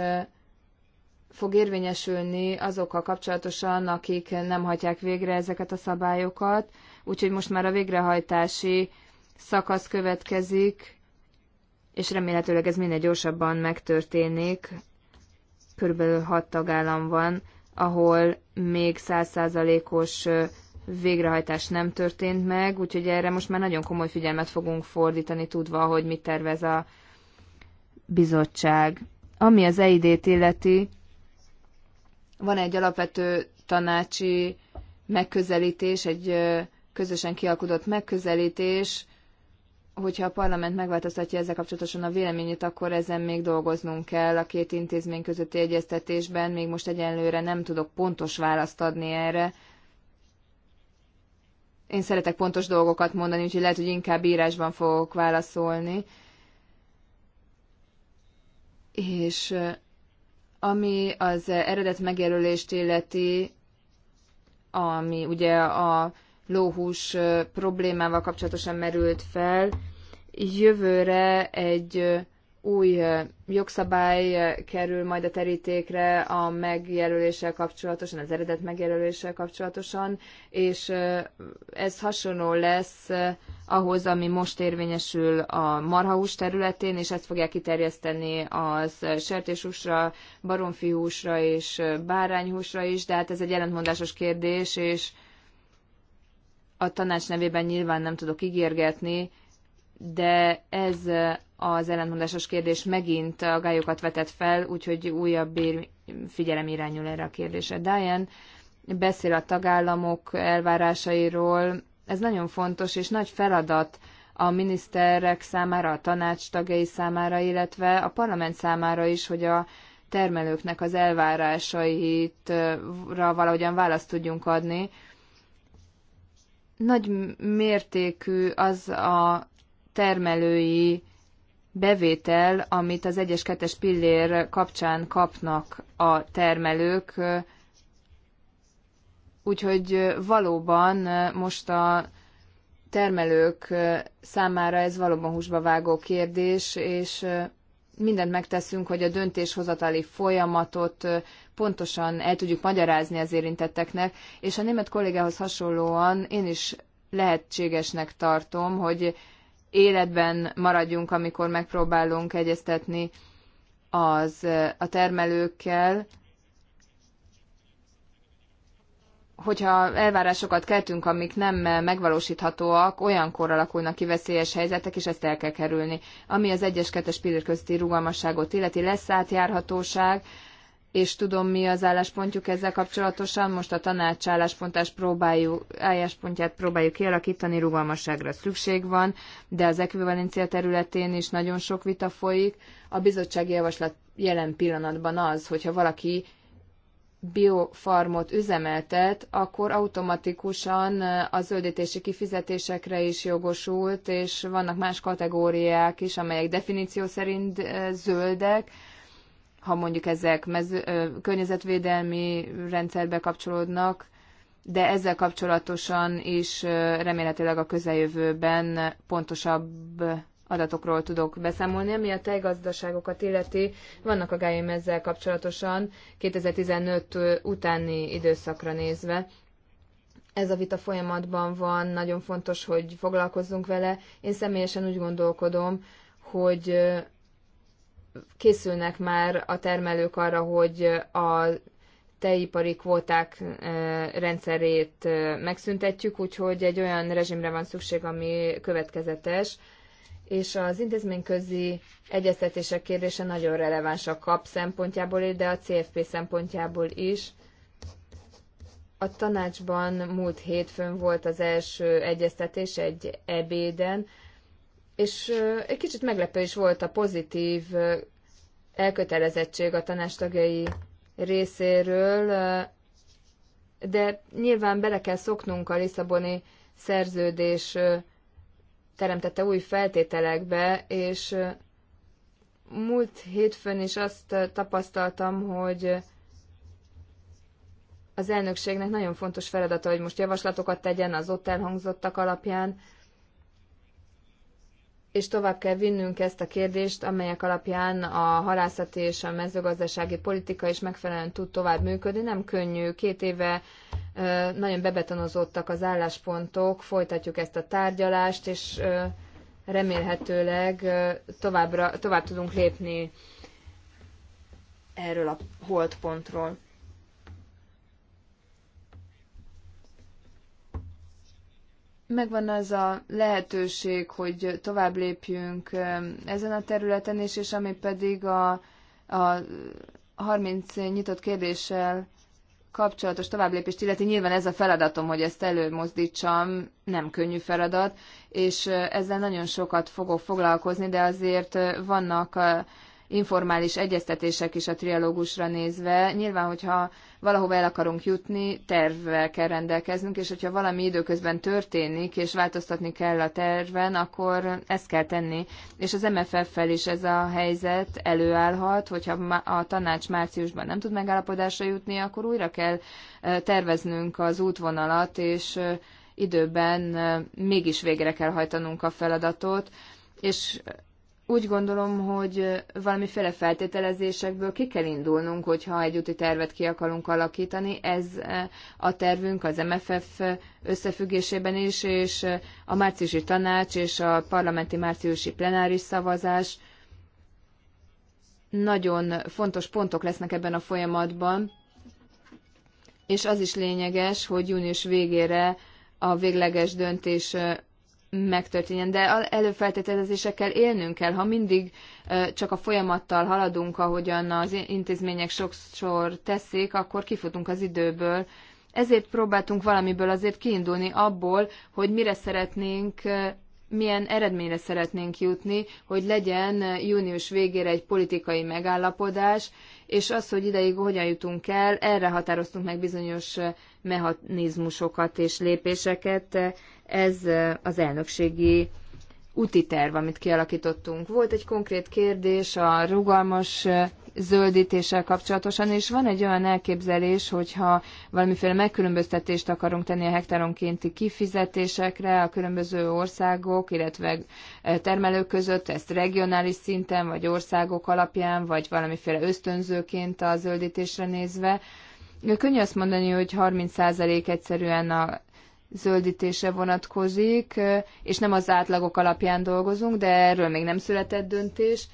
fog érvényesülni azokkal kapcsolatosan, akik nem hagyják végre ezeket a szabályokat, úgyhogy most már a végrehajtási szakasz következik, és remélhetőleg ez minél gyorsabban megtörténik. Körülbelül hat tagállam van, ahol még százszázalékos végrehajtás nem történt meg, úgyhogy erre most már nagyon komoly figyelmet fogunk fordítani, tudva, hogy mit tervez a bizottság. Ami az EID-t illeti, van egy alapvető tanácsi megközelítés, egy közösen kialkudott megközelítés, hogyha a parlament megváltoztatja ezzel kapcsolatosan a véleményét, akkor ezen még dolgoznunk kell a két intézmény közötti egyeztetésben. Még most egyenlőre nem tudok pontos választ adni erre. Én szeretek pontos dolgokat mondani, úgyhogy lehet, hogy inkább írásban fogok válaszolni. És ami az eredet megjelölést illeti, ami ugye a lóhús problémával kapcsolatosan merült fel. Jövőre egy új jogszabály kerül majd a terítékre a megjelöléssel kapcsolatosan, az eredet megjelöléssel kapcsolatosan, és ez hasonló lesz ahhoz, ami most érvényesül a marhahús területén, és ezt fogják kiterjeszteni az sertéshúsra, baromfihúsra és bárányhúsra is, de hát ez egy jelentmondásos kérdés, és a tanács nevében nyilván nem tudok ígérgetni, de ez az ellentmondásos kérdés megint a gályokat vetett fel, úgyhogy újabb figyelem irányul erre a kérdésre. Diane beszél a tagállamok elvárásairól, ez nagyon fontos és nagy feladat a miniszterek számára, a tanács tagjai számára, illetve a parlament számára is, hogy a termelőknek az elvárásaitra eh, valahogyan választ tudjunk adni nagy mértékű az a termelői bevétel, amit az egyes kettes pillér kapcsán kapnak a termelők, úgyhogy valóban most a termelők számára ez valóban húsba vágó kérdés, és mindent megteszünk, hogy a döntéshozatali folyamatot pontosan el tudjuk magyarázni az érintetteknek, és a német kollégához hasonlóan én is lehetségesnek tartom, hogy életben maradjunk, amikor megpróbálunk egyeztetni az, a termelőkkel, hogyha elvárásokat keltünk, amik nem megvalósíthatóak, olyankor alakulnak ki veszélyes helyzetek, és ezt el kell kerülni. Ami az egyes kettes pillér közti rugalmasságot illeti, lesz átjárhatóság, és tudom, mi az álláspontjuk ezzel kapcsolatosan. Most a tanács álláspontás próbáljuk, álláspontját próbáljuk kialakítani, rugalmasságra szükség van, de az ekvivalencia területén is nagyon sok vita folyik. A bizottsági javaslat jelen pillanatban az, hogyha valaki biofarmot üzemeltet, akkor automatikusan a zöldítési kifizetésekre is jogosult, és vannak más kategóriák is, amelyek definíció szerint eh, zöldek, ha mondjuk ezek mező, környezetvédelmi rendszerbe kapcsolódnak, de ezzel kapcsolatosan is remélhetőleg a közeljövőben pontosabb adatokról tudok beszámolni. Ami a tejgazdaságokat illeti, vannak aggályom ezzel kapcsolatosan 2015 utáni időszakra nézve. Ez a vita folyamatban van, nagyon fontos, hogy foglalkozzunk vele. Én személyesen úgy gondolkodom, hogy készülnek már a termelők arra, hogy a tejipari kvóták eh, rendszerét eh, megszüntetjük, úgyhogy egy olyan rezsimre van szükség, ami következetes, és az intézményközi egyeztetések kérdése nagyon releváns a KAP szempontjából, de a CFP szempontjából is. A tanácsban múlt hétfőn volt az első egyeztetés egy ebéden, és egy kicsit meglepő is volt a pozitív elkötelezettség a tanástagjai részéről, de nyilván bele kell szoknunk a Lisszaboni szerződés teremtette új feltételekbe, és múlt hétfőn is azt tapasztaltam, hogy az elnökségnek nagyon fontos feladata, hogy most javaslatokat tegyen az ott elhangzottak alapján, és tovább kell vinnünk ezt a kérdést, amelyek alapján a halászati és a mezőgazdasági politika is megfelelően tud tovább működni. Nem könnyű, két éve nagyon bebetonozottak az álláspontok, folytatjuk ezt a tárgyalást, és remélhetőleg továbbra, tovább tudunk lépni erről a holdpontról. megvan az a lehetőség, hogy tovább lépjünk um, ezen a területen is, és ami pedig a, a 30 nyitott kérdéssel kapcsolatos továbblépést illeti. Nyilván ez a feladatom, hogy ezt előmozdítsam, nem könnyű feladat, és uh, ezzel nagyon sokat fogok foglalkozni, de azért uh, vannak uh, informális egyeztetések is a trialógusra nézve. Nyilván, hogyha valahova el akarunk jutni, tervvel kell rendelkeznünk, és hogyha valami időközben történik, és változtatni kell a terven, akkor ezt kell tenni. És az MFF-fel is ez a helyzet előállhat, hogyha a tanács márciusban nem tud megállapodásra jutni, akkor újra kell terveznünk az útvonalat, és időben mégis végre kell hajtanunk a feladatot, és úgy gondolom, hogy valamiféle feltételezésekből ki kell indulnunk, hogyha egy úti tervet ki akarunk alakítani. Ez e, a tervünk az MFF összefüggésében is, és e, a márciusi tanács és a parlamenti márciusi plenáris szavazás nagyon fontos pontok lesznek ebben a folyamatban, és az is lényeges, hogy június végére a végleges döntés e, megtörténjen, de előfeltételezésekkel élnünk kell. Ha mindig csak a folyamattal haladunk, ahogyan az intézmények sokszor teszik, akkor kifutunk az időből. Ezért próbáltunk valamiből azért kiindulni abból, hogy mire szeretnénk milyen eredményre szeretnénk jutni, hogy legyen június végére egy politikai megállapodás, és az, hogy ideig hogyan jutunk el, erre határoztunk meg bizonyos mechanizmusokat és lépéseket. Ez az elnökségi úti terv, amit kialakítottunk. Volt egy konkrét kérdés a rugalmas zöldítéssel kapcsolatosan, és van egy olyan elképzelés, hogyha valamiféle megkülönböztetést akarunk tenni a hektáronkénti kifizetésekre a különböző országok, illetve termelők között, ezt regionális szinten, vagy országok alapján, vagy valamiféle ösztönzőként a zöldítésre nézve, Könnyű azt mondani, hogy 30% egyszerűen a zöldítése vonatkozik, és nem az átlagok alapján dolgozunk, de erről még nem született döntés,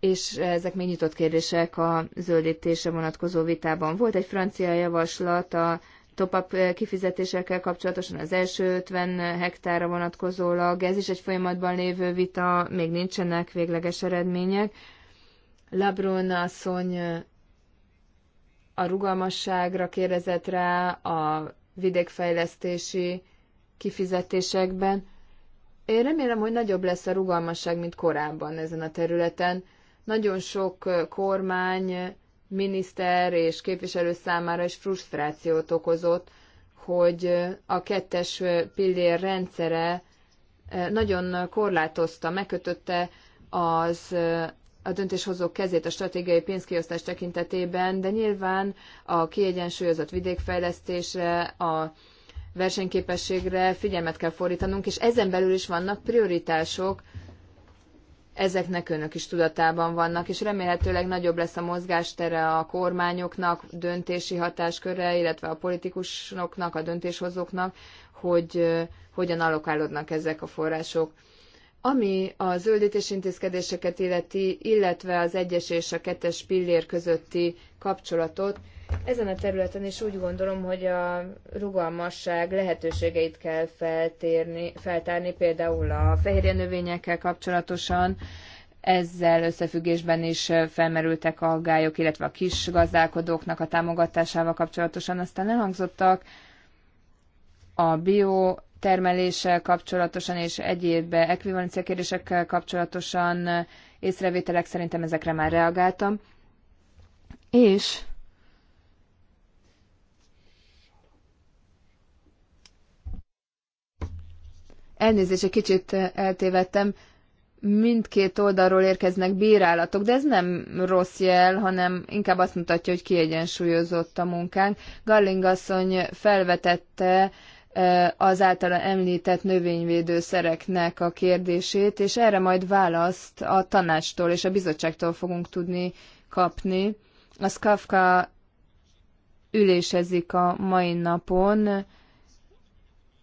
és ezek még nyitott kérdések a zöldítése vonatkozó vitában. Volt egy francia javaslat a top-up kifizetésekkel kapcsolatosan az első 50 hektára vonatkozólag. Ez is egy folyamatban lévő vita, még nincsenek végleges eredmények. Labron asszony a rugalmasságra kérdezett rá, a vidékfejlesztési kifizetésekben. Én remélem, hogy nagyobb lesz a rugalmasság, mint korábban ezen a területen. Nagyon sok kormány, miniszter és képviselő számára is frusztrációt okozott, hogy a kettes pillér rendszere nagyon korlátozta, megkötötte az a döntéshozók kezét a stratégiai pénzkiosztás tekintetében, de nyilván a kiegyensúlyozott vidékfejlesztésre, a versenyképességre figyelmet kell fordítanunk, és ezen belül is vannak prioritások, ezeknek önök is tudatában vannak, és remélhetőleg nagyobb lesz a mozgástere a kormányoknak, döntési hatásköre, illetve a politikusoknak, a döntéshozóknak, hogy eh, hogyan alokálódnak ezek a források. Ami a zöldítés intézkedéseket illeti, illetve az egyes és a kettes pillér közötti kapcsolatot, ezen a területen is úgy gondolom, hogy a rugalmasság lehetőségeit kell feltérni, feltárni, például a fehérje növényekkel kapcsolatosan, ezzel összefüggésben is felmerültek a aggályok, illetve a kis gazdálkodóknak a támogatásával kapcsolatosan. Aztán elhangzottak a bio termeléssel kapcsolatosan és egyéb ekvivalencia kérdésekkel kapcsolatosan észrevételek, szerintem ezekre már reagáltam. És elnézést, egy kicsit eltévedtem, mindkét oldalról érkeznek bírálatok, de ez nem rossz jel, hanem inkább azt mutatja, hogy kiegyensúlyozott a munkánk. Garling asszony felvetette az általa említett növényvédőszereknek a kérdését, és erre majd választ a tanácstól és a bizottságtól fogunk tudni kapni. A Skafka ülésezik a mai napon,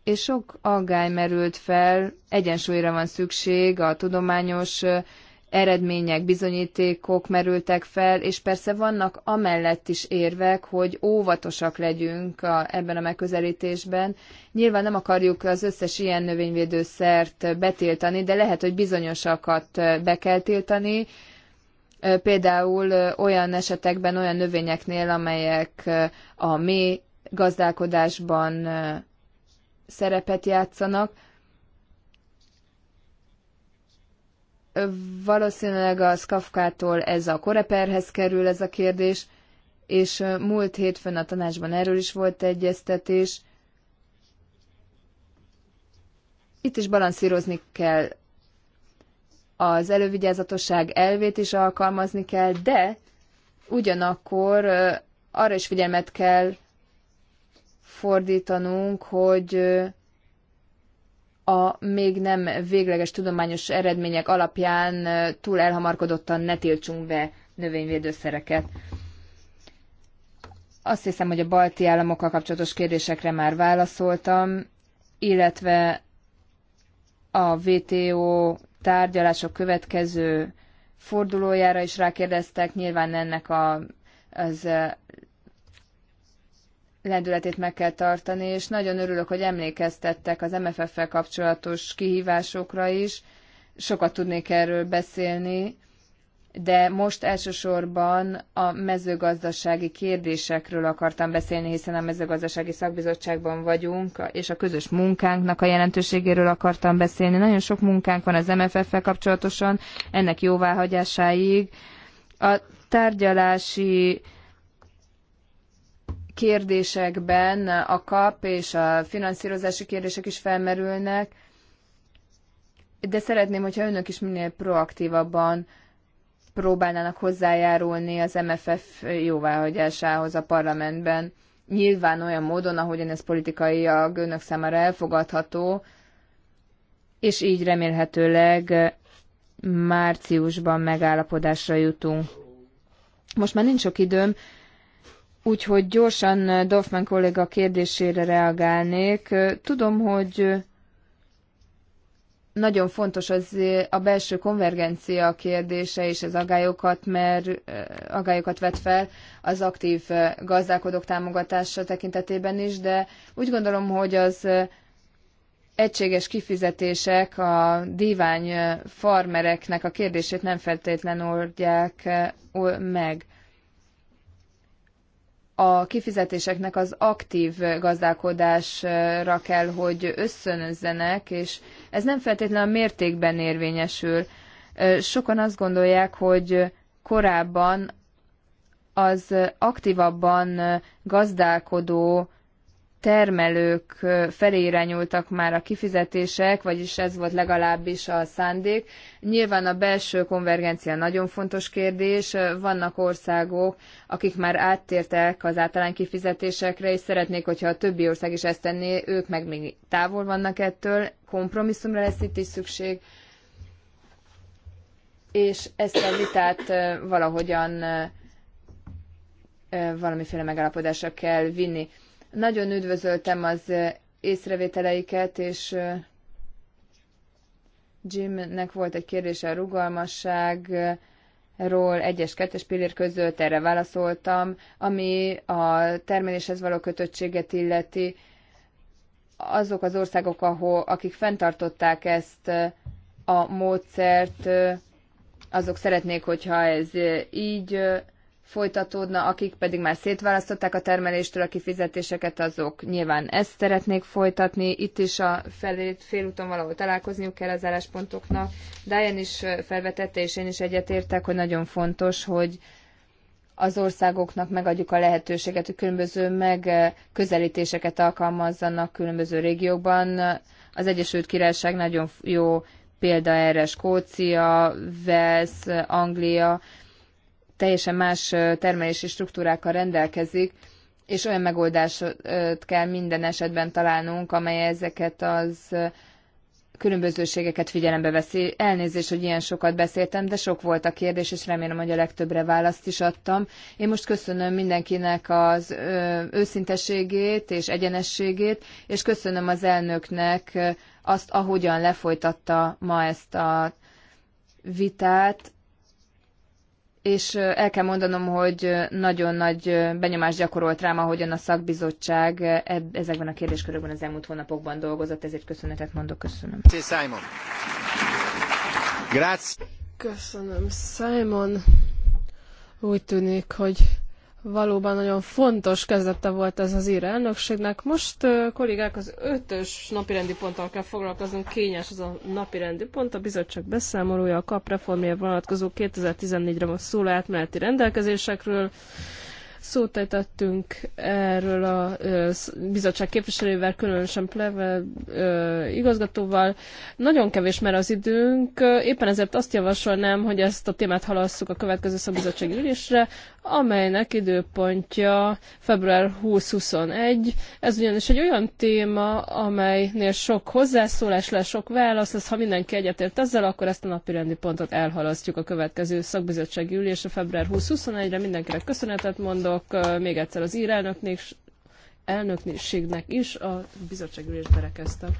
és sok aggály merült fel, egyensúlyra van szükség a tudományos eredmények, bizonyítékok merültek fel, és persze vannak amellett is érvek, hogy óvatosak legyünk a, ebben a megközelítésben. Nyilván nem akarjuk az összes ilyen növényvédőszert betiltani, de lehet, hogy bizonyosakat be kell tiltani, például olyan esetekben, olyan növényeknél, amelyek a mély gazdálkodásban szerepet játszanak, Valószínűleg a Skafkától ez a koreperhez kerül ez a kérdés, és múlt hétfőn a tanácsban erről is volt egyeztetés. Itt is balanszírozni kell az elővigyázatosság elvét is alkalmazni kell, de ugyanakkor arra is figyelmet kell fordítanunk, hogy a még nem végleges tudományos eredmények alapján túl elhamarkodottan ne tiltsunk be növényvédőszereket. Azt hiszem, hogy a balti államokkal kapcsolatos kérdésekre már válaszoltam, illetve a WTO tárgyalások következő fordulójára is rákérdeztek. Nyilván ennek a, az lendületét meg kell tartani, és nagyon örülök, hogy emlékeztettek az MFF-fel kapcsolatos kihívásokra is. Sokat tudnék erről beszélni, de most elsősorban a mezőgazdasági kérdésekről akartam beszélni, hiszen a mezőgazdasági szakbizottságban vagyunk, és a közös munkánknak a jelentőségéről akartam beszélni. Nagyon sok munkánk van az MFF-fel kapcsolatosan, ennek jóváhagyásáig. A tárgyalási kérdésekben a kap és a finanszírozási kérdések is felmerülnek, de szeretném, hogyha önök is minél proaktívabban próbálnának hozzájárulni az MFF jóváhagyásához a parlamentben. Nyilván olyan módon, ahogyan ez politikailag önök számára elfogadható, és így remélhetőleg márciusban megállapodásra jutunk. Most már nincs sok időm, Úgyhogy gyorsan eh, Dorfman kolléga kérdésére reagálnék. Eh, tudom, hogy eh, nagyon fontos az a belső konvergencia kérdése és az agályokat, mert agályokat vet fel az aktív gazdálkodók támogatása tekintetében is, de úgy gondolom, hogy az egységes kifizetések a divány farmereknek a kérdését nem feltétlenül oldják meg a kifizetéseknek az aktív gazdálkodásra kell, hogy összönözzenek, és ez nem feltétlenül a mértékben érvényesül. Sokan azt gondolják, hogy korábban az aktívabban gazdálkodó termelők felé irányultak már a kifizetések, vagyis ez volt legalábbis a szándék. Nyilván a belső konvergencia nagyon fontos kérdés. Vannak országok, akik már áttértek az általán kifizetésekre, és szeretnék, hogyha a többi ország is ezt tenné, ők meg még távol vannak ettől. Kompromisszumra lesz itt is szükség, és ezt a vitát valahogyan valamiféle megállapodásra kell vinni nagyon üdvözöltem az észrevételeiket, és Jimnek volt egy kérdése a rugalmasságról, egyes kettes pillér között, erre válaszoltam, ami a termeléshez való kötöttséget illeti, azok az országok, ahol, akik fenntartották ezt a módszert, azok szeretnék, hogyha ez így folytatódna, akik pedig már szétválasztották a termeléstől a kifizetéseket, azok nyilván ezt szeretnék folytatni. Itt is a felét félúton valahol találkozniuk kell az álláspontoknak. Diane is felvetette, és én is egyetértek, hogy nagyon fontos, hogy az országoknak megadjuk a lehetőséget, hogy különböző megközelítéseket alkalmazzanak különböző régiókban. Az Egyesült Királyság nagyon jó példa erre, Skócia, Wales, Anglia, teljesen más termelési struktúrákkal rendelkezik, és olyan megoldást kell minden esetben találnunk, amely ezeket az különbözőségeket figyelembe veszi. Elnézést, hogy ilyen sokat beszéltem, de sok volt a kérdés, és remélem, hogy a legtöbbre választ is adtam. Én most köszönöm mindenkinek az őszintességét és egyenességét, és köszönöm az elnöknek azt, ahogyan lefolytatta ma ezt a vitát és el kell mondanom, hogy nagyon nagy benyomást gyakorolt rám, ahogyan a szakbizottság ezekben a kérdéskörökben az elmúlt hónapokban dolgozott, ezért köszönetet mondok, köszönöm. Simon. Köszönöm, Simon. Úgy tűnik, hogy Valóban nagyon fontos kezdete volt ez az ír elnökségnek. Most, kollégák, az ötös napirendi ponttal kell foglalkoznunk. Kényes az a napirendi pont. A bizottság beszámolója a kap reformjára vonatkozó 2014-re szóló átmeneti rendelkezésekről. Szót ejtettünk erről a bizottság képviselővel, különösen Pleve igazgatóval. Nagyon kevés mer az időnk, éppen ezért azt javasolnám, hogy ezt a témát halasszuk a következő szakbizottsági ülésre, amelynek időpontja február 20-21. Ez ugyanis egy olyan téma, amelynél sok hozzászólás lesz, sok válasz lesz. Ha mindenki egyetért ezzel, akkor ezt a napirendi pontot elhalasztjuk a következő szakbizottsági ülésre február 20-21-re. Mindenkinek köszönetet mondok Gratulálok még egyszer az ír elnökségnek is, a bizottságülést berekeztem.